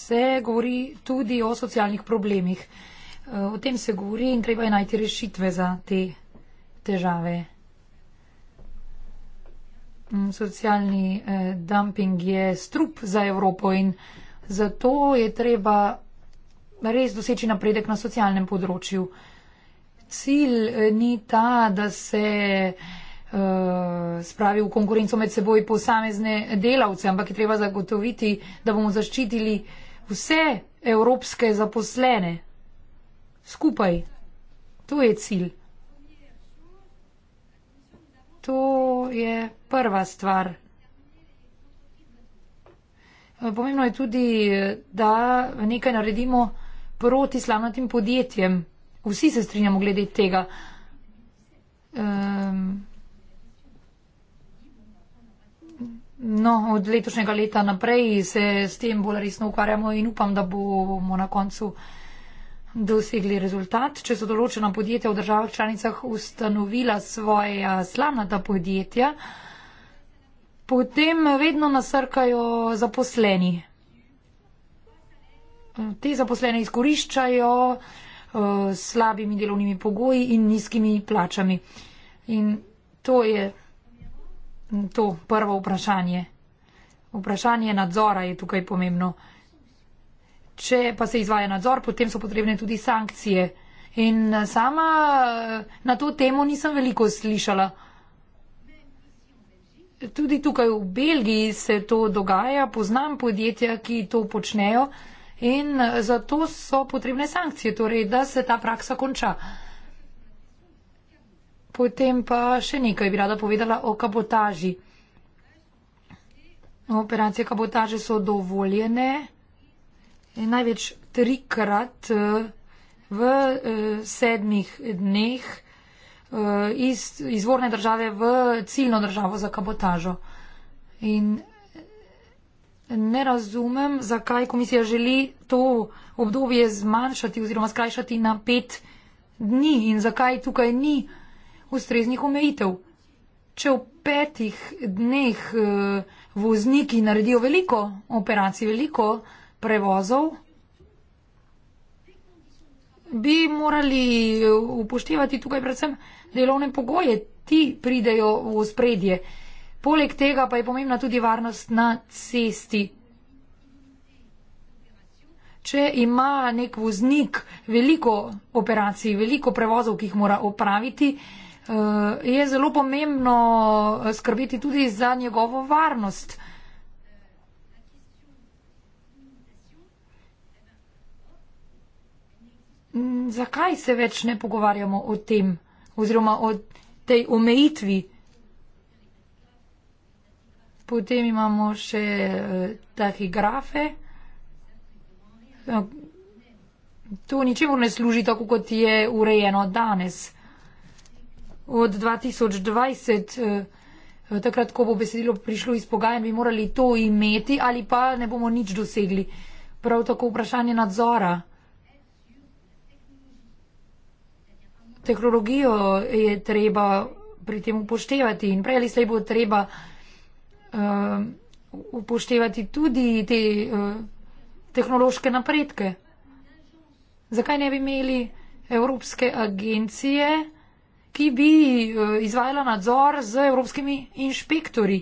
Se govori tudi o socialnih problemih. Eh, o tem se govori in treba je najti rešitve za te težave. Mm, socialni eh, dumping je strup za Evropo in zato je treba res doseči napredek na socialnem področju. Cilj eh, ni ta, da se spravi v konkurenco med seboj posamezne delavce, ampak je treba zagotoviti, da bomo zaščitili vse evropske zaposlene, skupaj. To je cilj. To je prva stvar. Eh, pomembno je tudi, da nekaj naredimo proti slamnatim podjetjem. Vsi se strinjamo glede tega. Um, no, od letošnjega leta naprej se s tem bolj resno ukvarjamo in upam, da bomo na koncu uh, dosegli rezultat, če so določena podjetja v državah članicah ustanovila svoja slamnata podjetja, potem vedno nasrkajo zaposleni. Te zaposlene izkoriščajo eh, s slabimi delovnimi pogoji in nizkimi plačami. In to je to prvo vprašanje. Vprašanje nadzora je tukaj pomembno če pa se izvaja nadzor, potem so potrebne tudi sankcije. In eh, sama eh, na to temo nisem veliko slišala. Tudi tukaj v Belgiji se to dogaja, poznam podjetja, ki to počnejo in eh, zato so potrebne sankcije, torej, da se ta praksa konča. Potem pa še nekaj bi rada povedala o kabotaži. Operacije kabotaže so dovoljene največ trikrat eh, v eh, sedmih dneh eh, iz izvorne države v ciljno državo za kabotažo. In ne razumem, zakaj komisija želi to obdobje zmanjšati oziroma skrajšati na pet dni in zakaj tukaj ni ustreznih omejitev. Če v petih dneh vozniki naredijo veliko operacij, veliko prevozov, bi morali upoštevati tukaj predvsem delovne pogoje, ti pridejo v spredje. Poleg tega pa je pomembna tudi varnost na cesti. Če ima nek voznik veliko operacij, veliko prevozov, ki jih mora opraviti, eh, je zelo pomembno skrbeti tudi za njegovo varnost. Mm, zakaj se več ne pogovarjamo o tem oziroma o tej omejitvi? Potem imamo še eh, tahigrafe. Eh, to ničemu ne služi tako, kot je urejeno danes. Od 2020, eh, takrat, ko bo besedilo prišlo iz pogajanj, bi morali to imeti ali pa ne bomo nič dosegli. Prav tako vprašanje nadzora. tehnologijo je treba pri tem upoštevati in prej ali slej bo treba uh, upoštevati tudi te uh, tehnološke napredke. Zakaj ne bi imeli Evropske agencije, ki bi uh, izvajala nadzor z evropskimi inšpektori?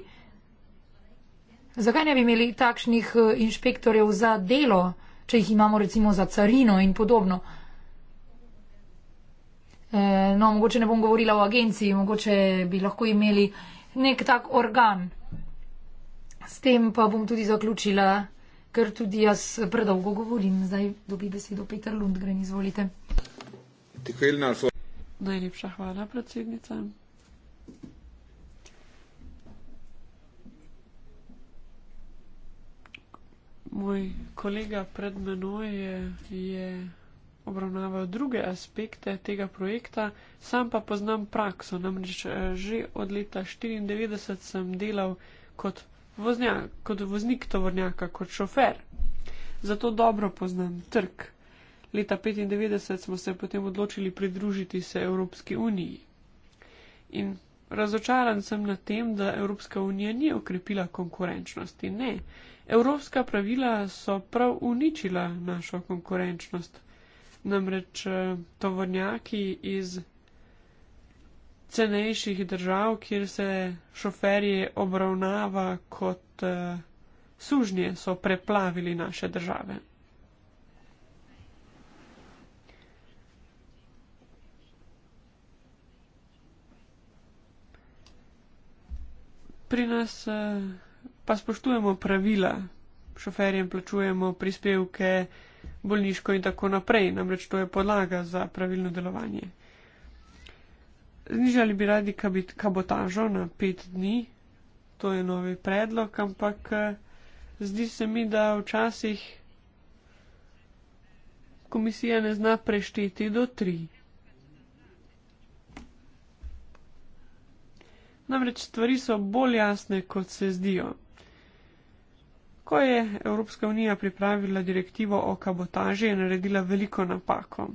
Zakaj ne bi imeli takšnih inšpektorjev za delo, če jih imamo recimo za carino in podobno? Uh, Eh, no, mogoče ne bom govorila o agenciji, mogoče bi lahko imeli nek tak organ. S tem pa bom tudi zaključila, ker tudi jaz predolgo govorim. Zdaj dobi besedo Peter Lundgren, izvolite. Najlepša hvala, predsednica. Moj kolega pred menoj je, je obravnavajo druge aspekte tega projekta, sam pa poznam prakso, namreč eh, že od leta 1994 sem delal kot, voznja, kot voznik tovornjaka, kot šofer. Zato dobro poznam trg. Leta 1995 smo se potem odločili pridružiti se Evropski uniji. In razočaran sem na tem, da Evropska unija ni okrepila konkurenčnosti. Ne, evropska pravila so prav uničila našo konkurenčnost. Namreč eh, tovornjaki iz cenejših držav, kjer se šoferje obravnava kot uh, sužnje, so preplavili naše države. Pri nas uh, pa spoštujemo pravila, šoferjem plačujemo prispevke, bolniško in tako naprej, namreč to je podlaga za pravilno delovanje. Znižali bi radi kabotažo na pet dni, to je novi predlog, ampak eh, zdi se mi, da včasih komisija ne zna prešteti do tri. Namreč stvari so bolj jasne, kot se zdijo. Ko je Evropska unija pripravila direktivo o kabotaži, je naredila veliko napako.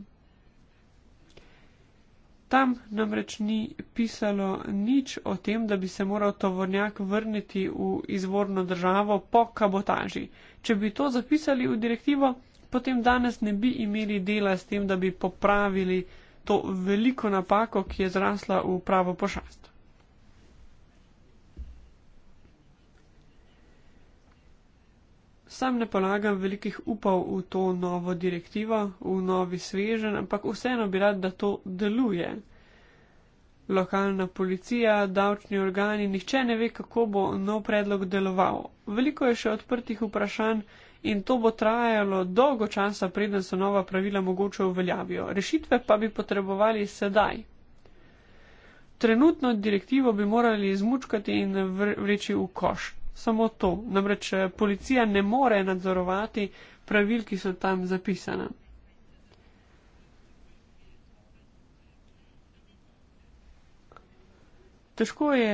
Tam namreč ni pisalo nič o tem, da bi se moral tovornjak vrniti v izvorno državo po kabotaži. Če bi to zapisali v direktivo, potem danes ne bi imeli dela s tem, da bi popravili to veliko napako, ki je zrasla v pravo pošast. Sam ne polagam velikih upov v to novo direktivo, v novi svežen, ampak vseeno bi rad, da to deluje. Lokalna policija, davčni organi, nihče ne ve, kako bo nov predlog deloval. Veliko je še odprtih vprašanj in to bo trajalo dolgo časa, preden se nova pravila mogoče uveljavijo. Rešitve pa bi potrebovali sedaj. Trenutno direktivo bi morali izmučkati in vreči v koš samo to. Namreč eh, policija ne more nadzorovati pravil, ki so tam zapisane. Težko je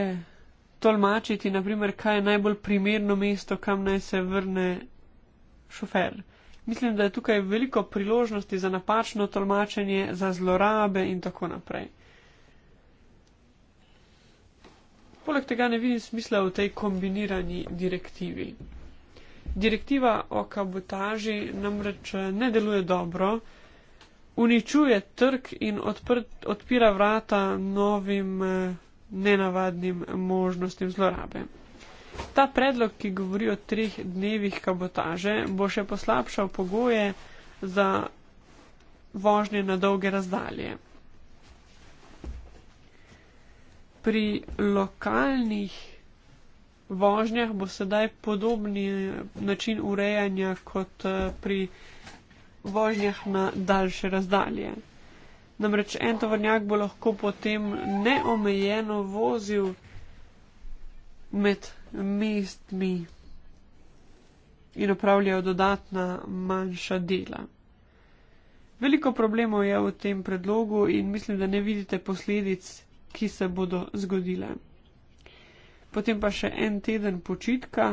tolmačiti, naprimer, kaj je najbolj primerno mesto, kam naj se vrne šofer. Mislim, da je tukaj veliko priložnosti za napačno tolmačenje, za zlorabe in tako naprej. Poleg tega ne vidim smisla v tej kombinirani direktivi. Direktiva o kabotaži namreč eh, ne deluje dobro, uničuje trg in odpr, odpira vrata novim eh, nenavadnim možnostim zlorabe. Ta predlog, ki govori o treh dnevih kabotaže, bo še poslabšal pogoje za vožnje na dolge razdalje. pri lokalnih vožnjah bo sedaj podobni način urejanja kot eh, pri vožnjah na daljše razdalje. Namreč en tovornjak bo lahko potem neomejeno vozil med mestmi in opravljal dodatna manjša dela. Veliko problemov je v tem predlogu in mislim, da ne vidite posledic ki se bodo zgodile. Potem pa še en teden počitka.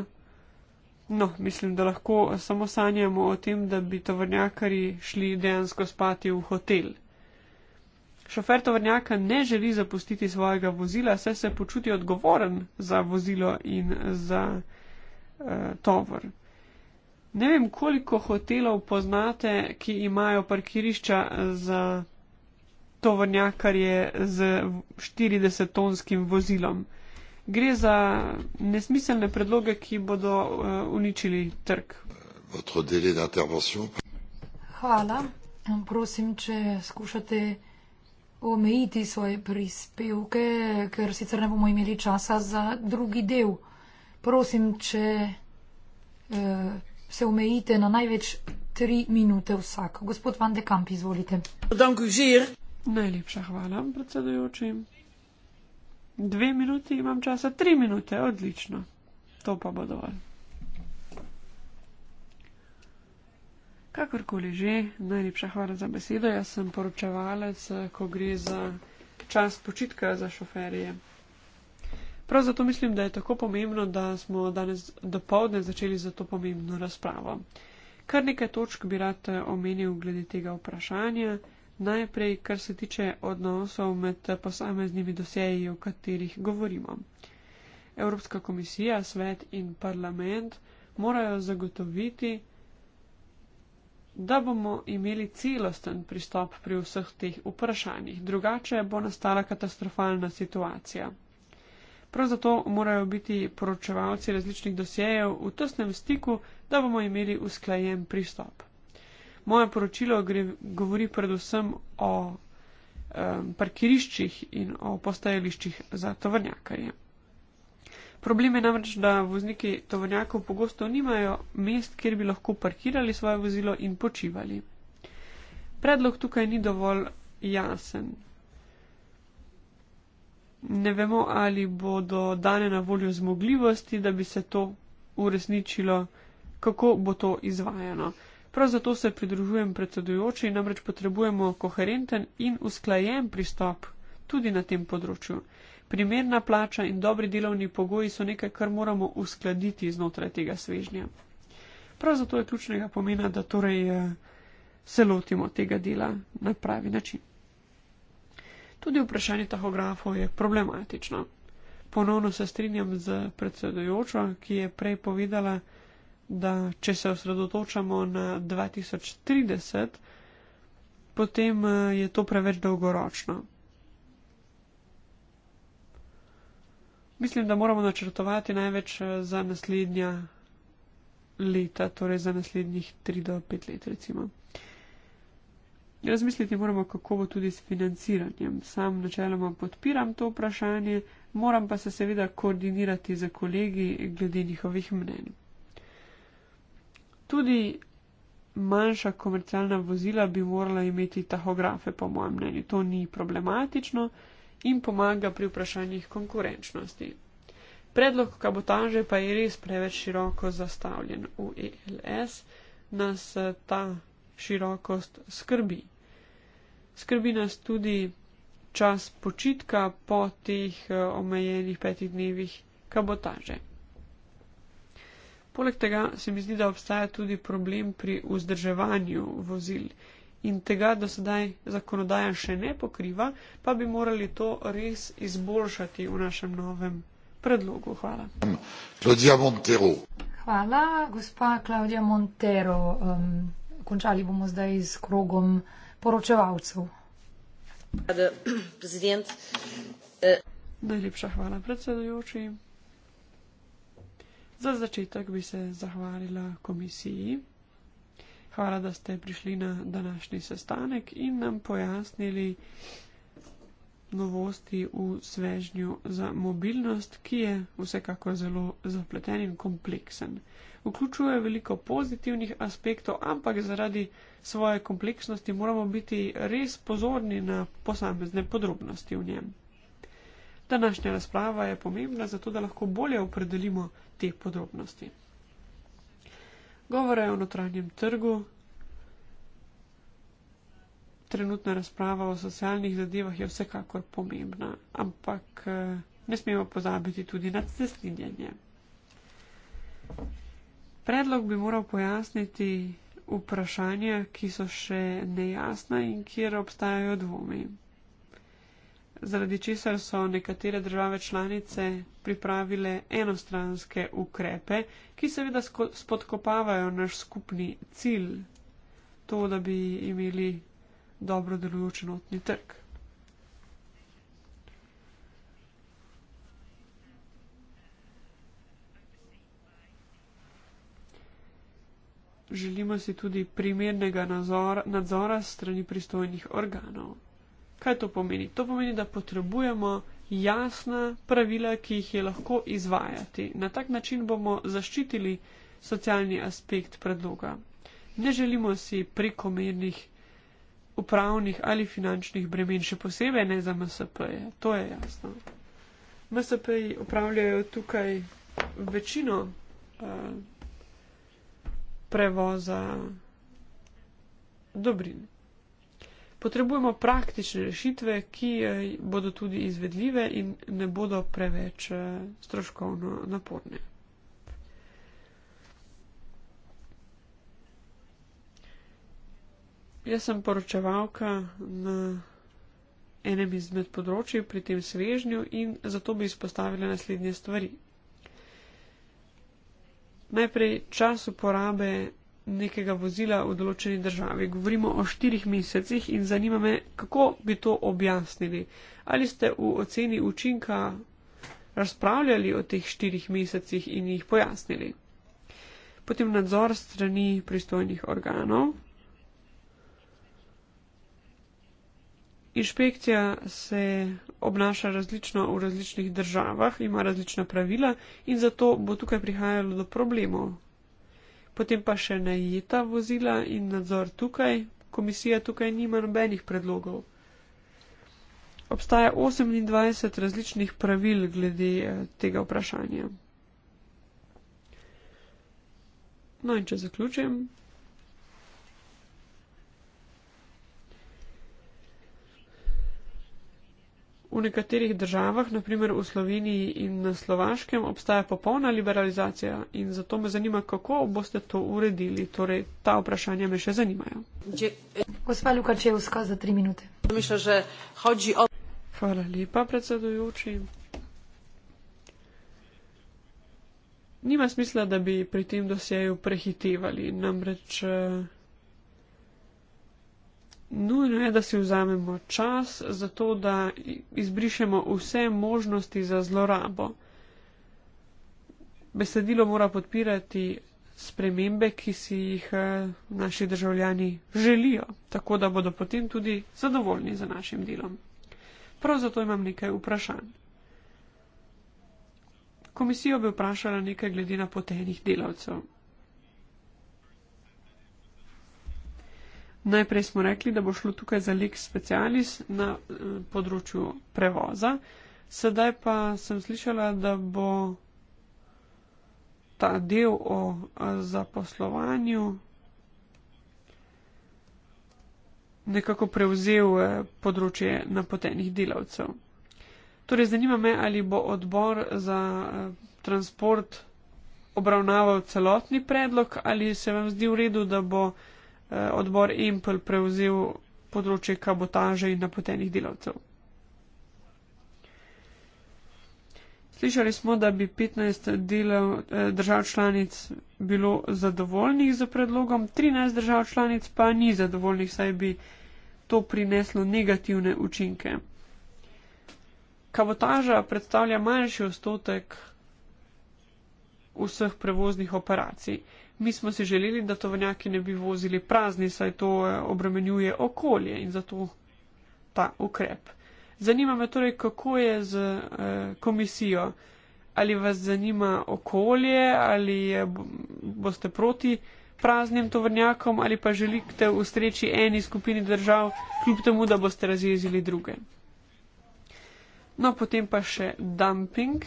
No, mislim, da lahko samo sanjamo o tem, da bi tovrnjakari šli dejansko spati v hotel. Šofer tovrnjaka ne želi zapustiti svojega vozila, saj se počuti odgovoren za vozilo in za uh, tovor. Ne vem, koliko hotelov poznate, ki imajo parkirišča za tovornjakarje z 40-tonskim vozilom. Gre za nesmiselne predloge, ki bodo uh, uničili trg. Hvala. Prosim, če skušate omejiti svoje prispevke, ker sicer ne bomo imeli časa za drugi del. Prosim, če uh, se omejite na največ tri minute vsak. Gospod Van de Kamp, izvolite. Dankujem. Najlepša hvala, predsedujoči. Dve minuti imam časa, tri minute, odlično. To pa bo dovolj. Kakorkoli že, najlepša hvala za besedo. Jaz sem poročevalec, ko gre za čas počitka za šoferje. Prav zato mislim, da je tako pomembno, da smo danes do povdne začeli za to pomembno razpravo. Kar nekaj točk bi rad omenil glede tega vprašanja. Najprej, kar se tiče odnosov med posameznimi dosjeji, o katerih govorimo. Evropska komisija, svet in parlament morajo zagotoviti, da bomo imeli celosten pristop pri vseh teh vprašanjih, drugače bo nastala katastrofalna situacija. Prav zato morajo biti poročevalci različnih dosjejev v tesnem stiku, da bomo imeli usklajen pristop. Moje poročilo gre, govori predvsem o um, parkiriščih in o postajališčih za tovrnjakarje. Problem je namreč, da vozniki tovrnjakov pogosto nimajo mest, kjer bi lahko parkirali svoje vozilo in počivali. Predlog tukaj ni dovolj jasen. Ne vemo, ali bodo dane na voljo zmogljivosti, da bi se to uresničilo, kako bo to izvajano. Prav zato se pridružujem predsedujoči, namreč potrebujemo koherenten in usklajen pristop tudi na tem področju. Primerna plača in dobri delovni pogoji so nekaj, kar moramo uskladiti znotraj tega svežnja. Prav zato je ključnega pomena, da torej eh, se lotimo tega dela na pravi način. Tudi vprašanje tahografov je problematično. Ponovno se strinjam z predsedujočo, ki je prej povedala, da da če se osredotočamo na 2030, potem eh, je to preveč dolgoročno. Mislim, da moramo načrtovati največ eh, za naslednja leta, torej za naslednjih 3 do 5 let recimo. Razmisliti moramo, kako bo tudi s financiranjem. Sam načeloma podpiram to vprašanje, moram pa se seveda koordinirati za kolegi glede njihovih mnenj tudi manjša komercialna vozila bi morala imeti tahografe, po mojem mnenju. To ni problematično in pomaga pri vprašanjih konkurenčnosti. Predlog kabotaže pa je res preveč široko zastavljen v ELS, nas eh, ta širokost skrbi. Skrbi nas tudi čas počitka po teh eh, omejenih petih dnevih kabotaže. Poleg tega se mi zdi, da obstaja tudi problem pri vzdrževanju vozil in tega do sedaj zakonodaja še ne pokriva, pa bi morali to res izboljšati v našem novem predlogu. Hvala. Klaudija Montero. Hvala, gospa Klaudija Montero. Um, končali bomo zdaj z krogom poročevalcev. Najlepša hvala, predsedujoči. Za začetek bi se zahvalila komisiji. Hvala, da ste prišli na današnji sestanek in nam pojasnili novosti v svežnju za mobilnost, ki je vsekakor zelo zapleten in kompleksen. Vključuje veliko pozitivnih aspektov, ampak zaradi svoje kompleksnosti moramo biti res pozorni na posamezne podrobnosti v njem. Današnja razprava je pomembna, zato da lahko bolje opredelimo te podrobnosti. Govora je o notranjem trgu, trenutna razprava o socialnih zadevah je vsekakor pomembna, ampak eh, ne smemo pozabiti tudi na cestninjenje. Predlog bi moral pojasniti vprašanja, ki so še nejasna in kjer obstajajo dvomi zaradi česar so nekatere države članice pripravile enostranske ukrepe, ki seveda spodkopavajo naš skupni cilj, to, da bi imeli dobro delujoč notni trg. Želimo si tudi primernega nadzora, nadzora strani pristojnih organov. Kaj to pomeni? To pomeni, da potrebujemo jasna pravila, ki jih je lahko izvajati. Na tak način bomo zaščitili socialni aspekt predloga. Ne želimo si prekomernih upravnih ali finančnih bremen, še posebej ne za MSP-je. To je jasno. MSP-ji upravljajo tukaj večino uh, prevoza dobrin. Potrebujemo praktične rešitve, ki eh, bodo tudi izvedljive in ne bodo preveč eh, stroškovno naporne. Jaz sem poročevalka na enem izmed področji pri tem svežnju in zato bi izpostavila naslednje stvari. Najprej čas uporabe nekega vozila v določeni državi. Govorimo o štirih mesecih in zanima me, kako bi to objasnili. Ali ste v oceni učinka razpravljali o teh štirih mesecih in jih pojasnili? Potem nadzor strani pristojnih organov. Inšpekcija se obnaša različno v različnih državah, ima različna pravila in zato bo tukaj prihajalo do problemov, potem pa še najeta vozila in nadzor tukaj. Komisija tukaj nima nobenih predlogov. Obstaja 28 različnih pravil glede eh, tega vprašanja. No in če zaključim, V nekaterih državah, naprimer v Sloveniji in na Slovaškem, obstaja popolna liberalizacija in zato me zanima, kako boste to uredili. Torej, ta vprašanja me še zanimajo. Gospa Lukačevska, za tri minute. Hvala lepa, predsedujoči. Nima smisla, da bi pri tem dosjeju prehitevali. Namreč, eh, Nujno je, da si vzamemo čas za to, da izbrišemo vse možnosti za zlorabo. Besedilo mora podpirati spremembe, ki si jih eh, naši državljani želijo, tako da bodo potem tudi zadovoljni za našim delom. Prav zato imam nekaj vprašanj. Komisijo bi vprašala nekaj glede napotenih delavcev. Najprej smo rekli, da bo šlo tukaj za lik specialis na eh, področju prevoza, sedaj pa sem slišala, da bo ta del o eh, zaposlovanju nekako prevzel eh, področje napotenih delavcev. Torej, zanima me, ali bo odbor za transport obravnaval celotni predlog ali se vam zdi v redu, da bo. Eh, odbor Impel prevzel področje kabotaže in napotenih delavcev. Slišali smo, da bi 15 delav, eh, držav članic bilo zadovoljnih z predlogom, 13 držav članic pa ni zadovoljnih, saj bi to prineslo negativne učinke. Kabotaža predstavlja manjši ostotek vseh prevoznih operacij. Mi smo si želeli, da tovornjaki ne bi vozili prazni, saj to eh, obremenjuje okolje in zato ta ukrep. Zanima me torej, kako je z eh, komisijo. Ali vas zanima okolje, ali je, eh, boste proti praznim tovornjakom, ali pa želite ustreči eni skupini držav, kljub temu, da boste razjezili druge. No, potem pa še dumping.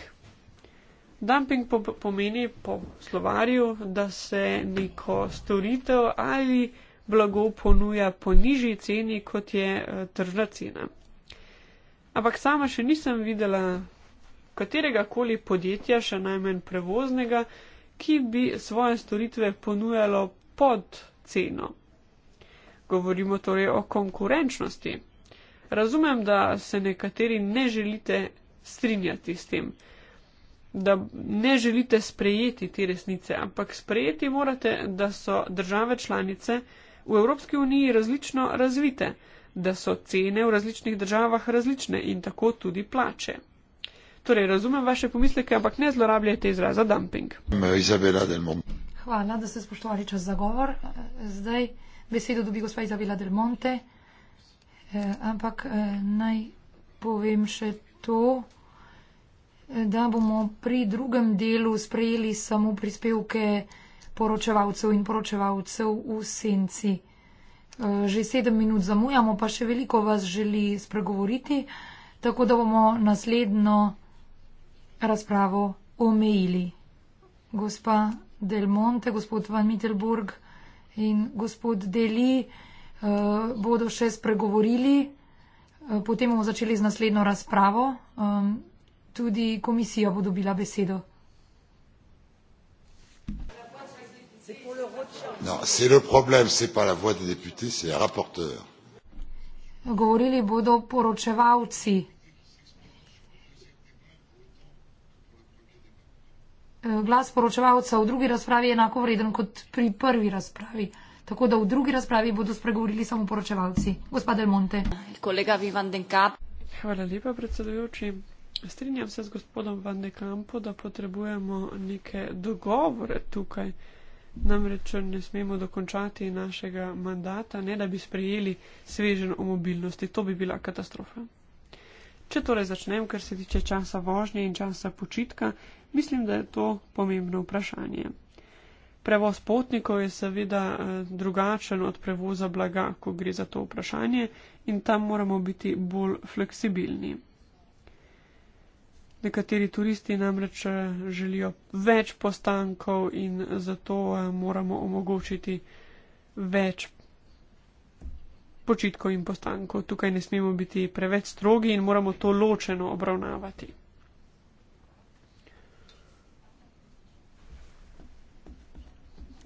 Dumping po pomeni po slovarju, da se neko storitev ali blago ponuja po nižji ceni, kot je eh, tržna cena. Ampak sama še nisem videla katerega koli podjetja, še najmanj prevoznega, ki bi svoje storitve ponujalo pod ceno. Govorimo torej o konkurenčnosti. Razumem, da se nekateri ne želite strinjati s tem da ne želite sprejeti te resnice, ampak sprejeti morate, da so države članice v Evropski uniji različno razvite, da so cene v različnih državah različne in tako tudi plače. Torej, razumem vaše pomisleke, ampak ne zlorabljajte izraza dumping. Izabela Delmon. Hvala, da ste spoštovali čas za govor. Zdaj besedo dobi gospa Izabela Delmonte, eh, ampak eh, naj povem še to da bomo pri drugem delu sprejeli samo prispevke poročevalcev in poročevalcev v senci. E, že sedem minut zamujamo, pa še veliko vas želi spregovoriti, tako da bomo naslednjo razpravo omejili. Gospa Del Monte, gospod Van Mitterburg in gospod Deli e, bodo še spregovorili, e, potem bomo začeli z naslednjo razpravo tudi komisija bo dobila besedo. No, Govorili bodo poročevalci. Eh, glas poročevalca v drugi razpravi je enako vreden kot pri prvi razpravi. Tako da v drugi razpravi bodo spregovorili samo poročevalci. Gospod Del Monte. Kolega Vivan Denkap. Hvala lepa, predsedujoči strinjam se z gospodom Van de Kampo, da potrebujemo neke dogovore tukaj. Namreč ne smemo dokončati našega mandata, ne da bi sprejeli svežen o mobilnosti. To bi bila katastrofa. Če torej začnem, kar se tiče časa vožnje in časa počitka, mislim, da je to pomembno vprašanje. Prevoz potnikov je seveda eh, drugačen od prevoza blaga, ko gre za to vprašanje in tam moramo biti bolj fleksibilni. Nekateri turisti namreč eh, želijo več postankov in zato eh, moramo omogočiti več počitkov in postankov. Tukaj ne smemo biti preveč strogi in moramo to ločeno obravnavati.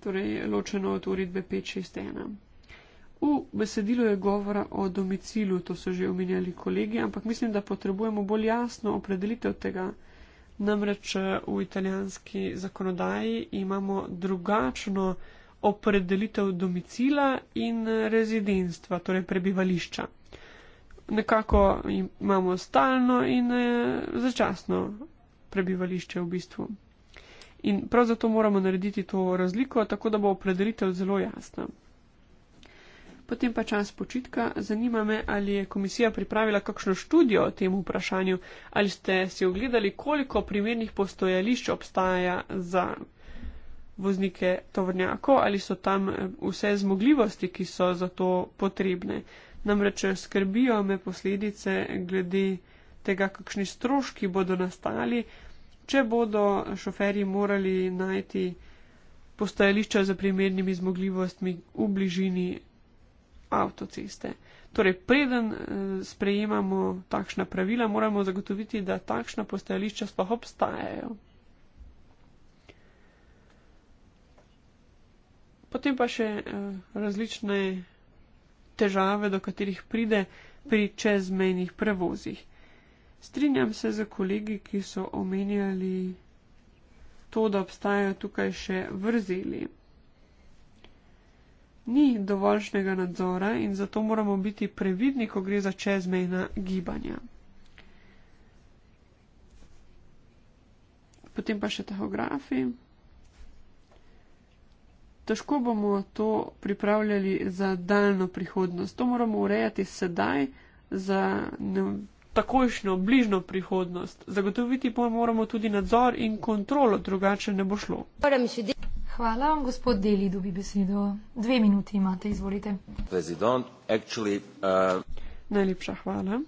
Torej, ločeno od uredbe 561. V besedilu je govora o domicilu, to so že omenjali kolegi, ampak mislim, da potrebujemo bolj jasno opredelitev tega. Namreč eh, v italijanski zakonodaji imamo drugačno opredelitev domicila in rezidenstva, torej prebivališča. Nekako imamo stalno in eh, začasno prebivališče v bistvu. In prav zato moramo narediti to razliko, tako da bo opredelitev zelo jasna potem pa čas počitka. Zanima me, ali je komisija pripravila kakšno študijo o tem vprašanju, ali ste si ogledali, koliko primernih postojališč obstaja za voznike tovrnjakov, ali so tam eh, vse zmogljivosti, ki so za to potrebne. Namreč eh, skrbijo me posledice glede tega, kakšni stroški bodo nastali, če bodo šoferji morali najti postajališča za primernimi zmogljivostmi v bližini avtoceste. Torej, preden eh, sprejemamo takšna pravila, moramo zagotoviti, da takšna postajališča sploh obstajajo. Potem pa še eh, različne težave, do katerih pride pri čezmejnih prevozih. Strinjam se z kolegi, ki so omenjali to, da obstajajo tukaj še vrzeli ni dovoljšnega nadzora in zato moramo biti previdni, ko gre za čezmejna gibanja. Potem pa še tahografi. Težko bomo to pripravljali za daljno prihodnost. To moramo urejati sedaj za ne, takojšnjo bližno prihodnost. Zagotoviti pa moramo tudi nadzor in kontrolo, drugače ne bo šlo. Hvala. Gospod Deli dobi besedo. Dve minuti imate, izvolite. Actually, uh... Najlepša hvala.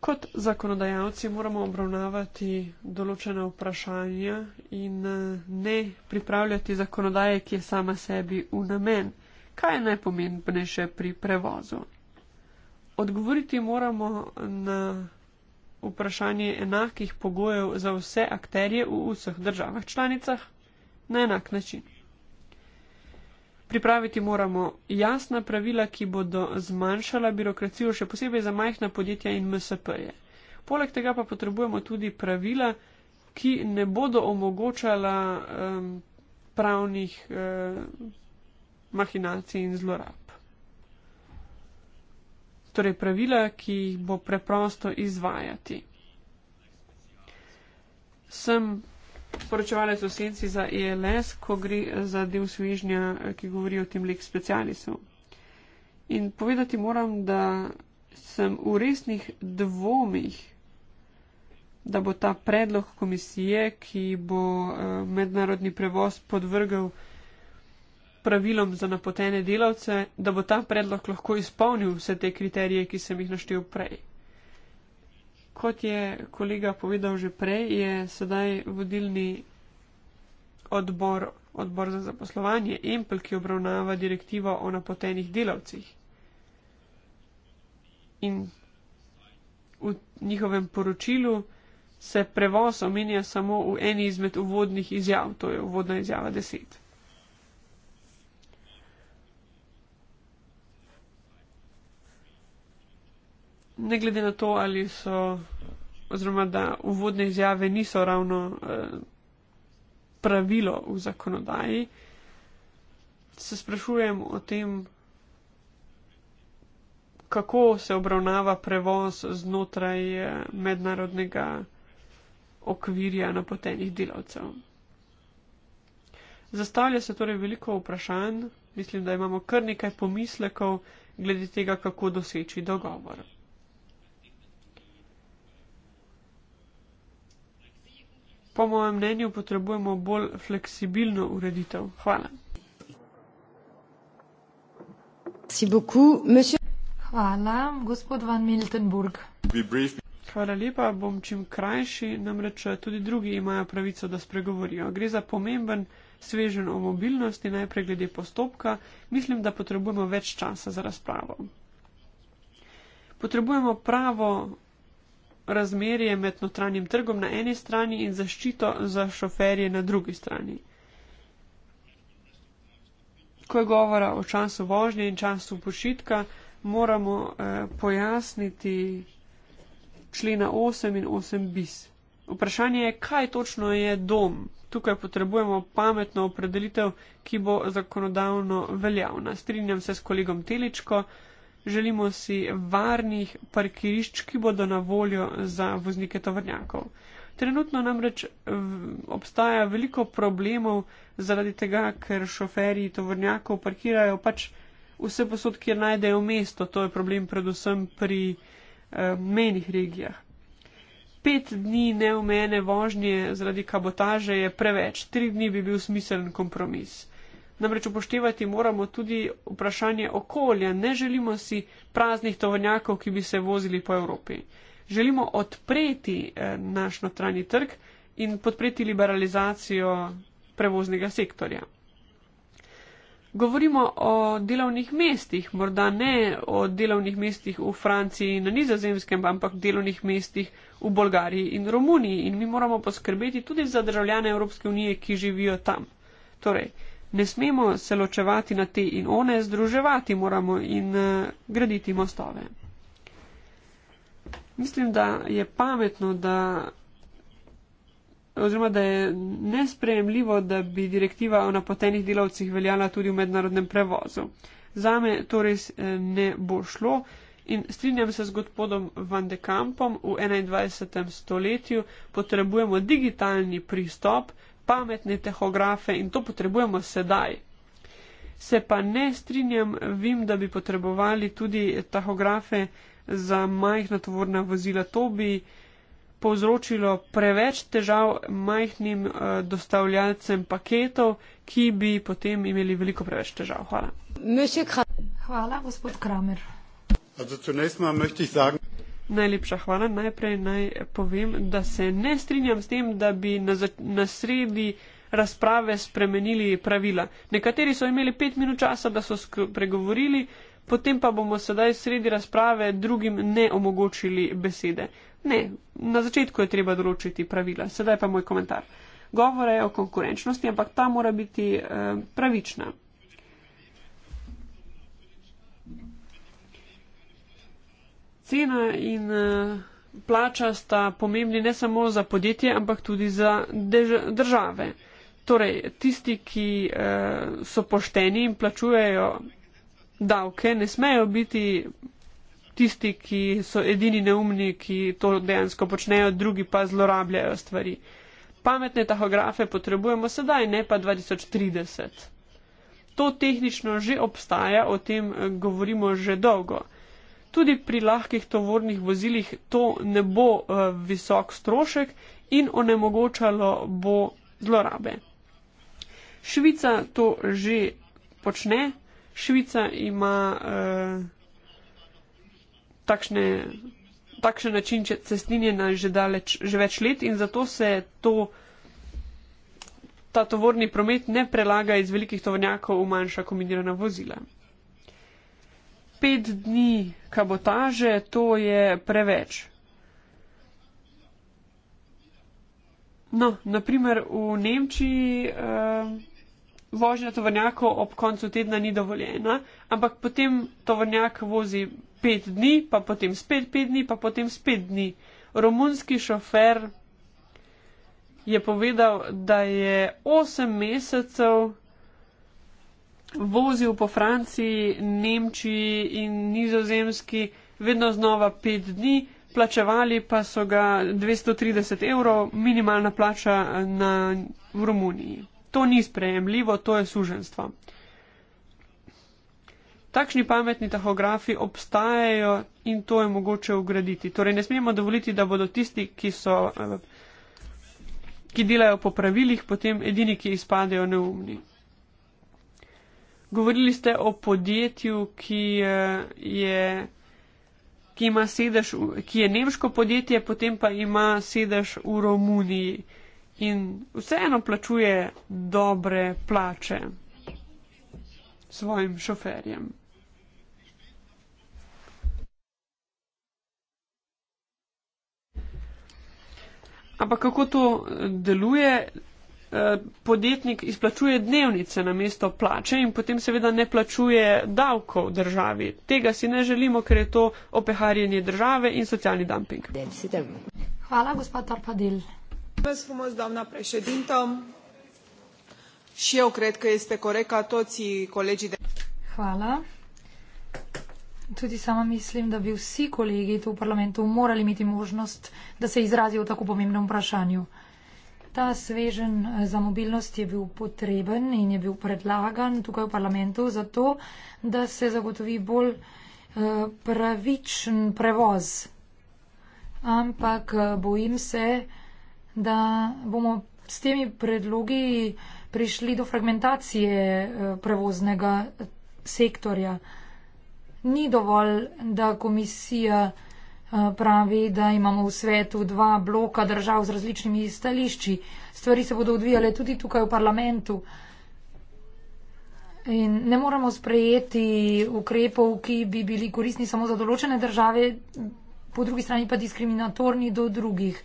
Kot zakonodajalci moramo obravnavati določena vprašanja in uh, ne pripravljati zakonodaje, ki je sama sebi v namen. Kaj je najpomembnejše pri prevozu? Odgovoriti moramo na vprašanje enakih pogojev za vse akterje v vseh državah članicah na enak način. Pripraviti moramo jasna pravila, ki bodo zmanjšala birokracijo, še posebej za majhna podjetja in MSP-je. Poleg tega pa potrebujemo tudi pravila, ki ne bodo omogočala um, pravnih um, mahinacij in zlorab torej pravila, ki jih bo preprosto izvajati. Sem poročevalec v senci za ELS, ko gre za del svežnja, ki govori o tem lek specialisu. In povedati moram, da sem v resnih dvomih, da bo ta predlog komisije, ki bo eh, mednarodni prevoz podvrgal pravilom za napotene delavce, da bo ta predlog lahko izpolnil vse te kriterije, ki sem jih naštel prej. Kot je kolega povedal že prej, je sedaj vodilni odbor, odbor za zaposlovanje Empel, ki obravnava direktivo o napotenih delavcih. In v njihovem poročilu se prevoz omenja samo v eni izmed uvodnih izjav, to je uvodna izjava deset. ne glede na to, ali so, oziroma da uvodne izjave niso ravno eh, pravilo v zakonodaji, se sprašujem o tem, kako se obravnava prevoz znotraj eh, mednarodnega okvirja napotenih delavcev. Zastavlja se torej veliko vprašanj, mislim, da imamo kar nekaj pomislekov glede tega, kako doseči dogovor. Po mojem mnenju potrebujemo bolj fleksibilno ureditev. Hvala. Hvala, gospod Van Miltenburg. Hvala lepa, bom čim krajši, namreč eh, tudi drugi imajo pravico, da spregovorijo. Gre za pomemben svežen o mobilnosti, najprej glede postopka. Mislim, da potrebujemo več časa za razpravo. Potrebujemo pravo razmerje med notranjim trgom na eni strani in zaščito za šoferje na drugi strani. Ko je govora o času vožnje in času počitka, moramo eh, pojasniti člena 8 in 8 bis. Vprašanje je, kaj točno je dom. Tukaj potrebujemo pametno opredelitev, ki bo zakonodavno veljavna. Strinjam se s kolegom Teličko, eh, želimo si varnih parkirišč, ki bodo na voljo za voznike tovrnjakov. Trenutno namreč obstaja veliko problemov zaradi tega, ker šoferji tovrnjakov parkirajo pač vse posod, kjer najdejo mesto. To je problem predvsem pri eh, menih regijah. Pet dni neumene vožnje zaradi kabotaže je preveč. Tri dni bi bil smiseln kompromis. Namreč upoštevati moramo tudi vprašanje okolja. Ne želimo si praznih tovornjakov, ki bi se vozili po Evropi. Želimo odpreti eh, naš notranji trg in podpreti liberalizacijo prevoznega sektorja. Govorimo o delovnih mestih, morda ne o delovnih mestih v Franciji in na nizozemskem, ampak delovnih mestih v Bolgariji in Romuniji. In mi moramo poskrbeti tudi za državljane Evropske unije, ki živijo tam. Torej, ne smemo se ločevati na te in one, združevati moramo in uh, graditi mostove. Mislim, da je pametno, da, oziroma da je nespremljivo, da bi direktiva o napotenih delavcih veljala tudi v mednarodnem prevozu. Zame to res eh, ne bo šlo in strinjam se z gospodom Van de Kampom, v 21. stoletju potrebujemo digitalni pristop, pametne tehografe in to potrebujemo sedaj. Se pa ne strinjam, vem, da bi potrebovali tudi tahografe za majhna tovorna vozila. To bi povzročilo preveč težav majhnim uh, dostavljalcem paketov, ki bi potem imeli veliko preveč težav. Hvala. Hvala, gospod Kramer. Najlepša hvala. Najprej naj povem, da se ne strinjam s tem, da bi na, na sredi razprave spremenili pravila. Nekateri so imeli pet minut časa, da so spregovorili, potem pa bomo sedaj sredi razprave drugim ne omogočili besede. Ne, na začetku je treba določiti pravila. Sedaj pa moj komentar. Govore o konkurenčnosti, ampak ta mora biti eh, pravična. cena in eh, plača sta pomembni ne samo za podjetje, ampak tudi za države. Torej, tisti, ki eh, so pošteni in plačujejo davke, ne smejo biti tisti, ki so edini neumni, ki to dejansko počnejo, drugi pa zlorabljajo stvari. Pametne tahografe potrebujemo sedaj, ne pa 2030. To tehnično že obstaja, o tem eh, govorimo že dolgo tudi pri lahkih tovornih vozilih to ne bo eh, visok strošek in onemogočalo bo zlorabe. Švica to že počne, Švica ima eh, takšne, takšen način cestninjena že, daleč, že več let in zato se to, ta tovorni promet ne prelaga iz velikih tovornjakov v manjša kombinirana vozila pet dni kabotaže, to je preveč. No, naprimer v Nemčiji eh, vožnja tovrnjakov ob koncu tedna ni dovoljena, ampak potem tovrnjak vozi pet dni, pa potem spet pet dni, pa potem spet dni. Romunski šofer je povedal, da je osem mesecev vozil po Franciji, Nemčiji in Nizozemski vedno znova pet dni, plačevali pa so ga 230 evrov, minimalna plača eh, na, v Romuniji. To ni sprejemljivo, to je suženstvo. Takšni pametni tahografi obstajajo in to je mogoče ugraditi. Torej ne smemo dovoliti, da bodo tisti, ki, so, eh, ki delajo po pravilih, potem edini, ki izpadejo neumni. Govorili ste o podjetju, ki eh, je, ki, ima sedež, ki je nemško podjetje, potem pa ima sedež v Romuniji in vseeno plačuje dobre plače svojim šoferjem. Ampak kako to deluje? podjetnik izplačuje dnevnice na mesto plače in potem seveda ne plačuje davkov državi. Tega si ne želimo, ker je to opeharjenje države in socialni dumping. Hvala, gospod Tarpadil. Vas bomo zdaj naprej še dintom. Še okrat, kaj ste koreka, toci, koleži. Hvala. Tudi sama mislim, da bi vsi kolegi tu v parlamentu morali imeti možnost, da se izrazijo o tako pomembnem vprašanju. Ta svežen eh, za mobilnost je bil potreben in je bil predlagan tukaj v parlamentu zato, da se zagotovi bolj eh, pravičen prevoz. Ampak eh, bojim se, da bomo s temi predlogi prišli do fragmentacije prevoznega sektorja. Ni dovolj, da komisija Eh, pravi, da imamo v svetu dva bloka držav z različnimi stališči. Stvari se bodo odvijale tudi tukaj v parlamentu. In ne moramo sprejeti ukrepov, ki bi bili korisni samo za določene države, po drugi strani pa diskriminatorni do drugih.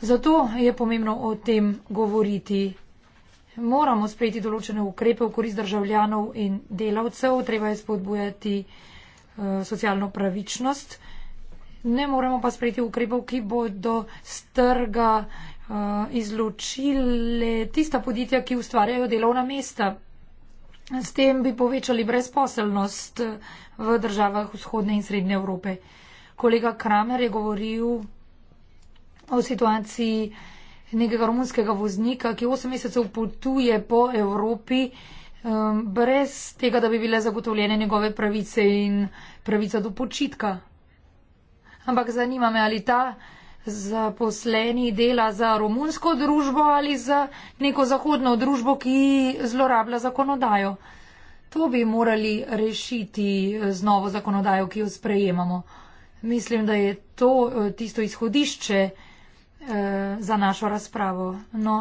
Zato je pomembno o tem govoriti. Moramo sprejeti določene ukrepe v korist državljanov in delavcev, treba je spodbujati uh, socialno pravičnost. Uh, Ne moremo pa sprejeti ukrepov, ki bodo z trga uh, izločile tista podjetja, ki ustvarjajo delovna mesta. S tem bi povečali brezposelnost eh, v državah vzhodne in srednje Evrope. Kolega Kramer je govoril o situaciji nekega romunskega voznika, ki 8 mesecev potuje po Evropi um, brez tega, da bi bile zagotovljene njegove pravice in pravica do počitka. Ampak zanima me, ali ta zaposleni dela za romunsko družbo ali za neko zahodno družbo, ki zlorablja zakonodajo. To bi morali rešiti z novo zakonodajo, ki jo sprejemamo. Mislim, da je to eh, tisto izhodišče eh, za našo razpravo. No,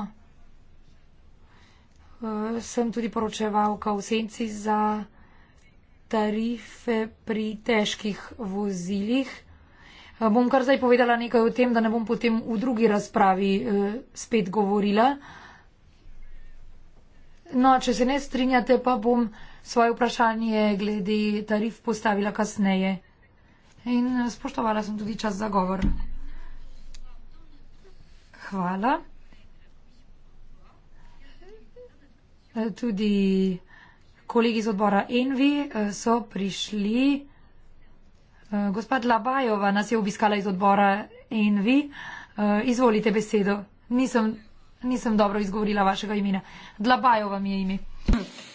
eh, sem tudi poročevalka v senci za tarife pri težkih vozilih. Bom kar zdaj povedala nekaj o tem, da ne bom potem v drugi razpravi eh, spet govorila. No, če se ne strinjate, pa bom svoje vprašanje glede tarif postavila kasneje. In eh, spoštovala sem tudi čas za govor. Hvala. Eh, tudi kolegi iz odbora Envi so prišli. Eh, Gospod Labajova nas je obiskala iz odbora in vi, eh, izvolite besedo. Nisem, nisem dobro izgovorila vašega imena. Dlabajova mi je ime.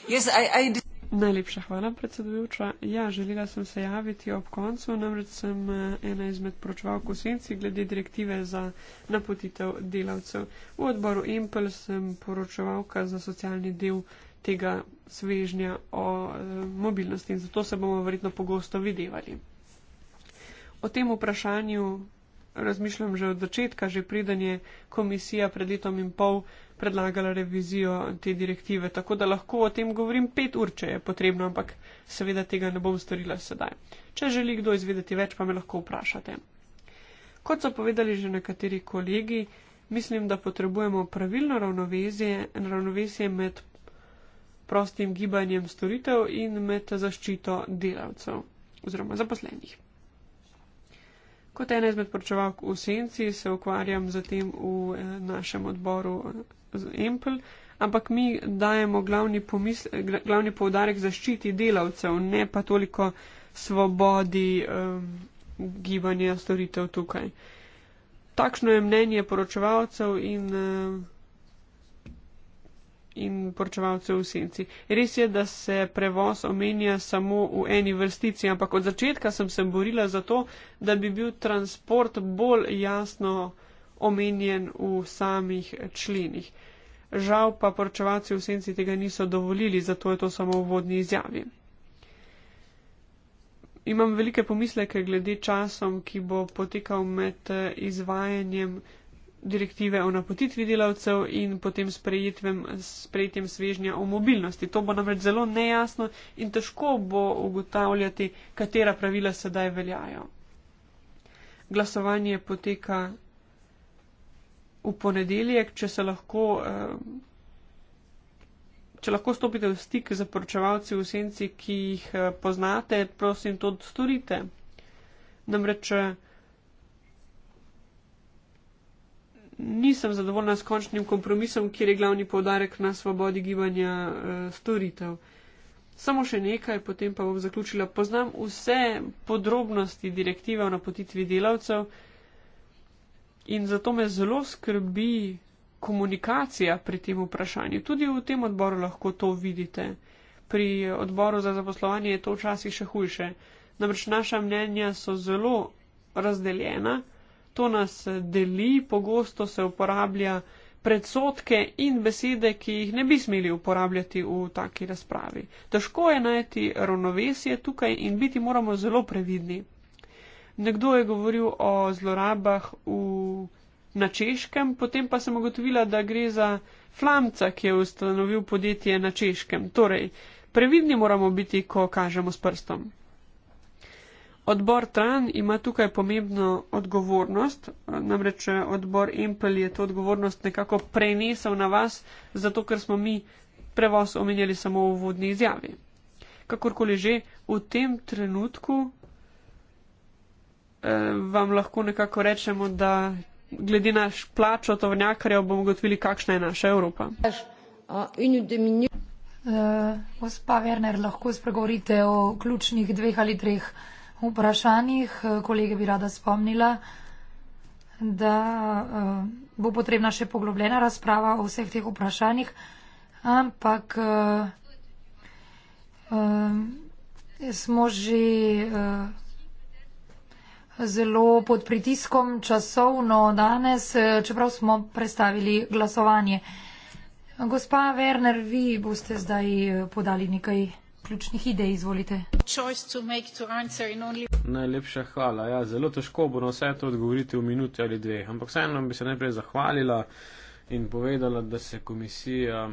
Yes, I, I... Najlepša hvala, predsedujoča. Ja, želela sem se javiti ob koncu, namreč sem eh, ena izmed pročevalk v senci glede direktive za napotitev delavcev. V odboru Impel sem poročevalka za socialni del tega svežnja o mobilnosti in zato se bomo verjetno pogosto videvali o tem vprašanju razmišljam že od začetka, že preden je komisija pred letom in pol predlagala revizijo te direktive. Tako da lahko o tem govorim pet ur, če je potrebno, ampak seveda tega ne bom storila sedaj. Če želi kdo izvedeti več, pa me lahko vprašate. Kot so povedali že nekateri kolegi, mislim, da potrebujemo pravilno ravnovesje, ravnovesje med prostim gibanjem storitev in med zaščito delavcev oziroma zaposlenih. Kot ena izmed poročevalk v senci se ukvarjam z tem v eh, našem odboru eh, z Empl, ampak mi dajemo glavni, pomisl, glavni povdarek zaščiti delavcev, ne pa toliko svobodi um, gibanja storitev tukaj. Takšno je mnenje poročevalcev in um, in poročevalce v senci. Res je, da se prevoz omenja samo v eni vrstici, ampak od začetka sem se borila za to, da bi bil transport bolj jasno omenjen v samih členih. Žal pa poročevalci v senci tega niso dovolili, zato je to samo v vodni izjavi. Imam velike pomisleke glede časom, ki bo potekal med eh, izvajanjem direktive o napotitvi delavcev in potem sprejetjem svežnja o mobilnosti. To bo namreč zelo nejasno in težko bo ugotavljati, katera pravila sedaj veljajo. Glasovanje poteka v ponedeljek, če se lahko. Eh, Če lahko stopite v stik z poročevalci v senci, ki jih eh, poznate, prosim, to storite. Namreč eh, nisem zadovoljna s končnim kompromisom, kjer je glavni povdarek na svobodi gibanja uh, storitev. Samo še nekaj, potem pa bom zaključila. Poznam vse podrobnosti direktive o napotitvi delavcev in zato me zelo skrbi komunikacija pri tem vprašanju. Tudi v tem odboru lahko to vidite. Pri odboru za zaposlovanje je to včasih še hujše. Namreč naša mnenja so zelo razdeljena to nas deli, pogosto se uporablja predsotke in besede, ki jih ne bi smeli uporabljati v taki razpravi. Težko je najti ravnovesje tukaj in biti moramo zelo previdni. Nekdo je govoril o zlorabah v, na češkem, potem pa sem ugotovila, da gre za flamca, ki je ustanovil podjetje na češkem. Torej, previdni moramo biti, ko kažemo s prstom. Odbor Tran ima tukaj pomembno odgovornost, namreč eh, odbor Empel je to odgovornost nekako prenesel na vas, zato ker smo mi prevoz omenjali samo v vodni izjavi. Kakorkoli že, v tem trenutku eh, vam lahko nekako rečemo, da glede naš plačo tovrnjakarjev bomo gotovili, kakšna je naša Evropa. Eh, gospa uh, Werner, lahko spregovorite o ključnih dveh ali treh vprašanjih. Eh, kolege bi rada spomnila, da eh, bo potrebna še poglobljena razprava o vseh teh vprašanjih, ampak eh, smo že zelo pod pritiskom časovno danes, čeprav smo predstavili glasovanje. Gospa Werner, vi boste zdaj podali nekaj ključnih idej, izvolite. Najlepša hvala. Ja, zelo težko bo na vse to odgovoriti v minuti ali dveh, ampak vseeno bi se najprej zahvalila in povedala, da se komisija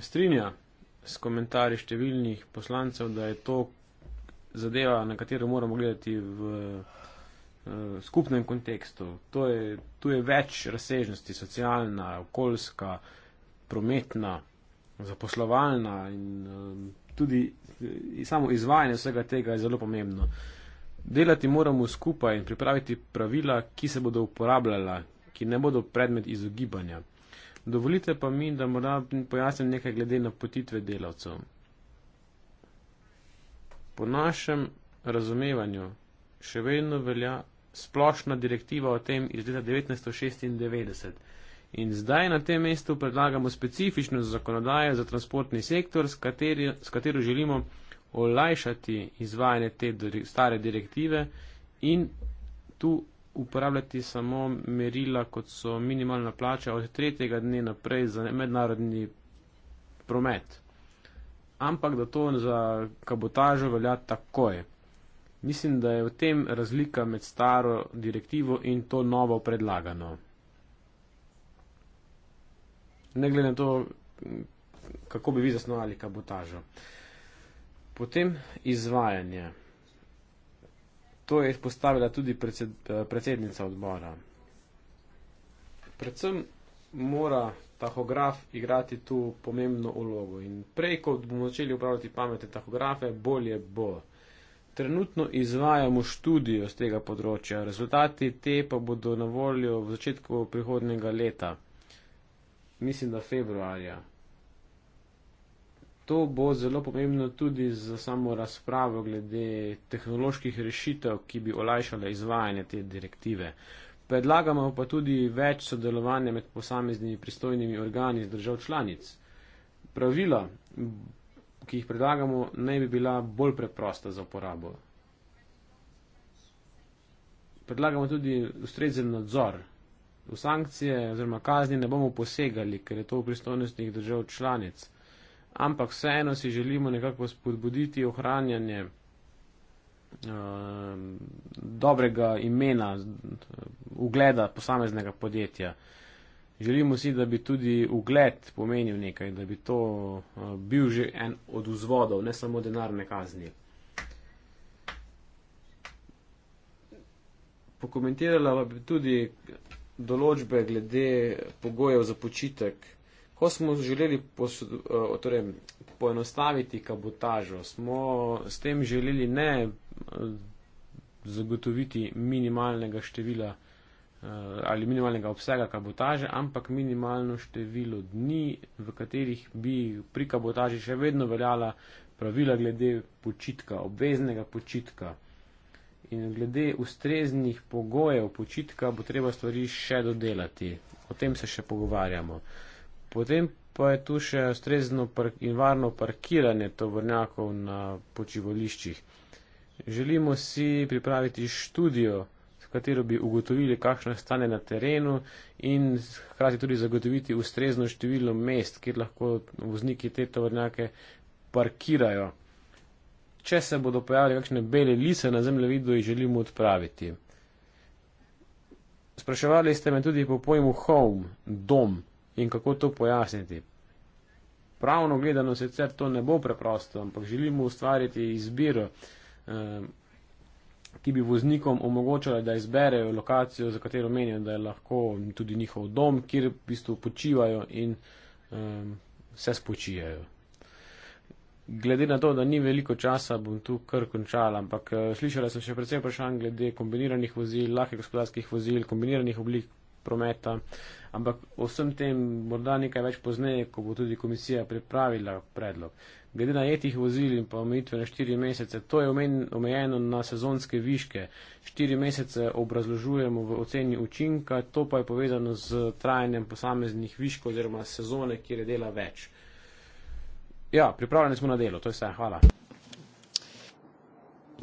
strinja s komentarji številnih poslancev, da je to zadeva, na katero moramo gledati v eh, skupnem kontekstu. To je, tu je več razsežnosti, socialna, okoljska, prometna zaposlovalna in um, tudi eh, samo izvajanje vsega tega je zelo pomembno. Delati moramo skupaj in pripraviti pravila, ki se bodo uporabljala, ki ne bodo predmet izogibanja. Dovolite pa mi, da morda pojasnim nekaj glede napotitve delavcev. Po našem razumevanju še vedno velja splošna direktiva o tem iz leta 1996. In zdaj na tem mestu predlagamo specifično zakonodajo za transportni sektor, s, kateri, s katero želimo olajšati izvajanje te stare direktive in tu uporabljati samo merila, kot so minimalna plača od tretjega dne naprej za mednarodni promet. Ampak da to za kabotažo velja takoj. Mislim, da je v tem razlika med staro direktivo in to novo predlagano ne glede na to, kako bi vi zasnovali kabotažo. Potem izvajanje. To je izpostavila tudi predsed, predsednica odbora. Predvsem mora tahograf igrati tu pomembno ulogo in prej, kot bomo začeli upravljati pametne tahografe, bolje bo. Trenutno izvajamo študijo z tega področja, rezultati te pa bodo na voljo v začetku prihodnega leta mislim, da februarja. To bo zelo pomembno tudi za samo razpravo glede tehnoloških rešitev, ki bi olajšale izvajanje te direktive. Predlagamo pa tudi več sodelovanja med posameznimi pristojnimi organi z držav članic. Pravila, ki jih predlagamo, naj bi bila bolj preprosta za uporabo. Predlagamo tudi ustrezen nadzor v sankcije oziroma kazni ne bomo posegali, ker je to v pristojnostnih držav članic. Ampak vseeno si želimo nekako spodbuditi ohranjanje uh, dobrega imena, ugleda posameznega podjetja. Želimo si, da bi tudi ugled pomenil nekaj, da bi to uh, bil že en od vzvodov, ne samo denarne kazni. Pokomentirala bi tudi določbe glede pogojev za počitek. Ko smo želeli posod, eh, torej, poenostaviti kabotažo, smo s tem želeli ne eh, zagotoviti minimalnega števila eh, ali minimalnega obsega kabotaže, ampak minimalno število dni, v katerih bi pri kabotaži še vedno veljala pravila glede počitka, obveznega počitka. In glede ustreznih pogojev počitka bo treba stvari še dodelati. O tem se še pogovarjamo. Potem pa je tu še ustrezno in varno parkiranje tovornjakov na počivoliščih. Želimo si pripraviti študijo, s katero bi ugotovili, kakšno stane na terenu in hkrati tudi zagotoviti ustrezno število mest, kjer lahko vozniki te tovornjake parkirajo če se bodo pojavile kakšne bele lise na zemljevidu, jih želimo odpraviti. Spraševali ste me tudi po pojmu home, dom in kako to pojasniti. Pravno gledano sicer to ne bo preprosto, ampak želimo ustvariti izbiro, eh, ki bi voznikom omogočala, da izberejo lokacijo, za katero menijo, da je lahko tudi njihov dom, kjer v bistvu počivajo in eh, se spočijajo glede na to, da ni veliko časa, bom tu kar končala, ampak eh, slišala sem še predvsem vprašanj glede kombiniranih vozil, lahkih gospodarskih vozil, kombiniranih oblik prometa, ampak o vsem tem morda nekaj več pozneje, ko bo tudi komisija pripravila predlog. Glede na etih vozil in pa omejitve na štiri mesece, to je omejeno na sezonske viške. Štiri mesece obrazložujemo v oceni učinka, to pa je povezano z trajanjem posameznih viškov oziroma sezone, kjer je dela več. Ja, pripravljeni smo na delo, to je vse, hvala.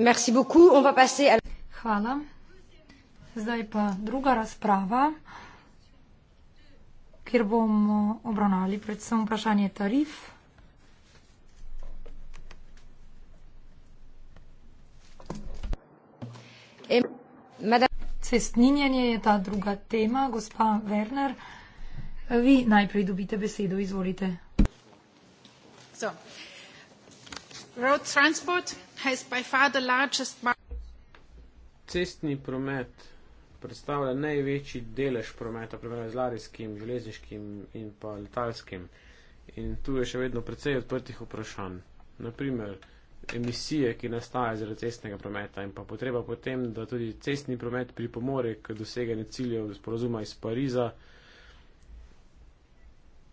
Merci beaucoup, on va passer à... Hvala. Zdaj pa druga razprava, kjer bomo obravnali predvsem vprašanje tarif. Cestninjenje je ta druga tema, gospa Werner, vi najprej dobite besedo, izvolite. So road transport has by far the largest market. Cestni promet predstavlja največji delež prometa, primerjal z ladijskim, železniškim in pa letalskim. In tu je še vedno precej odprtih vprašanj. Naprimer, emisije, ki nastajajo zaradi cestnega prometa in pa potreba po tem, da tudi cestni promet pripomore k doseganju ciljev sporazuma iz Pariza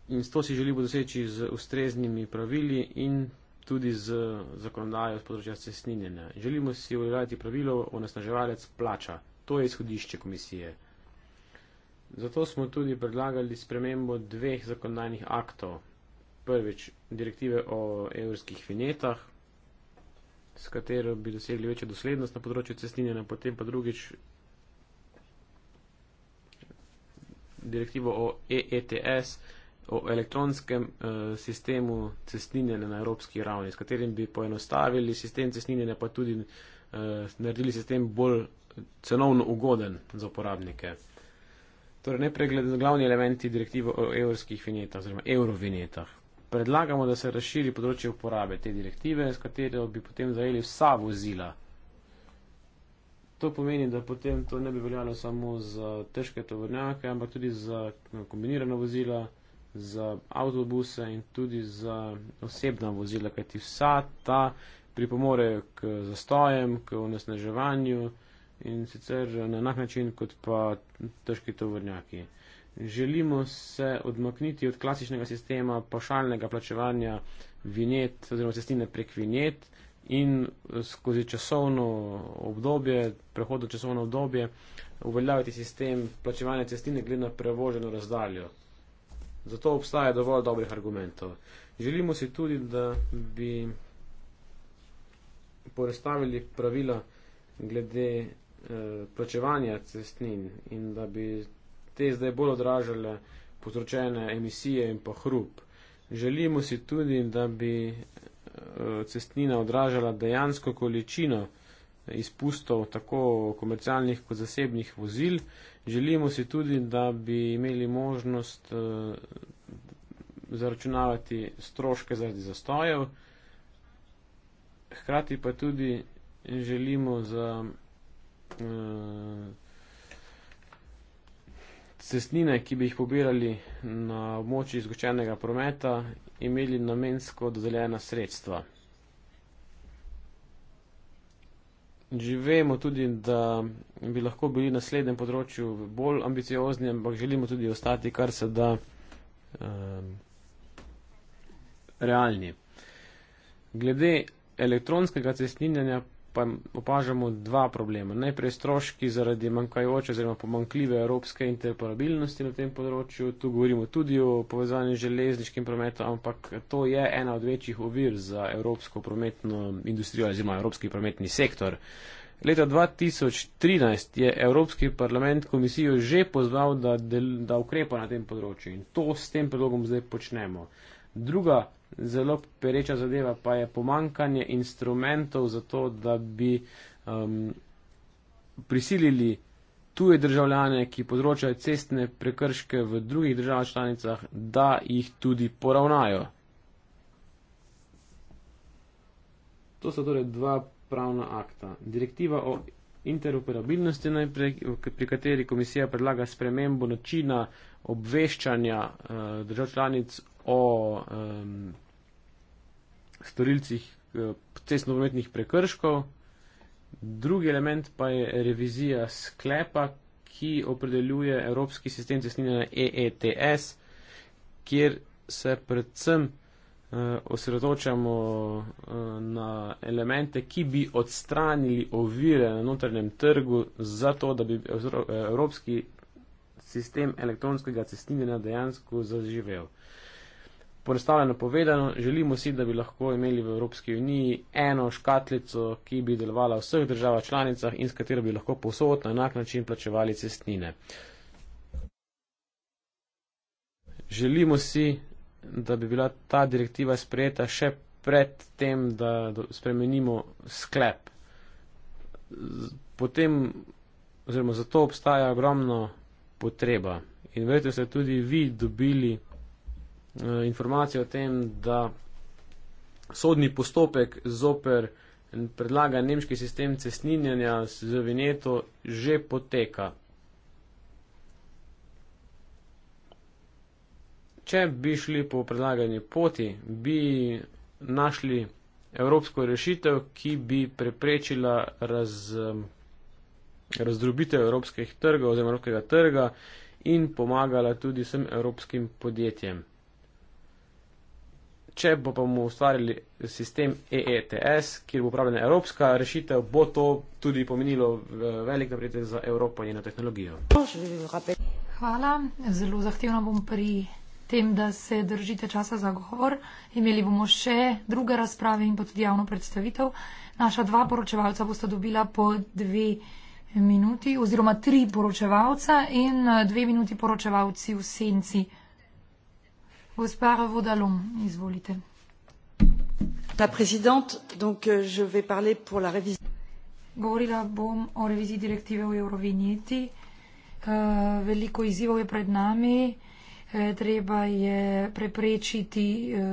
in to si želimo doseči z ustreznimi pravili in tudi z zakonodajo z področja cestninjenja. Želimo si uveljaviti pravilo onesnaževalec plača. To je izhodišče komisije. Zato smo tudi predlagali spremembo dveh zakonodajnih aktov. Prvič direktive o evrskih vinetah, s katero bi dosegli večjo doslednost na področju cestninjenja, potem pa drugič direktivo o EETS, o elektronskem uh, sistemu cestninjenja na evropski ravni, s katerim bi poenostavili sistem cestninjenja, pa tudi uh, naredili sistem bolj cenovno ugoden za uporabnike. Torej, nepregledni glavni elementi direktive o evropskih vinjetah oziroma eurovinjetah. Predlagamo, da se razširi področje uporabe te direktive, s katero bi potem zajeli vsa vozila. To pomeni, da potem to ne bi veljalo samo za težke tovornjake, ampak tudi za no, kombinirana vozila, za avtobuse in tudi za osebna vozila, kajti vsa ta pripomore k zastojem, k onesnaževanju in sicer na enak način kot pa težki tovornjaki. Želimo se odmakniti od klasičnega sistema pašalnega plačevanja vinjet oziroma cestine prek vinjet in eh, skozi časovno obdobje, prehodno časovno obdobje, uveljaviti sistem plačevanja cestine glede na prevoženo razdaljo. Zato obstaja dovolj dobrih argumentov. Želimo si tudi, da bi porestavili pravila glede eh, plačevanja cestnin in da bi te zdaj bolj odražale potročene emisije in pa hrup. Želimo si tudi, da bi eh, cestnina odražala dejansko količino izpustov tako komercialnih kot zasebnih vozil. Želimo si tudi, da bi imeli možnost eh, zaračunavati stroške zaradi zastojev. Hkrati pa tudi želimo za eh, cestnine, ki bi jih pobirali na območju izgočenega prometa, imeli namensko dodeljena sredstva. Že vemo tudi, da bi lahko bili na slednjem področju bolj ambiciozni, ampak želimo tudi ostati kar se da um, realni. Glede elektronskega cestninjanja pa opažamo dva problema. Najprej stroški zaradi manjkajoče oziroma pomankljive evropske interoperabilnosti na tem področju. Tu govorimo tudi o povezovanju železniškim prometom, ampak to je ena od večjih ovir za evropsko prometno industrijo oziroma evropski prometni sektor. Leta 2013 je Evropski parlament komisijo že pozval, da, del, da ukrepa na tem področju in to s tem predlogom zdaj počnemo. Druga zelo pereča zadeva pa je pomankanje instrumentov za to, da bi um, prisilili tuje državljane, ki področajo cestne prekrške v drugih državah članicah, da jih tudi poravnajo. To so torej dva pravna akta. Direktiva o interoperabilnosti najprej, pri kateri komisija predlaga spremembo načina obveščanja uh, držav članic o um, storilcih eh, cestno-prometnih prekrškov. Drugi element pa je revizija sklepa, ki opredeljuje Evropski sistem cestninjenja EETS, kjer se predvsem eh, osredotočamo eh, na elemente, ki bi odstranili ovire na notrnem trgu za to, da bi Evropski sistem elektronskega cestninjenja dejansko zaživel. Porestavljeno povedano, želimo si, da bi lahko imeli v Evropski uniji eno škatlico, ki bi delovala v vseh državah članicah in s katero bi lahko posod na enak način plačevali cestnine. Želimo si, da bi bila ta direktiva sprejeta še pred tem, da spremenimo sklep. Potem, oziroma zato obstaja ogromno potreba in verjete, da ste tudi vi dobili. Eh, informacije o tem, da sodni postopek zoper predlagan nemški sistem cestninjanja z vineto že poteka. Če bi šli po predlagani poti, bi našli evropsko rešitev, ki bi preprečila raz, razdrobitev evropskih trgov oziroma evropskega trga in pomagala tudi vsem evropskim podjetjem. Če bo pa bomo ustvarili sistem EETS, kjer bo upravljena evropska rešitev, bo to tudi pomenilo eh, velik napredek za Evropo in njeno tehnologijo. Hvala. Zelo zahtevno bom pri tem, da se držite časa za govor. Imeli bomo še druge razprave in pa tudi javno predstavitev. Naša dva poročevalca bosta dobila po dve minuti oziroma tri poročevalca in eh, dve minuti poročevalci v senci la présidente donc euh, je vais parler pour la révision govorila bom o reviziji direktive o eurovinjeti eh, veliko izzivov je pred nami eh, treba je preprečiti eh,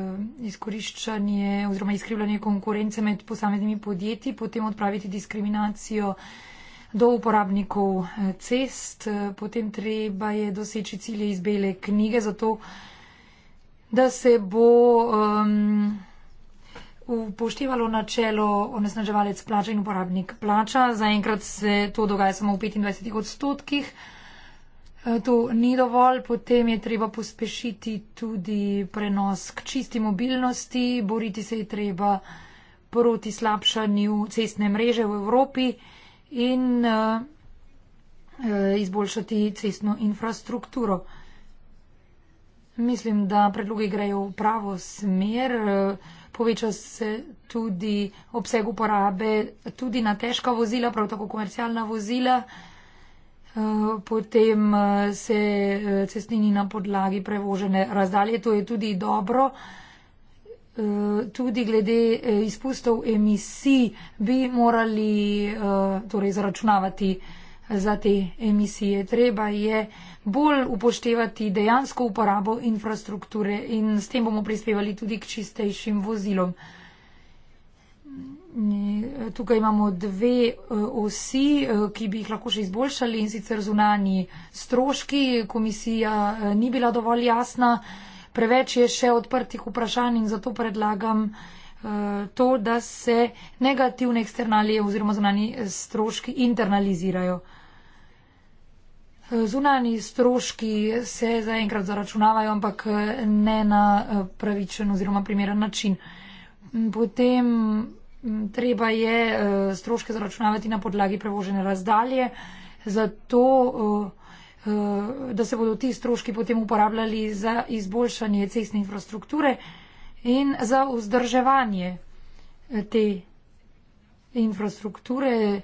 izkoriščanje oziroma izkrivljanje konkurence med posameznimi podjetji potem odpraviti diskriminacijo do uporabnikov cest potem treba je doseči cilje iz bele knjige zato da se bo um, upoštevalo načelo onesnaževalec plača in uporabnik plača. Zaenkrat se to dogaja samo v 25 odstotkih. E, to ni dovolj, potem je treba pospešiti tudi prenos k čisti mobilnosti, boriti se je treba proti slabšanju cestne mreže v Evropi in uh, izboljšati cestno infrastrukturo. Uh, Mislim, da predlogi grejo v pravo smer. Poveča se tudi obseg uporabe tudi na težka vozila, prav tako komercialna vozila. Potem se cestnini na podlagi prevožene razdalje, to je tudi dobro. Tudi glede izpustov emisij bi morali torej, zaračunavati za te emisije. Treba je bolj upoštevati dejansko uporabo infrastrukture in s tem bomo prispevali tudi k čistejšim vozilom. Tukaj imamo dve eh, osi, eh, ki bi jih lahko še izboljšali in sicer zunani stroški. Komisija eh, ni bila dovolj jasna, preveč je še odprtih vprašanj in zato predlagam to, da se negativne eksternalije oziroma zunani stroški internalizirajo. Zunani stroški se zaenkrat zaračunavajo, ampak ne na eh, pravičen oziroma primeren način. Potem mm, treba je eh, stroške zaračunavati na podlagi prevožene razdalje, zato eh, da se bodo ti stroški potem uporabljali za izboljšanje cestne infrastrukture in za vzdrževanje te infrastrukture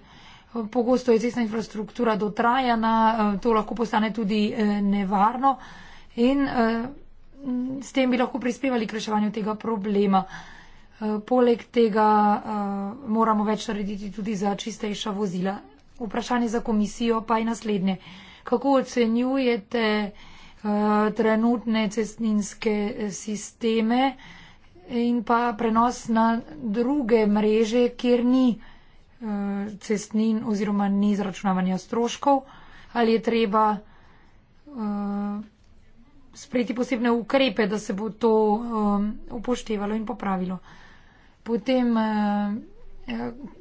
pogosto je cestna infrastruktura dotrajana, eh, to lahko postane tudi eh, nevarno in eh, s tem bi lahko prispevali k reševanju tega problema. Poleg tega moramo več narediti tudi za čistejša vozila. Vprašanje za komisijo pa je naslednje. Kako ocenjujete trenutne cestninske sisteme in pa prenos na druge mreže, kjer ni Eh, cestnin oziroma ni zračunavanja stroškov, ali je treba uh, sprejeti posebne ukrepe, da se bo to um, upoštevalo in popravilo. Potem, uh,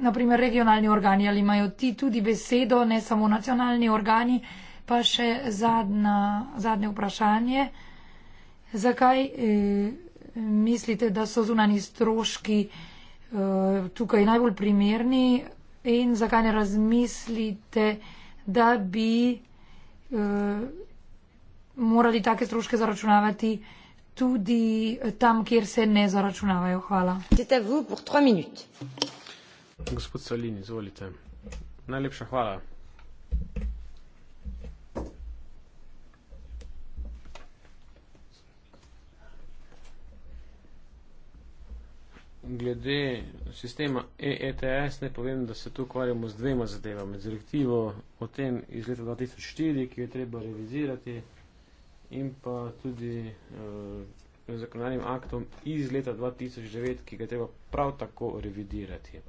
naprimer, regionalni organi, ali imajo ti tudi besedo, ne samo nacionalni organi, pa še zadnja, zadnje vprašanje. Zakaj uh, mislite, da so zunani stroški uh, Eh, tukaj najbolj primerni in zakaj ne razmislite, da bi eh, morali take stroške zaračunavati tudi tam, kjer se ne zaračunavajo. Hvala. Gospod Salini, izvolite. Najlepša hvala. glede sistema EETS ne povem, da se tu ukvarjamo z dvema zadevama. Z direktivo o tem iz leta 2004, ki jo je treba revizirati in pa tudi z eh, zakonarnim aktom iz leta 2009, ki ga je treba prav tako revidirati.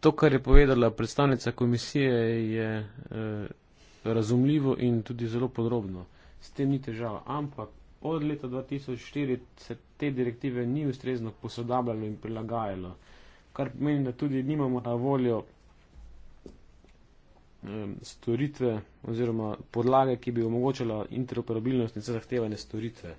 To, kar je povedala predstavnica komisije, je eh, razumljivo in tudi zelo podrobno s tem ni težava. Ampak od leta 2004 se te direktive ni ustrezno posodabljalo in prilagajalo, kar pomeni, da tudi nimamo na voljo storitve oziroma podlage, ki bi omogočala interoperabilnost in zahtevane storitve.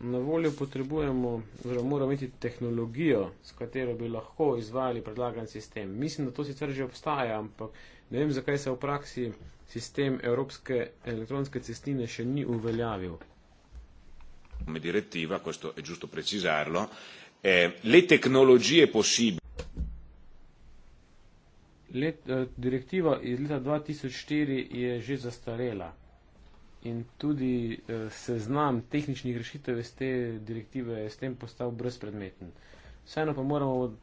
na voljo potrebujemo, oziroma moramo imeti tehnologijo, s katero bi lahko izvajali predlagan sistem. Mislim, da to sicer že obstaja, ampak ne vem, zakaj se v praksi sistem Evropske elektronske cestnine še ni uveljavil. Come direttiva, questo è giusto precisarlo, eh, le tecnologie possibili. Let, eh, direttiva iz leta 2004 je že zastarela in tudi uh, seznam tehničnih rešitev iz te direktive je s tem postal brezpredmeten. Vseeno pa moramo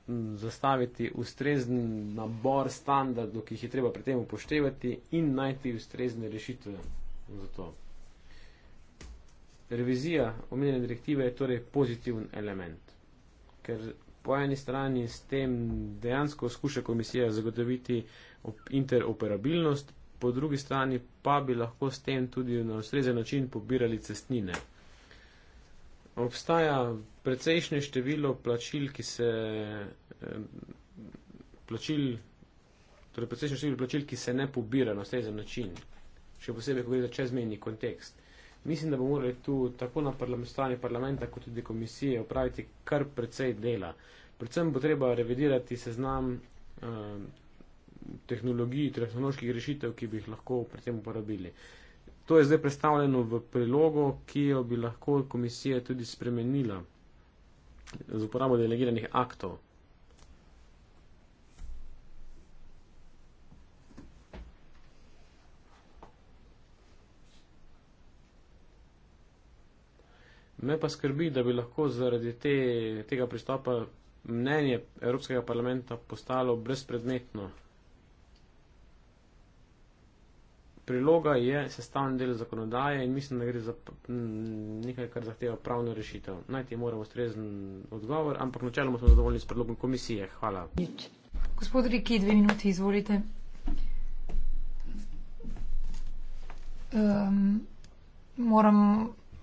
zastaviti ustrezen nabor standardov, ki jih je treba pri tem upoštevati in najti ustrezne rešitve za to. Revizija omenjene direktive je torej pozitiven element, ker po eni strani s tem dejansko skuša komisija zagotoviti interoperabilnost po drugi strani pa bi lahko s tem tudi na ustrezen način pobirali cestnine. Obstaja precejšnje število plačil, ki se, plačil, torej precejšnje število plačil, ki se ne pobira na ustrezen način, še posebej, ko gre za čezmejni kontekst. Mislim, da bomo morali tu tako na strani parlamenta, kot tudi komisije opraviti kar precej dela. Predvsem bo treba revidirati seznam tehnologij, tehnoloških rešitev, ki bi jih lahko pri tem uporabili. To je zdaj predstavljeno v prilogo, ki jo bi lahko komisija tudi spremenila z uporabo delegiranih aktov. Me pa skrbi, da bi lahko zaradi te, tega pristopa mnenje Evropskega parlamenta postalo brezpredmetno. priloga je sestavni del zakonodaje in mislim, da gre za nekaj, kar zahteva pravno rešitev. Najti moramo ustrezen odgovor, ampak načeloma smo zadovoljni s predlogom komisije. Hvala. Gospod Riki, dve minuti, izvolite. Um, moram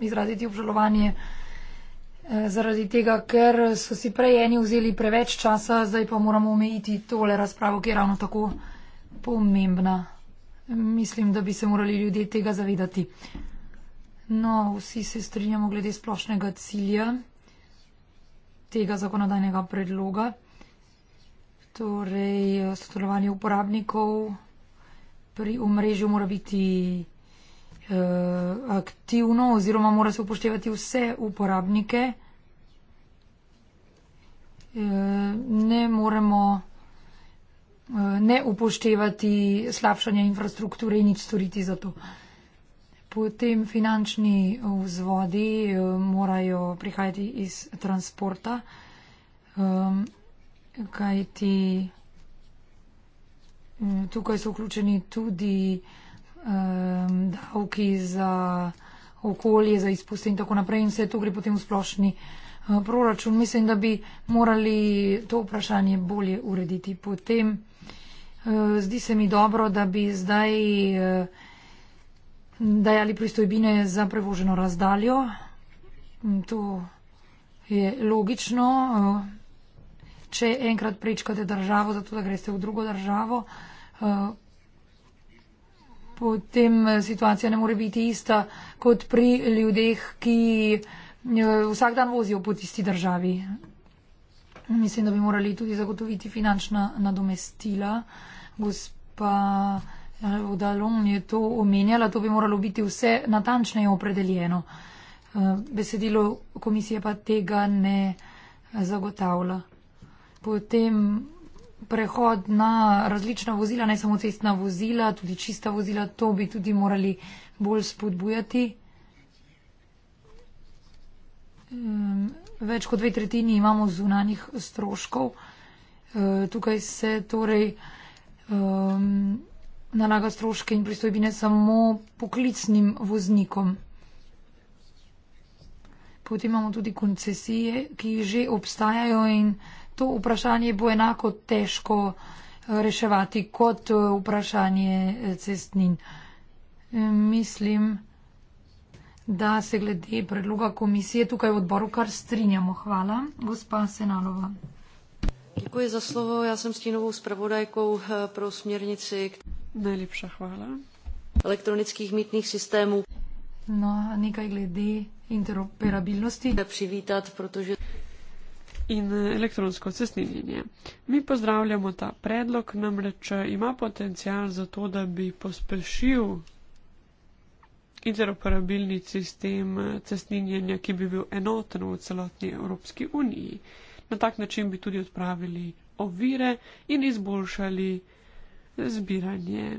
izraziti obžalovanje eh, zaradi tega, ker so si prej eni vzeli preveč časa, zdaj pa moramo omejiti tole razpravo, ki je ravno tako pomembna. Mislim, da bi se morali ljudje tega zavedati. No, vsi se strinjamo glede splošnega cilja tega zakonodajnega predloga, torej sodelovanje uporabnikov pri omrežju mora biti eh, aktivno oziroma mora se upoštevati vse uporabnike. Eh, ne moremo ne upoštevati slabšanja infrastrukture in nič storiti za to. Potem finančni vzvodi eh, morajo prihajati iz transporta, ehm, kajti mm, tukaj so vključeni tudi ehm, davki za okolje, za izpuste in tako naprej in vse to gre potem v splošni eh, proračun. Mislim, da bi morali to vprašanje bolje urediti. Potem Eh, zdi se mi dobro, da bi zdaj eh, dajali pristojbine za prevoženo razdaljo. Mm, to je logično. Eh, če enkrat prečkate državo, zato da greste v drugo državo, potem situacija ne more biti ista kot pri ljudeh, ki vsak dan vozijo po tisti državi. Mislim, da bi morali tudi zagotoviti finančna nadomestila gospa Vodalom eh, je to omenjala, to bi moralo biti vse natančneje opredeljeno. Eh, besedilo komisije pa tega ne eh, zagotavlja. Potem prehod na različna vozila, ne samo cestna vozila, tudi čista vozila, to bi tudi morali bolj spodbujati. Več kot dve tretjini imamo zunanjih stroškov. Tukaj se torej um, nalaga stroške in pristojbine samo poklicnim voznikom. Potem imamo tudi koncesije, ki že obstajajo in to vprašanje bo enako težko eh, reševati kot eh, vprašanje eh, cestnin. Mislim, da se glede predloga komisije tukaj v odboru kar strinjamo. Hvala, gospa Senalova. Děkuji za slovo. Já jsem stínovou zpravodajkou eh, pro směrnici. Nejlepší chvála. Elektronických mítných systémů. No a nekaj glede interoperabilnosti. Přivítat, protože in eh, elektronsko cestninjenje. Mi pozdravljamo ta predlog, namreč eh, ima potencial za to, da bi pospešil interoperabilni sistem cestninjenja, ki bi bil enoten v celotni Evropski uniji. Na tak način bi tudi odpravili ovire in izboljšali zbiranje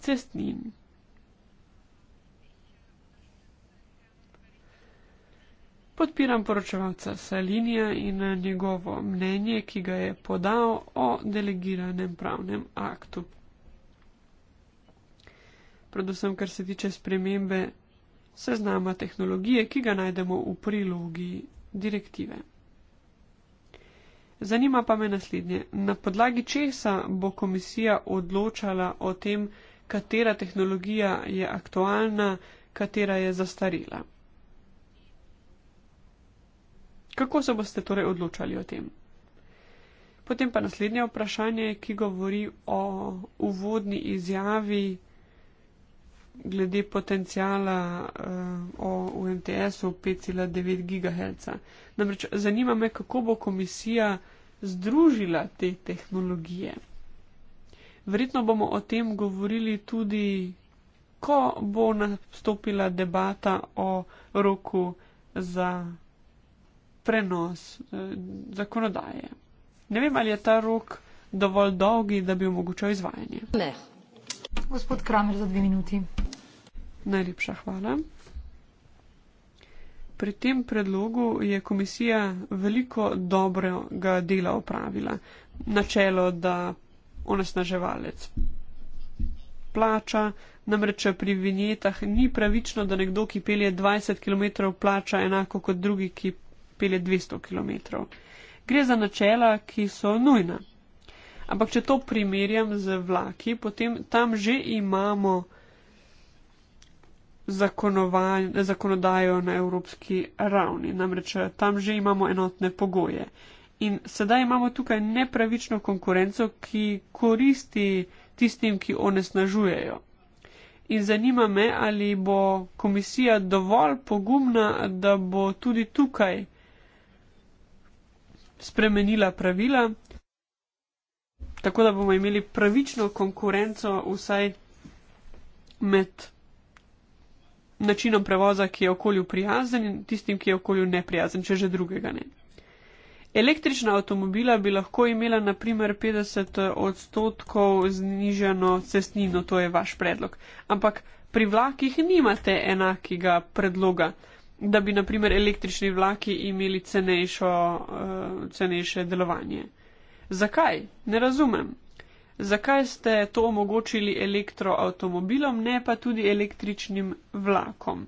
cestnin. Podpiram poročevalca Salinija in njegovo mnenje, ki ga je podal o delegiranem pravnem aktu. Predvsem, kar se tiče spremembe seznama tehnologije, ki ga najdemo v prilogi direktive. Zanima pa me naslednje. Na podlagi česa bo komisija odločala o tem, katera tehnologija je aktualna, katera je zastarela? Kako se boste torej odločali o tem? Potem pa naslednje vprašanje, ki govori o uvodni izjavi glede potencijala uh, eh, o UMTS-u 5,9 GHz. Namreč zanima me, kako bo komisija združila te tehnologije. Verjetno bomo o tem govorili tudi, ko bo nastopila debata o roku za prenos eh, zakonodaje. Ne vem, ali je ta rok dovolj dolgi, da bi omogočal izvajanje. Ne. Gospod Kramer, za dve minuti. Najlepša hvala. Pri tem predlogu je komisija veliko dobrega dela opravila. Načelo, da onesnaževalec plača, namreč pri vinjetah ni pravično, da nekdo, ki pelje 20 km, plača enako kot drugi, ki pelje 200 km. Gre za načela, ki so nujna. Ampak če to primerjam z vlaki, potem tam že imamo zakonodajo na evropski ravni, namreč eh, tam že imamo enotne pogoje. In sedaj imamo tukaj nepravično konkurenco, ki koristi tistim, ki onesnažujejo. In zanima me, ali bo komisija dovolj pogumna, da bo tudi tukaj spremenila pravila tako da bomo imeli pravično konkurenco vsaj med načinom prevoza, ki je okolju prijazen in tistim, ki je okolju neprijazen, če že drugega ne. Električna avtomobila bi lahko imela naprimer 50 odstotkov zniženo cestnino, to je vaš predlog. Ampak pri vlakih nimate enakega predloga, da bi naprimer električni vlaki imeli cenejšo, uh, cenejše delovanje. Zakaj? Ne razumem. Zakaj ste to omogočili elektroavtomobilom, ne pa tudi električnim vlakom?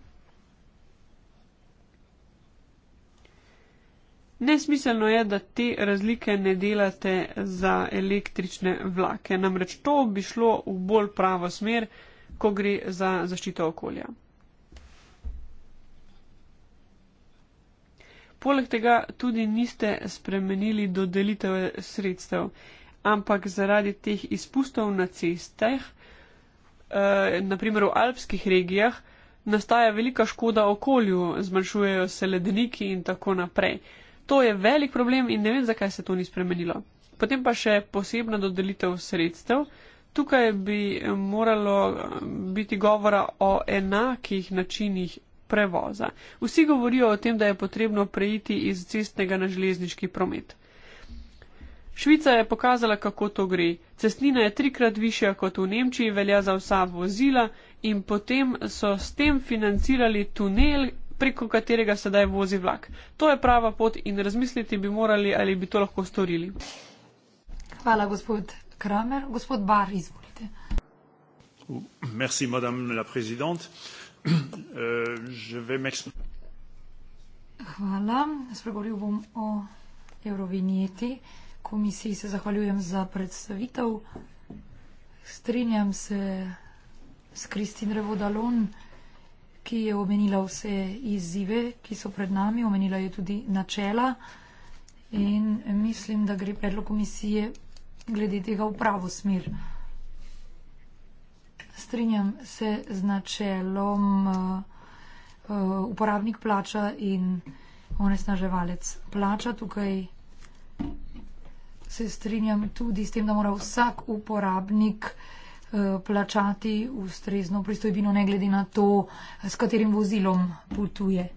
Nesmiselno je, da te razlike ne delate za električne vlake, namreč to bi šlo v bolj pravo smer, ko gre za zaščito okolja. Poleg tega tudi niste spremenili dodelitev sredstev, ampak zaradi teh izpustov na cestah, eh, naprimer v alpskih regijah, nastaja velika škoda okolju, zmanjšujejo se ledeniki in tako naprej. To je velik problem in ne vem, zakaj se to ni spremenilo. Potem pa še posebna dodelitev sredstev. Tukaj bi moralo eh, biti govora o enakih načinih prevoza. Vsi govorijo o tem, da je potrebno preiti iz cestnega na železniški promet. Švica je pokazala, kako to gre. Cestnina je trikrat višja kot v Nemčiji, velja za vsa vozila in potem so s tem financirali tunel, preko katerega sedaj vozi vlak. To je prava pot in razmisliti bi morali, ali bi to lahko storili. Hvala, gospod Kramer. Gospod Bar, izvolite. Merci, madame la présidente je mehko. Hvala. Spregovoril bom o Eurovinjeti. Komisiji se zahvaljujem za predstavitev. Strinjam se s Kristin Revodalon, ki je omenila vse izzive, ki so pred nami, omenila je tudi načela in mislim, da gre predlog komisije glede tega v pravo smer strinjam se z načelom uh, uh, uporabnik plača in onesnaževalec plača. Tukaj se strinjam tudi s tem, da mora vsak uporabnik eh, plačati ustrezno pristojbino, ne glede na to, s katerim vozilom potuje.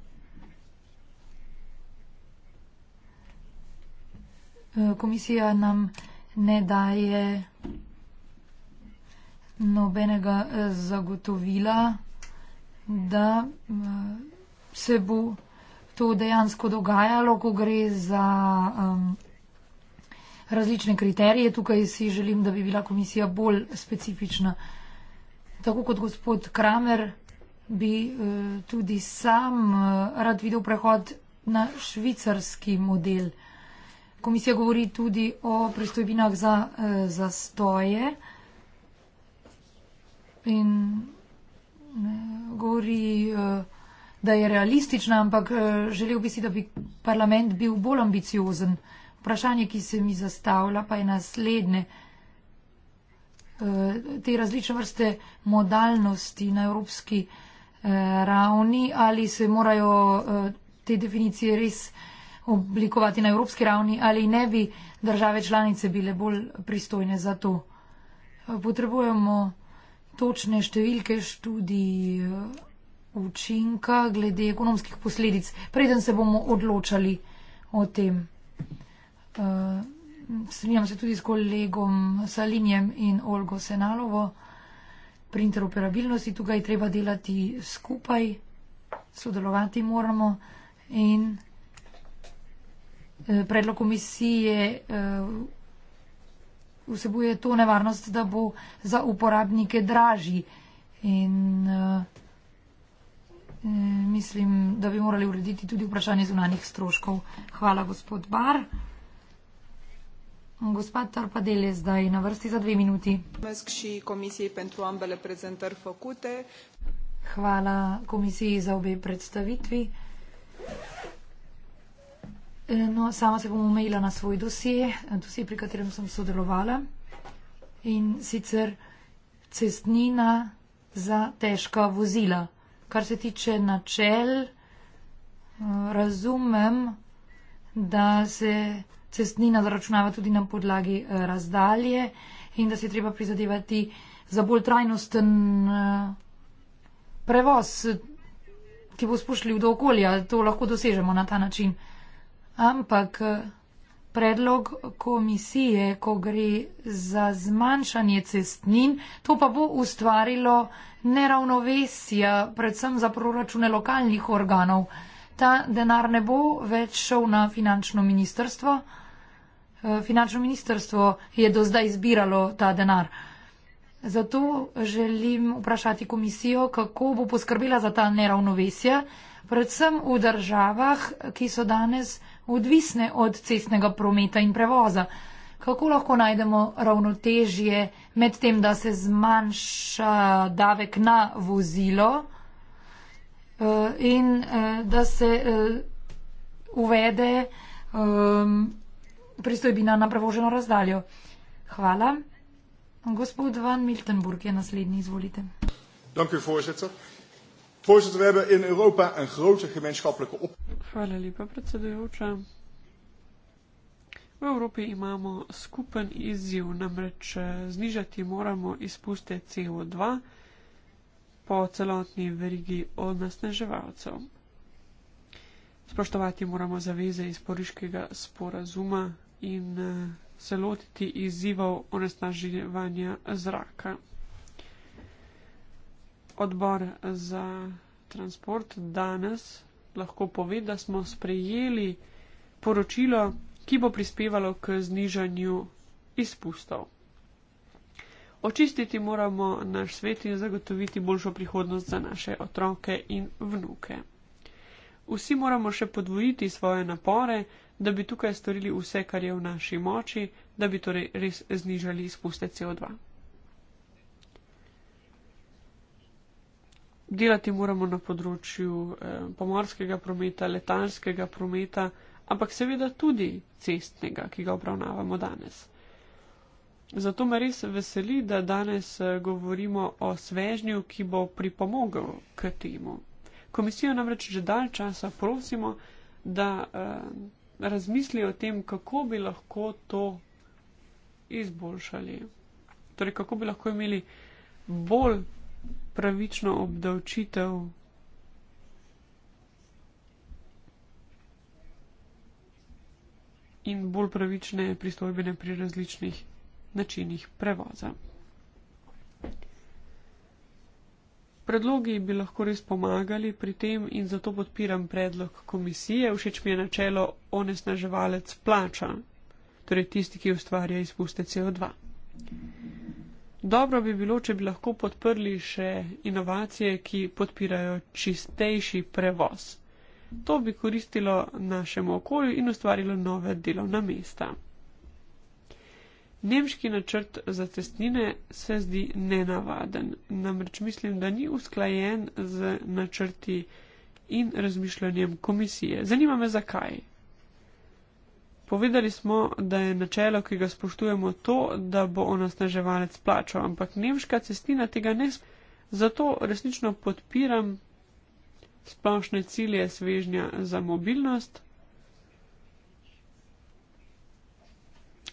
Komisija nam ne daje nobenega eh, zagotovila, da eh, se bo to dejansko dogajalo, ko gre za um, različne kriterije. Tukaj si želim, da bi bila komisija bolj specifična. Tako kot gospod Kramer bi eh, tudi sam rad videl prehod na švicarski model. Komisija govori tudi o pristojbinah za zastoje in ne, govori, eh, da je realistična, ampak eh, želel bi si, da bi parlament bil bolj ambiciozen. Vprašanje, ki se mi zastavlja, pa je naslednje. Eh, te različne vrste modalnosti na evropski ravni, ali se morajo te definicije res oblikovati na evropski ravni, ali ne bi države članice bile bolj pristojne za to. Potrebujemo točne številke študij eh, učinka glede ekonomskih posledic, preden se bomo odločali o tem. Uh, Strinjam se tudi s kolegom Salinjem in Olgo Senalovo pri interoperabilnosti. Tukaj treba delati skupaj, sodelovati moramo in uh, predlog komisije uh, vsebuje to nevarnost, da bo za uporabnike dražji. In e, mislim, da bi morali urediti tudi vprašanje zunanjih stroškov. Hvala, gospod Bar. Gospod Tarpadel je zdaj na vrsti za dve minuti. Hvala komisiji za obe predstavitvi. No, sama se bom omejila na svoj dosje, dosje, pri katerem sem sodelovala. In sicer cestnina za težka vozila. Kar se tiče načel, razumem, da se cestnina zaračunava tudi na podlagi eh, razdalje in da se treba prizadevati za bolj trajnosten eh, prevoz, ki bo spušljiv do okolja. To lahko dosežemo na ta način. Ampak eh, predlog komisije, ko gre za zmanjšanje cestnin, to pa bo ustvarilo neravnovesja, predvsem za proračune lokalnih organov. Ta denar ne bo več šel na finančno ministrstvo. Eh, finančno ministrstvo je do zdaj zbiralo ta denar. Zato želim vprašati komisijo, kako bo poskrbela za ta neravnovesja, predvsem v državah, ki so danes odvisne od cestnega prometa in prevoza. Kako lahko najdemo ravnotežje med tem, da se zmanjša davek na vozilo eh, in eh, da se eh, uvede ehm, pristojbina na prevoženo razdaljo? Hvala. Gospod Van Miltenburg je naslednji, izvolite. Dank u voorzitter. Voorzitter, we hebben in Europa een grote gemeenschappelijke op. Hvala lepa, predsedujoča. V Evropi imamo skupen izziv, namreč eh, znižati moramo izpuste CO2 po celotni verigi onesnaževalcev. Spoštovati moramo zaveze iz poriškega sporazuma in eh, se lotiti izzivov onesnaževanja zraka odbor za transport danes lahko pove, da smo sprejeli poročilo, ki bo prispevalo k znižanju izpustov. Očistiti moramo naš svet in zagotoviti boljšo prihodnost za naše otroke in vnuke. Vsi moramo še podvojiti svoje napore, da bi tukaj storili vse, kar je v naši moči, da bi torej res znižali izpuste CO2. delati moramo na področju eh, pomorskega prometa, letalskega prometa, ampak seveda tudi cestnega, ki ga obravnavamo danes. Zato me res veseli, da danes eh, govorimo o svežnju, ki bo pripomogel k temu. Komisijo namreč že dal časa prosimo, da eh, razmisli o tem, kako bi lahko to izboljšali. Torej, kako bi lahko imeli bolj pravično obdavčitev. In bolj pravične pristojbene pri različnih načinih prevoza. Predlogi bi lahko res pomagali pri tem in zato podpiram predlog komisije. Všeč mi je načelo onesnaževalec plača, torej tisti, ki ustvarja izpuste CO2. Dobro bi bilo, če bi lahko podprli še inovacije, ki podpirajo čistejši prevoz. To bi koristilo našemu okolju in ustvarilo nove delovna mesta. Nemški načrt za cestnine se zdi nenavaden, namreč mislim, da ni usklajen z načrti in razmišljanjem komisije. Zanima me, zakaj. Povedali smo, da je načelo, ki ga spoštujemo, to, da bo onesnaževalec plačal, ampak nemška cestina tega ne sme. Zato resnično podpiram splošne cilje svežnja za mobilnost.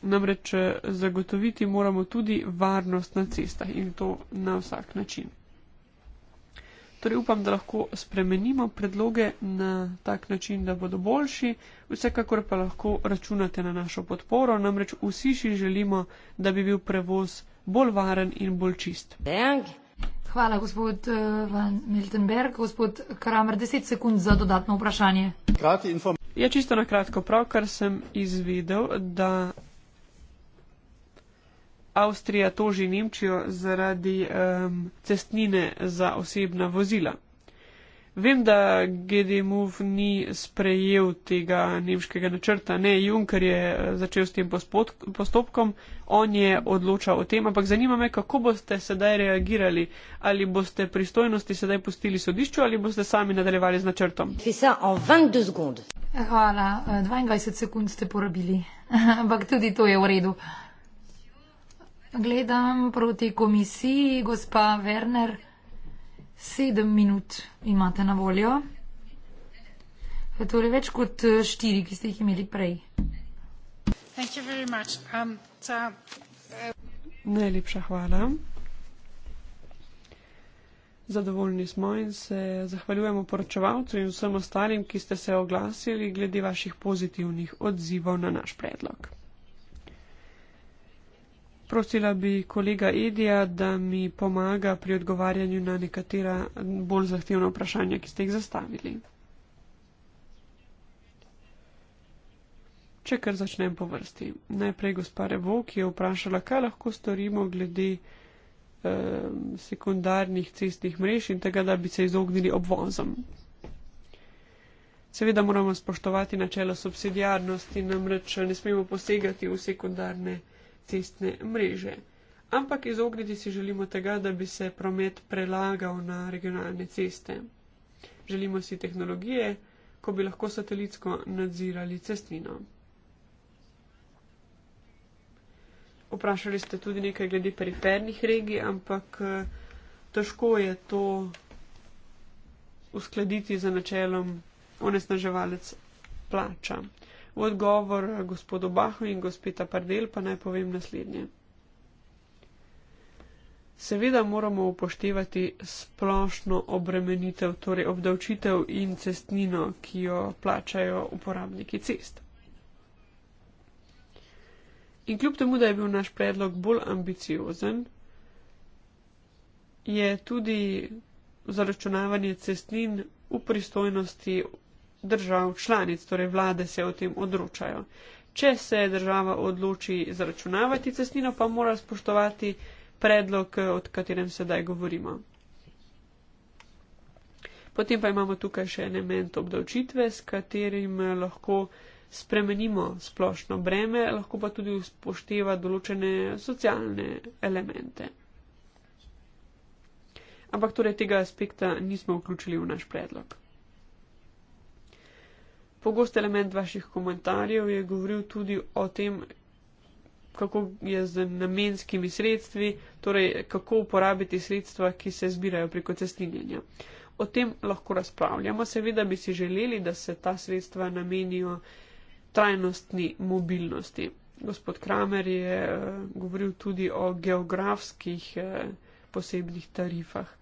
Namreč eh, zagotoviti moramo tudi varnost na cestah in to na vsak način. Torej upam, da lahko spremenimo predloge na tak način, da bodo boljši. Vsekakor pa lahko računate na našo podporo, namreč vsi si želimo, da bi bil prevoz bolj varen in bolj čist. Dang. Hvala, gospod eh, Van Miltenberg. Gospod Kramer, 10 sekund za dodatno vprašanje. Ja, čisto na kratko, pravkar sem izvedel, da Avstrija toži Nemčijo zaradi um, cestnine za osebna vozila. Vem, da GDMUV ni sprejel tega nemškega načrta, ne Juncker je eh, začel s tem postopkom, on je odločal o tem, ampak zanima me, kako boste sedaj reagirali, ali boste pristojnosti sedaj pustili sodišču ali boste sami nadaljevali z načrtom. Hvala, 22 eh, sekund ste porabili, ampak tudi to je v redu. Gledam proti komisiji, gospa Werner, sedem minut imate na voljo. Torej več kot eh, štiri, ki ste jih imeli prej. Um, eh, Najlepša hvala. Zadovoljni smo in se zahvaljujemo poročevalcu in vsem ostalim, ki ste se oglasili glede vaših pozitivnih odzivov na naš predlog. Prosila bi kolega Edija, da mi pomaga pri odgovarjanju na nekatera bolj zahtevna vprašanja, ki ste jih zastavili. Če kar začnem po vrsti. Najprej gospa Revo, ki je vprašala, kaj lahko storimo glede eh, sekundarnih cestnih mrež in tega, da bi se izognili obvozom. Seveda moramo spoštovati načelo subsidijarnosti, namreč ne smemo posegati v sekundarne cestne mreže. Ampak izogniti si želimo tega, da bi se promet prelagal na regionalne ceste. Želimo si tehnologije, ko bi lahko satelitsko nadzirali cestnino. Vprašali ste tudi nekaj glede perifernih regij, ampak eh, težko je to uskladiti za načelom onesnaževalec plača. V odgovor gospodu Bahu in gospeta Pardel pa naj povem naslednje. Seveda moramo upoštevati splošno obremenitev, torej obdavčitev in cestnino, ki jo plačajo uporabniki cest. In kljub temu, da je bil naš predlog bolj ambiciozen, je tudi zaračunavanje cestnin v pristojnosti držav članic, torej vlade se o tem odločajo. Če se država odloči zaračunavati cestnino, pa mora spoštovati predlog, od katerem sedaj govorimo. Potem pa imamo tukaj še element obdavčitve, s katerim lahko spremenimo splošno breme, lahko pa tudi spošteva določene socialne elemente. Ampak torej tega aspekta nismo vključili v naš predlog. Pogost element vaših komentarjev je govoril tudi o tem, kako je z namenskimi sredstvi, torej kako uporabiti sredstva, ki se zbirajo preko cestinjenja. O tem lahko razpravljamo, seveda bi si želeli, da se ta sredstva namenijo trajnostni mobilnosti. Gospod Kramer je eh, govoril tudi o geografskih eh, posebnih tarifah,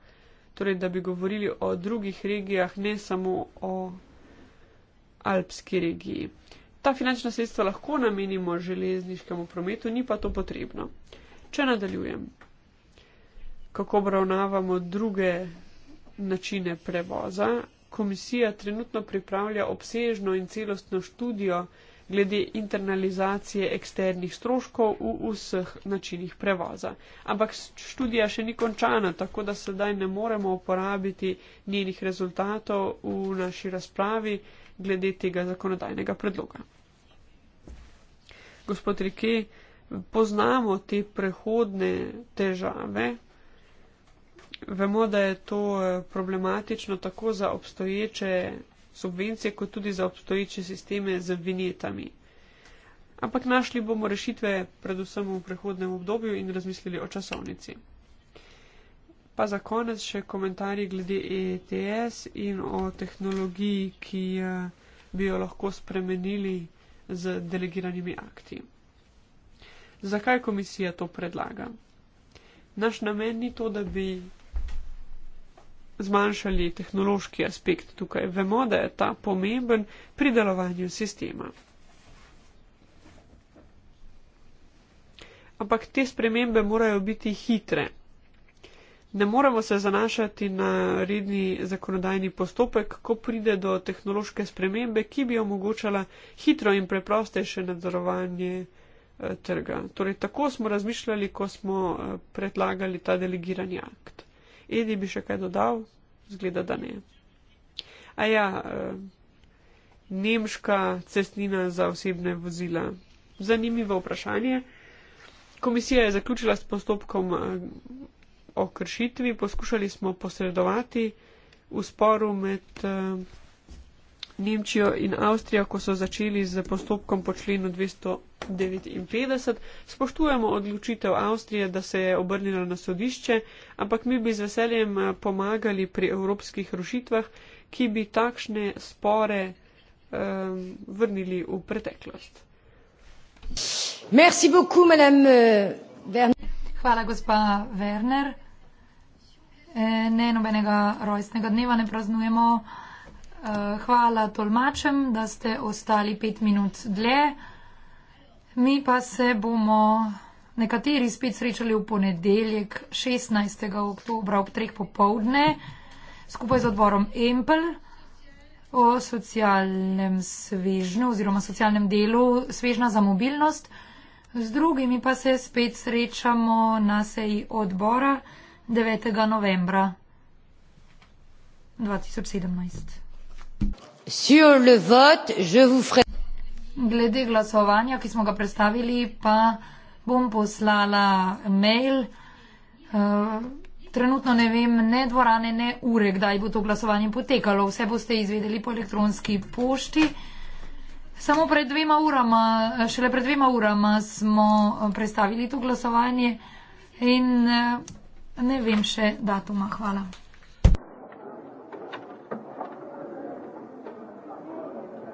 torej da bi govorili o drugih regijah, ne samo o alpski regiji. Ta finančna sredstva lahko namenimo železniškemu prometu, ni pa to potrebno. Če nadaljujem, kako obravnavamo druge načine prevoza, komisija trenutno pripravlja obsežno in celostno študijo glede internalizacije eksternih stroškov v vseh načinih prevoza. Ampak študija še ni končana, tako da sedaj ne moremo uporabiti njenih rezultatov v naši razpravi glede tega zakonodajnega predloga. Gospod Rike, poznamo te prehodne težave. Vemo, da je to eh, problematično tako za obstoječe subvencije, kot tudi za obstoječe sisteme z vinjetami. Ampak našli bomo rešitve predvsem v prehodnem obdobju in razmislili o časovnici. Pa za konec še komentarji glede ETS in o tehnologiji, ki eh, bi jo lahko spremenili z delegiranimi akti. Zakaj komisija to predlaga? Naš namen ni to, da bi zmanjšali tehnološki aspekt tukaj. Vemo, da je ta pomemben pri delovanju sistema. Ampak te spremembe morajo biti hitre, Ne moremo se zanašati na redni zakonodajni postopek, ko pride do tehnološke spremembe, ki bi omogočala hitro in preprostejše nadzorovanje eh, trga. Torej, tako smo razmišljali, ko smo eh, predlagali ta delegirani akt. Edi bi še kaj dodal, zgleda, da ne. A ja, eh, nemška cestnina za osebne vozila. Zanimivo vprašanje. Komisija je zaključila s postopkom o kršitvi, poskušali smo posredovati v sporu med uh, Nemčijo in Avstrijo, ko so začeli z postopkom po členu 259. Spoštujemo odločitev Avstrije, da se je obrnila na sodišče, ampak mi bi z veseljem eh, pomagali pri evropskih rušitvah, ki bi takšne spore um, vrnili v preteklost. Merci beaucoup, madame Verne. Hvala, gospa Werner. E, ne, nobenega rojstnega dneva ne praznujemo. E, hvala tolmačem, da ste ostali pet minut dlje. Mi pa se bomo nekateri spet srečali v ponedeljek 16. oktobra ob treh popovdne skupaj z odborom Empel o socialnem svežnju oziroma socialnem delu svežna za mobilnost z drugimi pa se spet srečamo na seji odbora 9. novembra 2017. Glede glasovanja, ki smo ga predstavili, pa bom poslala mail. Uh, trenutno ne vem ne dvorane, ne ure, kdaj bo to glasovanje potekalo. Vse boste izvedeli po elektronski pošti. Samo pred dvema urama, eh, šele pred dvema urama smo eh, predstavili to glasovanje in eh, ne vem še datuma. Hvala.